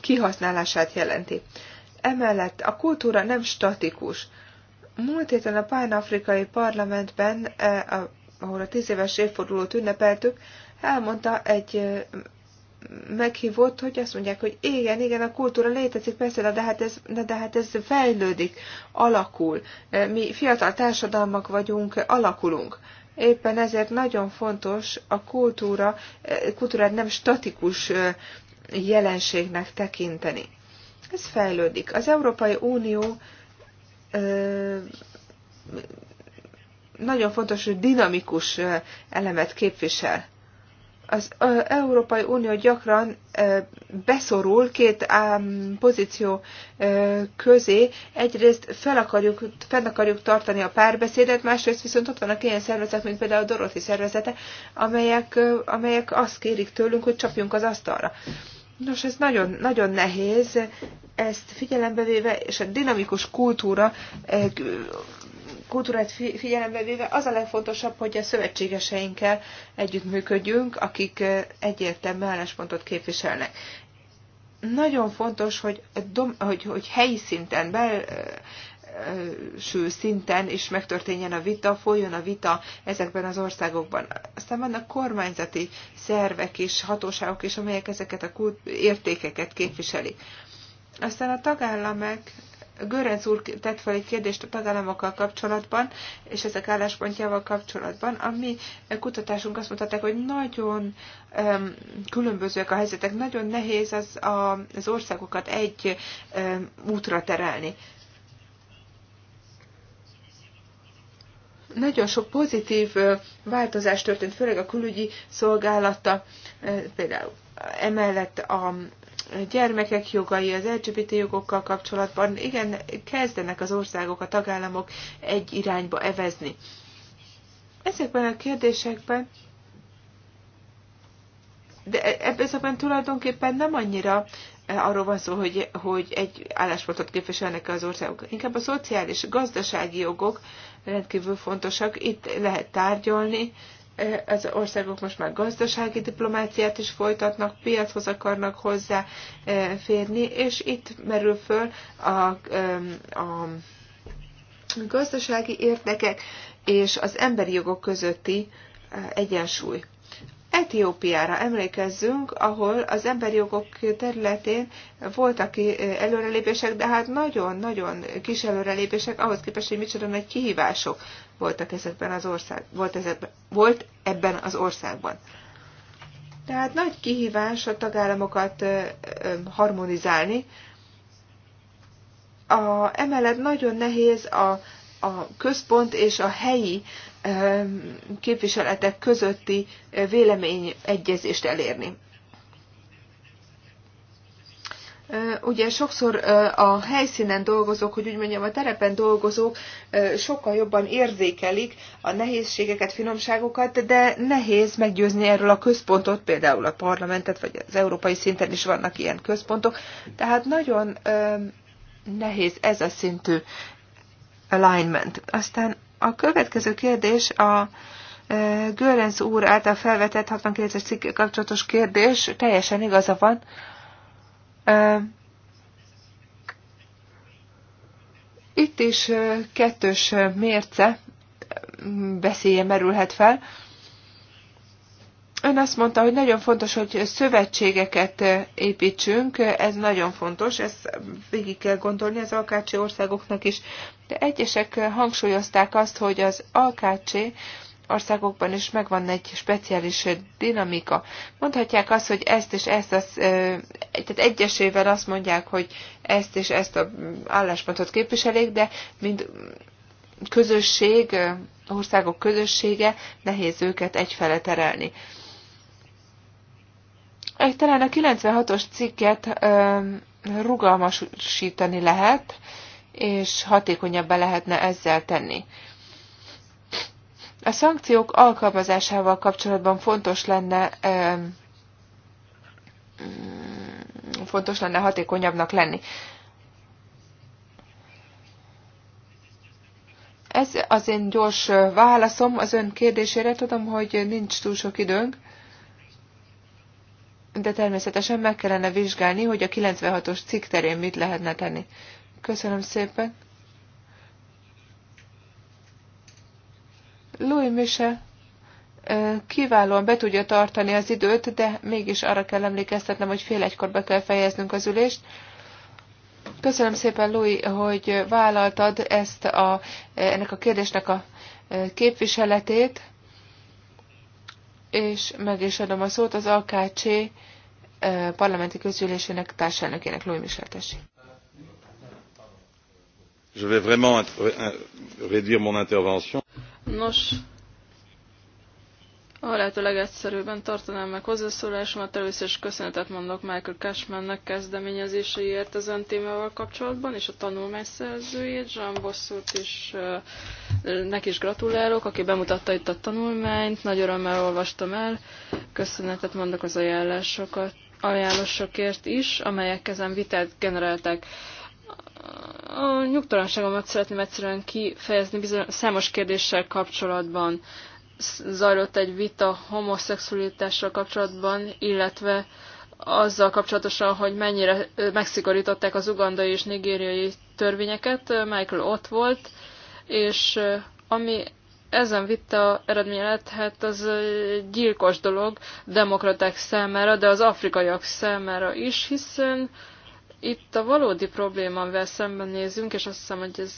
kihasználását jelenti. Emellett a kultúra nem statikus. Múlt héten a pánafrikai parlamentben, e, ahol a tíz éves évfordulót ünnepeltük, elmondta egy e, meghívott, hogy azt mondják, hogy igen, igen, a kultúra létezik, persze, de hát ez, de hát ez fejlődik, alakul. E, mi fiatal társadalmak vagyunk, alakulunk. Éppen ezért nagyon fontos a kultúra, eh, kultúrát nem statikus eh, jelenségnek tekinteni. Ez fejlődik. Az Európai Unió eh, nagyon fontos, hogy dinamikus elemet képvisel. Az Európai Unió gyakran beszorul két pozíció közé. Egyrészt fel akarjuk, fenn akarjuk tartani a párbeszédet, másrészt viszont ott vannak ilyen szervezetek, mint például a Doroti szervezete, amelyek, amelyek azt kérik tőlünk, hogy csapjunk az asztalra. Nos, ez nagyon, nagyon nehéz, ezt figyelembe véve, és a dinamikus kultúra kultúrát figyelembe véve az a legfontosabb, hogy a szövetségeseinkkel együttműködjünk, akik egyértelmű álláspontot képviselnek. Nagyon fontos, hogy, hogy, hogy helyi szinten, belső szinten is megtörténjen a vita, folyjon a vita ezekben az országokban. Aztán vannak kormányzati szervek és hatóságok is, amelyek ezeket a kult értékeket képviselik. Aztán a tagállamok, Görenc úr tett fel egy kérdést a tagállamokkal kapcsolatban, és ezek álláspontjával kapcsolatban. A mi kutatásunk azt mutatta, hogy nagyon um, különbözőek a helyzetek, nagyon nehéz az, a, az országokat egy um, útra terelni. nagyon sok pozitív változás történt, főleg a külügyi szolgálata, például emellett a gyermekek jogai, az LGBT jogokkal kapcsolatban, igen, kezdenek az országok, a tagállamok egy irányba evezni. Ezekben a kérdésekben, de ebben tulajdonképpen nem annyira eh, arról van szó, hogy, hogy egy álláspontot képviselnek az országok. Inkább a szociális, gazdasági jogok rendkívül fontosak, itt lehet tárgyalni, az országok most már gazdasági diplomáciát is folytatnak, piachoz akarnak e, férni, és itt merül föl a, e, a gazdasági érdekek és az emberi jogok közötti e, egyensúly. Etiópiára emlékezzünk, ahol az emberi jogok területén voltak előrelépések, de hát nagyon-nagyon kis előrelépések ahhoz képest, hogy micsoda nagy kihívások voltak ezekben az ország, volt, ezekben, volt ebben az országban. Tehát nagy kihívás a tagállamokat harmonizálni. A, emellett nagyon nehéz a, a központ és a helyi képviseletek közötti véleményegyezést elérni. Ugye sokszor a helyszínen dolgozók, hogy úgy mondjam, a terepen dolgozók sokkal jobban érzékelik a nehézségeket, finomságokat, de nehéz meggyőzni erről a központot, például a parlamentet, vagy az európai szinten is vannak ilyen központok, tehát nagyon nehéz ez a szintű alignment. Aztán a következő kérdés a e, Görenz úr által felvetett 69-es cikk kapcsolatos kérdés. Teljesen igaza van. E, itt is e, kettős mérce veszélye merülhet fel. Ön azt mondta, hogy nagyon fontos, hogy szövetségeket eh, építsünk, ez nagyon fontos, ezt végig kell gondolni az alkácsi országoknak is, de egyesek eh, hangsúlyozták azt, hogy az alkácsi országokban is megvan egy speciális eh, dinamika. Mondhatják azt, hogy ezt és ezt, az, tehát egyesével azt mondják, hogy ezt és ezt a álláspontot képviselik, de mind közösség, országok közössége nehéz őket egyfele terelni. Egy talán a 96-os cikket ö, rugalmasítani lehet, és hatékonyabbá lehetne ezzel tenni. A szankciók alkalmazásával kapcsolatban fontos lenne ö, mm, fontos lenne hatékonyabbnak lenni. Ez az én gyors válaszom az ön kérdésére. Tudom, hogy nincs túl sok időnk de természetesen meg kellene vizsgálni, hogy a 96-os cikk terén mit lehetne tenni. Köszönöm szépen. Louis Michel kiválóan be tudja tartani az időt, de mégis arra kell emlékeztetnem, hogy fél egykor be kell fejeznünk az ülést. Köszönöm szépen, Louis, hogy vállaltad ezt a, ennek a kérdésnek a képviseletét és meg is adom a szót az AKC parlamenti közülésének társelnökének, Louis Michel Tessi. Je vais vraiment réduire mon intervention. Nos, a lehető legegyszerűbben tartanám meg hozzászólásomat, először is köszönetet mondok Michael Cashmannek kezdeményezéseiért ezen témával kapcsolatban, és a tanulmány szerzőjét, Jean Bosszút is, neki is gratulálok, aki bemutatta itt a tanulmányt, nagy örömmel olvastam el, köszönetet mondok az ajánlásokat, ajánlásokért is, amelyek ezen vitát generáltak. a nyugtalanságomat szeretném egyszerűen kifejezni bizonyos, számos kérdéssel kapcsolatban zajlott egy vita homoszexualitással kapcsolatban, illetve azzal kapcsolatosan, hogy mennyire megszigorították az ugandai és nigériai törvényeket. Michael ott volt, és ami ezen vita eredménye lett, hát az gyilkos dolog demokraták számára, de az afrikaiak számára is, hiszen itt a valódi probléma, amivel szemben nézünk, és azt hiszem, hogy ez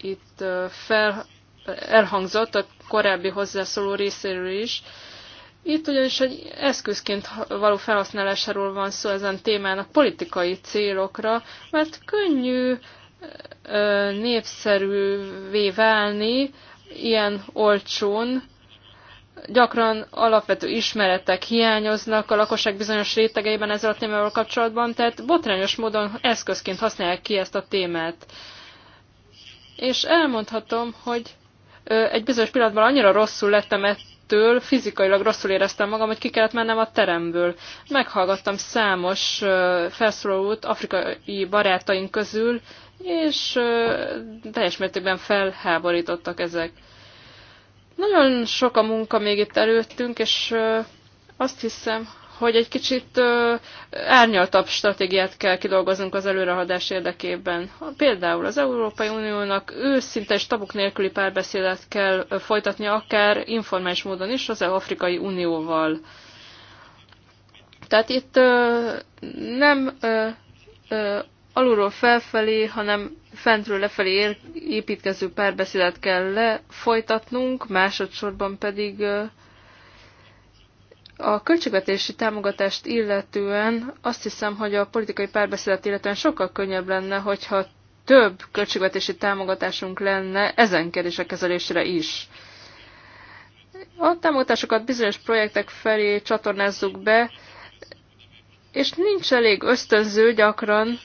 itt fel elhangzott a korábbi hozzászóló részéről is. Itt ugyanis egy eszközként való felhasználásáról van szó ezen témának politikai célokra, mert könnyű népszerűvé válni ilyen olcsón, gyakran alapvető ismeretek hiányoznak a lakosság bizonyos rétegeiben ezzel a témával kapcsolatban, tehát botrányos módon eszközként használják ki ezt a témát. És elmondhatom, hogy egy bizonyos pillanatban annyira rosszul lettem ettől, fizikailag rosszul éreztem magam, hogy ki kellett mennem a teremből. Meghallgattam számos felszólalót afrikai barátaink közül, és teljes mértékben felháborítottak ezek. Nagyon sok a munka még itt előttünk, és azt hiszem, hogy egy kicsit árnyaltabb stratégiát kell kidolgoznunk az előrehadás érdekében. Például az Európai Uniónak őszinte és tabuk nélküli párbeszédet kell folytatni, akár informális módon is az Afrikai Unióval. Tehát itt nem alulról felfelé, hanem fentről lefelé építkező párbeszédet kell lefolytatnunk, másodszorban pedig a költségvetési támogatást illetően azt hiszem, hogy a politikai párbeszédet illetően sokkal könnyebb lenne, hogyha több költségvetési támogatásunk lenne ezen kérdések kezelésre is. A támogatásokat bizonyos projektek felé csatornázzuk be, és nincs elég ösztönző gyakran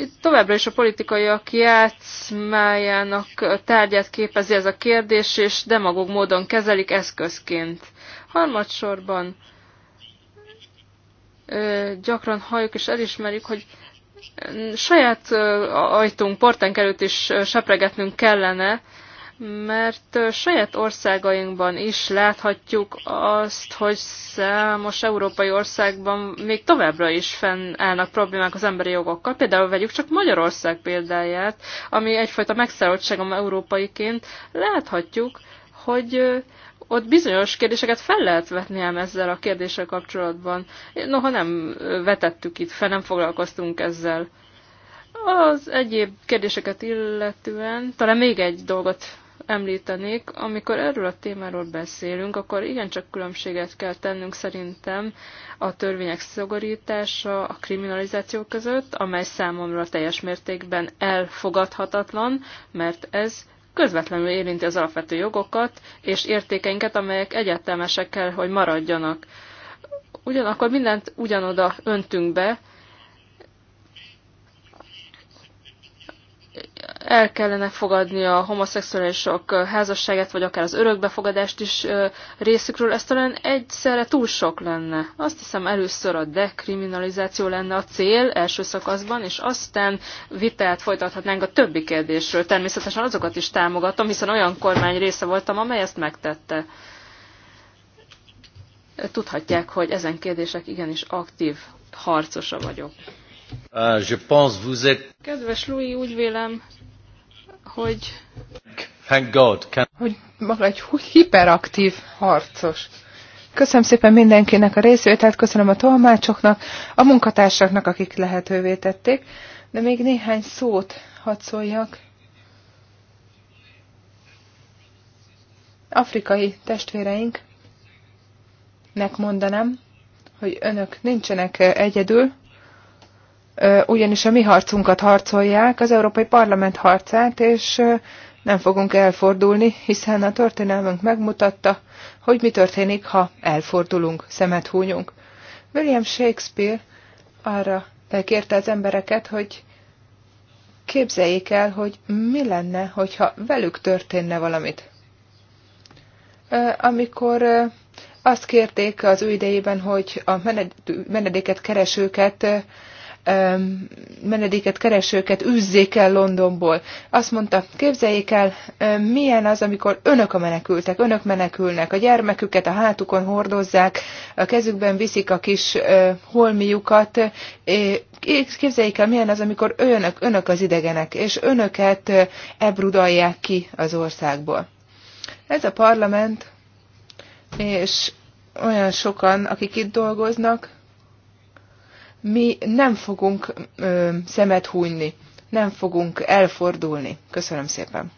itt továbbra is a politikaiak játszmájának tárgyát képezi ez a kérdés, és demagóg módon kezelik eszközként. Harmadsorban gyakran halljuk és elismerjük, hogy saját ajtunk, portánk előtt is sepregetnünk kellene, mert saját országainkban is láthatjuk azt, hogy számos európai országban még továbbra is fennállnak problémák az emberi jogokkal. Például vegyük csak Magyarország példáját, ami egyfajta megszállottságom európaiként. Láthatjuk, hogy ott bizonyos kérdéseket fel lehet vetni ám ezzel a kérdéssel kapcsolatban. Noha nem vetettük itt fel, nem foglalkoztunk ezzel. Az egyéb kérdéseket illetően talán még egy dolgot említenék. Amikor erről a témáról beszélünk, akkor igencsak különbséget kell tennünk szerintem a törvények szigorítása, a kriminalizáció között, amely számomra teljes mértékben elfogadhatatlan, mert ez közvetlenül érinti az alapvető jogokat és értékeinket, amelyek egyetemesek kell, hogy maradjanak. Ugyanakkor mindent ugyanoda öntünk be, el kellene fogadni a homoszexuálisok házasságát, vagy akár az örökbefogadást is részükről, ez talán egyszerre túl sok lenne. Azt hiszem először a dekriminalizáció lenne a cél első szakaszban, és aztán vitát folytathatnánk a többi kérdésről. Természetesen azokat is támogatom, hiszen olyan kormány része voltam, amely ezt megtette. Tudhatják, hogy ezen kérdések igenis aktív harcosa vagyok. Ah, Kedves Louis, úgy vélem, hogy, Thank God. Can... hogy maga egy hiperaktív harcos. Köszönöm szépen mindenkinek a részvételt, köszönöm a tolmácsoknak, a munkatársaknak, akik lehetővé tették, de még néhány szót hadd szóljak. Afrikai testvéreinknek mondanám, hogy önök nincsenek egyedül, ugyanis a mi harcunkat harcolják, az Európai Parlament harcát, és nem fogunk elfordulni, hiszen a történelmünk megmutatta, hogy mi történik, ha elfordulunk, szemet húnyunk. William Shakespeare arra kérte az embereket, hogy képzeljék el, hogy mi lenne, hogyha velük történne valamit. Amikor azt kérték az ő idejében, hogy a menedéket keresőket menedéket keresőket üzzék el Londonból. Azt mondta, képzeljék el, milyen az, amikor önök a menekültek, önök menekülnek, a gyermeküket a hátukon hordozzák, a kezükben viszik a kis holmiukat. Képzeljék el, milyen az, amikor önök, önök az idegenek, és önöket ebrudalják ki az országból. Ez a parlament, és olyan sokan, akik itt dolgoznak, mi nem fogunk ö, szemet hunyni, nem fogunk elfordulni. Köszönöm szépen!